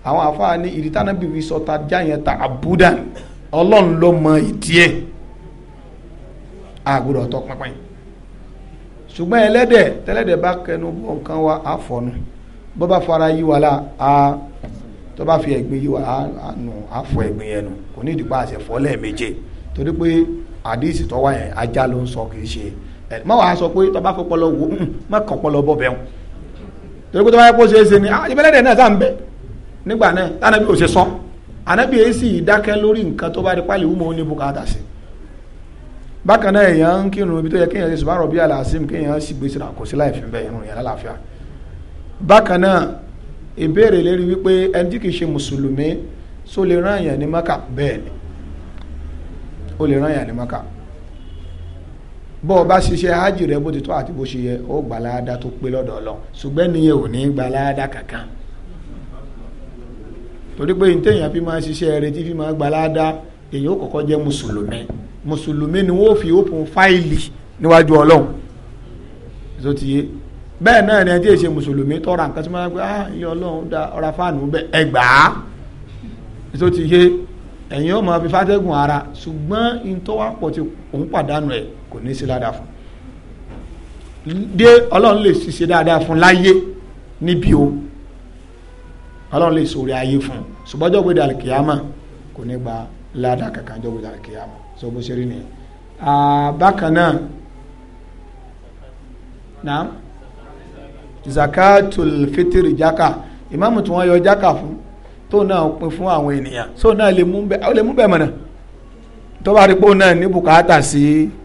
àwọn àfáà ní ìdí tánábì fi sọ ta já yẹn ta àbúdà ọlọ́run ló mọ ìdí ẹ̀ àgbọ̀dọ̀ tọ́ pínpín ṣùgbọ́n ẹlẹ́dẹ̀ tẹ́lẹ́dẹ̀ bá kẹnu bọ̀ nǹkan wa àfọ̀nù bó bá fara yí wa la a tó bá fi ẹ̀gbin yí wa a nù àfọ̀ ẹ̀gbin yẹn nù kò ní ìdìpọ̀ àṣẹfọ́ lẹ́ẹ̀méje torí pé àdìsí tó yẹn ajá ló ń sọ kì í ṣe ẹ mọ wàá sọ pé tọba fọpọlọ wò ń mọ kọpọlọ bọ bẹun torí pé tọba yẹ kó ṣe é ṣe ni ah, ìbẹ́lẹ́dẹ̀ náà sá ń bẹ nígbà náà tánàbí ò ṣe sọ ànábì èsì ìdákẹ́ lórí nǹkan tó bá di pálí wúmọ̀ ó ní bùkátà sí bákan náà èèyàn ń kírun ibi tó yẹ kéèyàn ṣe sùbá rọ̀bí àlàásìm kéèyàn sì gbèsè rà kò sí láì fi bẹ́ẹ̀ irun yẹn lálàáfíà bákan náà ìbéèrè lérí wípé ẹni tí kìí ṣe mùsùlùmí só lè rán èèyàn ní maka bẹ́ẹ̀ ni ó lè rán èèyàn ní maka bó o bá ṣiṣẹ́ hajj rẹ bó ti tọ́ àti bó ṣe yẹ ó gbà láàdá tó pé lọ́dọ̀ Ọlọ́run ṣùgbọ́n nìyẹn ò ní gbà láàdá kankan torí pé ntẹ̀yìn fi máa ṣiṣẹ́ rẹ tí fi máa gbà láàdá èyí ó kọ́kọ́ jẹ́ mùsùlùmí mùsùlùmí ni wọ́n fi open fáìlì níwájú Ọlọ́run tó ti yé bẹ́ẹ̀ náà ni ẹ tí ì ṣe mùsùlùmí tọ́ra nǹkan tí wọ́n máa gbé ah ilé Ọlọ́run da ọ̀rá fáànù bẹ́ẹ̀ ẹ gbà á tó ti yé ẹ̀yin ó máa fi fátẹ́gùn ara ṣùgbọ́n ntọ́wápọ̀ ti òun pàdánù ẹ̀ kò ní sí ládàá fún dé ọlọ́run lè ṣiṣẹ́ dáadáa fún láyé níbi o ọlọ́run lè sori ayé fún ṣùgbọ́n jọ́gbé dàlẹ́ kìyàmà kò ní gba ládàá kankan jọ́gbé dàlẹ́ kìyàmà sọ bó ṣe rí nìyẹn. bákan náà naam zakatul fitr jaka ìmáàmù tí wọ́n yọ jaka fún tó náà pín fún àwọn ènìyàn tó náà lè mú bẹ́ẹ̀ mọ̀nà tó bá rí pé òun náà ní bùkátà sí i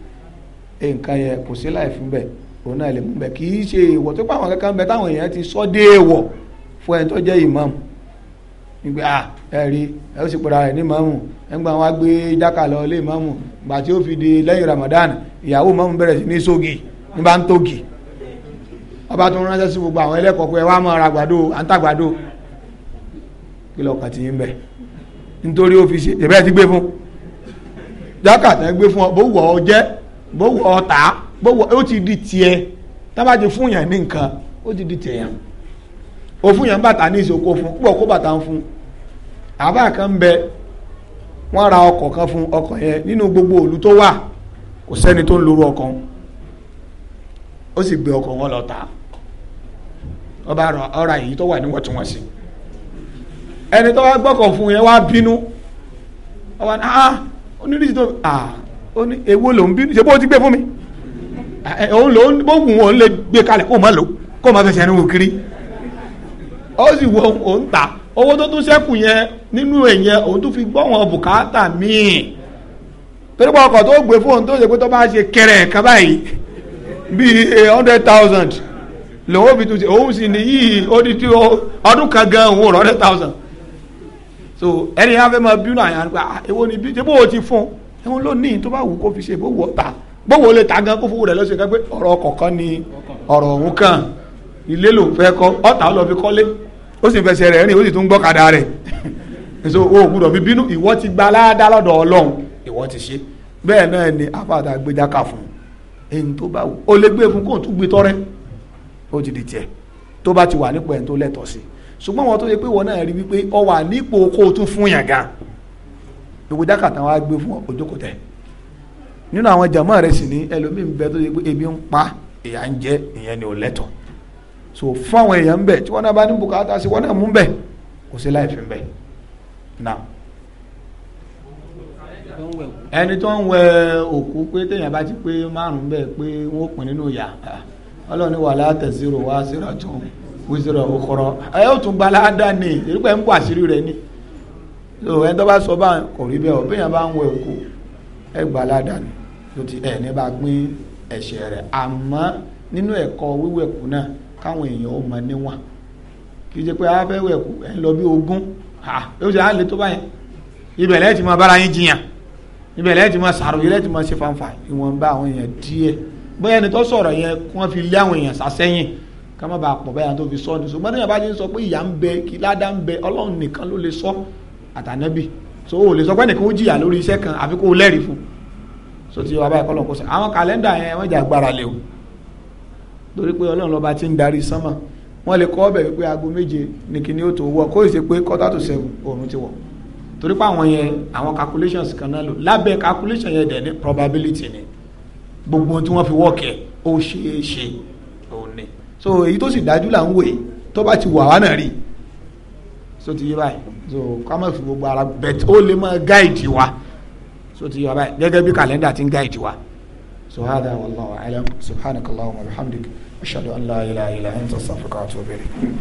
Eh, nǹkan yẹn kò sí láì fún bẹ òun náà lè mú bẹ kì í ṣe èèwọ̀ tó pàwọn kankan bẹ táwọn èèyàn ti sọ dé èèwọ̀ fún ẹni tó jẹ́ imam nígbà à ẹ rí ẹ ó sì pera rẹ̀ ní imamu ẹgbẹ́ wọn gbé jáka lọ ilé imamu gbà tí ó fi di lẹ́yìn Ramadan ìyàwó imamu bẹ̀rẹ̀ sí ní sógi ní bá ń tógi ọba tó ń ránṣẹ́ sí gbogbo àwọn ẹlẹ́kọ̀ọ́ pé ẹ wá mọ ara àgbàdo à ń tàgbàdo kí ti yín bẹ̀ nítorí ó fi ṣe ìbẹ́ẹ̀ ti gbé fún jáka tẹ́ gbé fún ọ bó wọ̀ ọ jẹ́ bówù ọ̀tá bówù ó ti di tiẹ̀ tábà ti fún yàn ní nǹkan ó ti di tiẹ̀ yàn o fún yàn bàtà ní ìsòkò fún púpọ̀ kó bàtà ń fún àbá kan bẹ wọ́n ra ọkọ̀ kan fún ọkọ̀ yẹn nínú gbogbo òlu tó wà kò sẹ́ni tó ń ọkọ̀ ó sì gbé ọkọ̀ wọn lọ ọba èyí tó wà níwọ̀ntúnwọ̀nsì ẹni tó wá gbọ́kọ̀ fún yẹn wá bínú ọba ah ah ó ní èwo lòún bínú ṣe bó ti gbé fún mi eh, eh, òun lòún bó wù wọn lè gbé kalẹ̀ kó má lò kó má fẹsẹ̀ ẹnu wò kiri ó sì wọ òun ta owó tó tún sẹ́kù yẹn nínú ẹ̀yẹn òun tún fi gbọ́ wọn bùkátà míì torí pé ọkọ̀ tó gbé fóun tó ṣe pé tó bá ṣe kẹrẹ̀ ẹ̀ka báyìí bíi eight hundred thousand lòun fi tún ṣe òun sì ní yìí ó di tí ọdún kan gan òun hundred thousand so ẹni yẹn á fẹ́ máa bínú àyàn àgbà ah, èwo ni bí ṣe bó o ti fún un ẹ̀wọ̀n ló ní tó bá wù kó fi ṣe bó wù ọ́ ta bówó lè ta gan kó fowó rẹ̀ lọ́sẹ̀ kan pé ọ̀rọ̀ ọkọ̀ ni ọ̀rọ̀ òun kan ilé ló fẹ́ kọ́ ọ̀tá lọ fi kọ́lé ó sì fẹsẹ̀ rẹ̀ rìn ó sì tún gbọ́kadà rẹ̀ èso o gbúdọ̀ fi bínú ìwọ ti gba aláàdá lọ́dọ̀ ọlọ́run ìwọ ti ṣe bẹ́ẹ̀ náà ni afáàdá gbéjà kà fún ẹni tó bá wù ó lè gbé e fún kóun tún gbé tọ́rẹ́ ó ti di tiẹ̀ tó bá ti wà nípò ẹni tó lẹ́tọ̀ọ́ sí ṣùgbọ́n wọn tó yẹ pé wọn náà rí wípé ọ wà nípò kó o tún fún yàn gan gbogbo jákàtà wa gbé fún òjókòó tẹ nínú àwọn jàmọ́ rẹ̀ sì n'i ẹlòmíín bẹ tó pé pa ń jẹ ni ò so fún àwọn èèyàn bẹ tí wọ́n náà bá ní bùkátà sí wọ́n náà mú bẹ kò sí láì fi bẹ ẹni tó ń wẹ òkú pé téèyàn bá ti pé márùn bẹ́ẹ̀ pé wọ́n pin nínú ìyà zero ah, wá so ẹni tó bá sọ bá kò rí bẹ́ẹ̀ ọ̀bẹ́yàn bá ń wẹ̀ òkú ẹ gbà ládàáni ló ti ẹ̀ ní bá pín ẹ̀ṣẹ̀ rẹ̀ àmọ́ nínú ẹ̀kọ́ wíwẹ̀ kú náà káwọn èèyàn ó mọ níwọ̀n kì í ṣe pé a fẹ́ wẹ̀ kú ẹ̀ ń lọ bí ogún ha yóò ṣe á lè tó báyẹn ibẹ̀ lẹ́yìn tí mo bára yín jiyàn ibẹ̀ lẹ́yìn tí mo sàròyé lẹ́yìn tí mo ṣe fanfa ìwọ̀nba àwọn èèyàn díẹ̀ bóyá ẹni tó sọ̀rọ̀ yẹn kí wọ́n fi lé àwọn èèyàn sàsẹ́yìn ká àtànẹ́bì so o lè sọ pé ẹnìkan ó jìyà lórí iṣẹ́ kan àfi kó o lẹ́rìí fún so ti wàá báyìí kọ́ lọ́n kó sọ àwọn kàlẹ́ndà yẹn wọ́n jà gbára lé o torí pé ọlọ́run lọ́ba ti ń darí sánmà wọ́n lè kọ́ ọbẹ̀ wípé aago méje ní kíní ó tó wọ kó ìṣe pé quarter to seven oòrùn ti wọ̀ torí pé àwọn yẹn àwọn calculations kan náà lò lábẹ́ calculation yẹn dẹ̀ ní probability ni gbogbo ohun tí wọ́n fi wọ́ọ̀kì ẹ̀ ó ṣeé ṣe òun ni so èyí tó sì dájú là ń wòye tó bá ti wà wá náà rí i so ti yé báyìí so ká má fi gbogbo ara bẹ̀t ó lè máa gáìdì wa so ti yé wa báyìí gẹ́gẹ́ bí kàlẹ́ndà ti ń gáìdì wa so hada wallahu alam subhanakallahumma wa bihamdik ashhadu an la ilaha illa anta astaghfiruka wa atubu ilayk.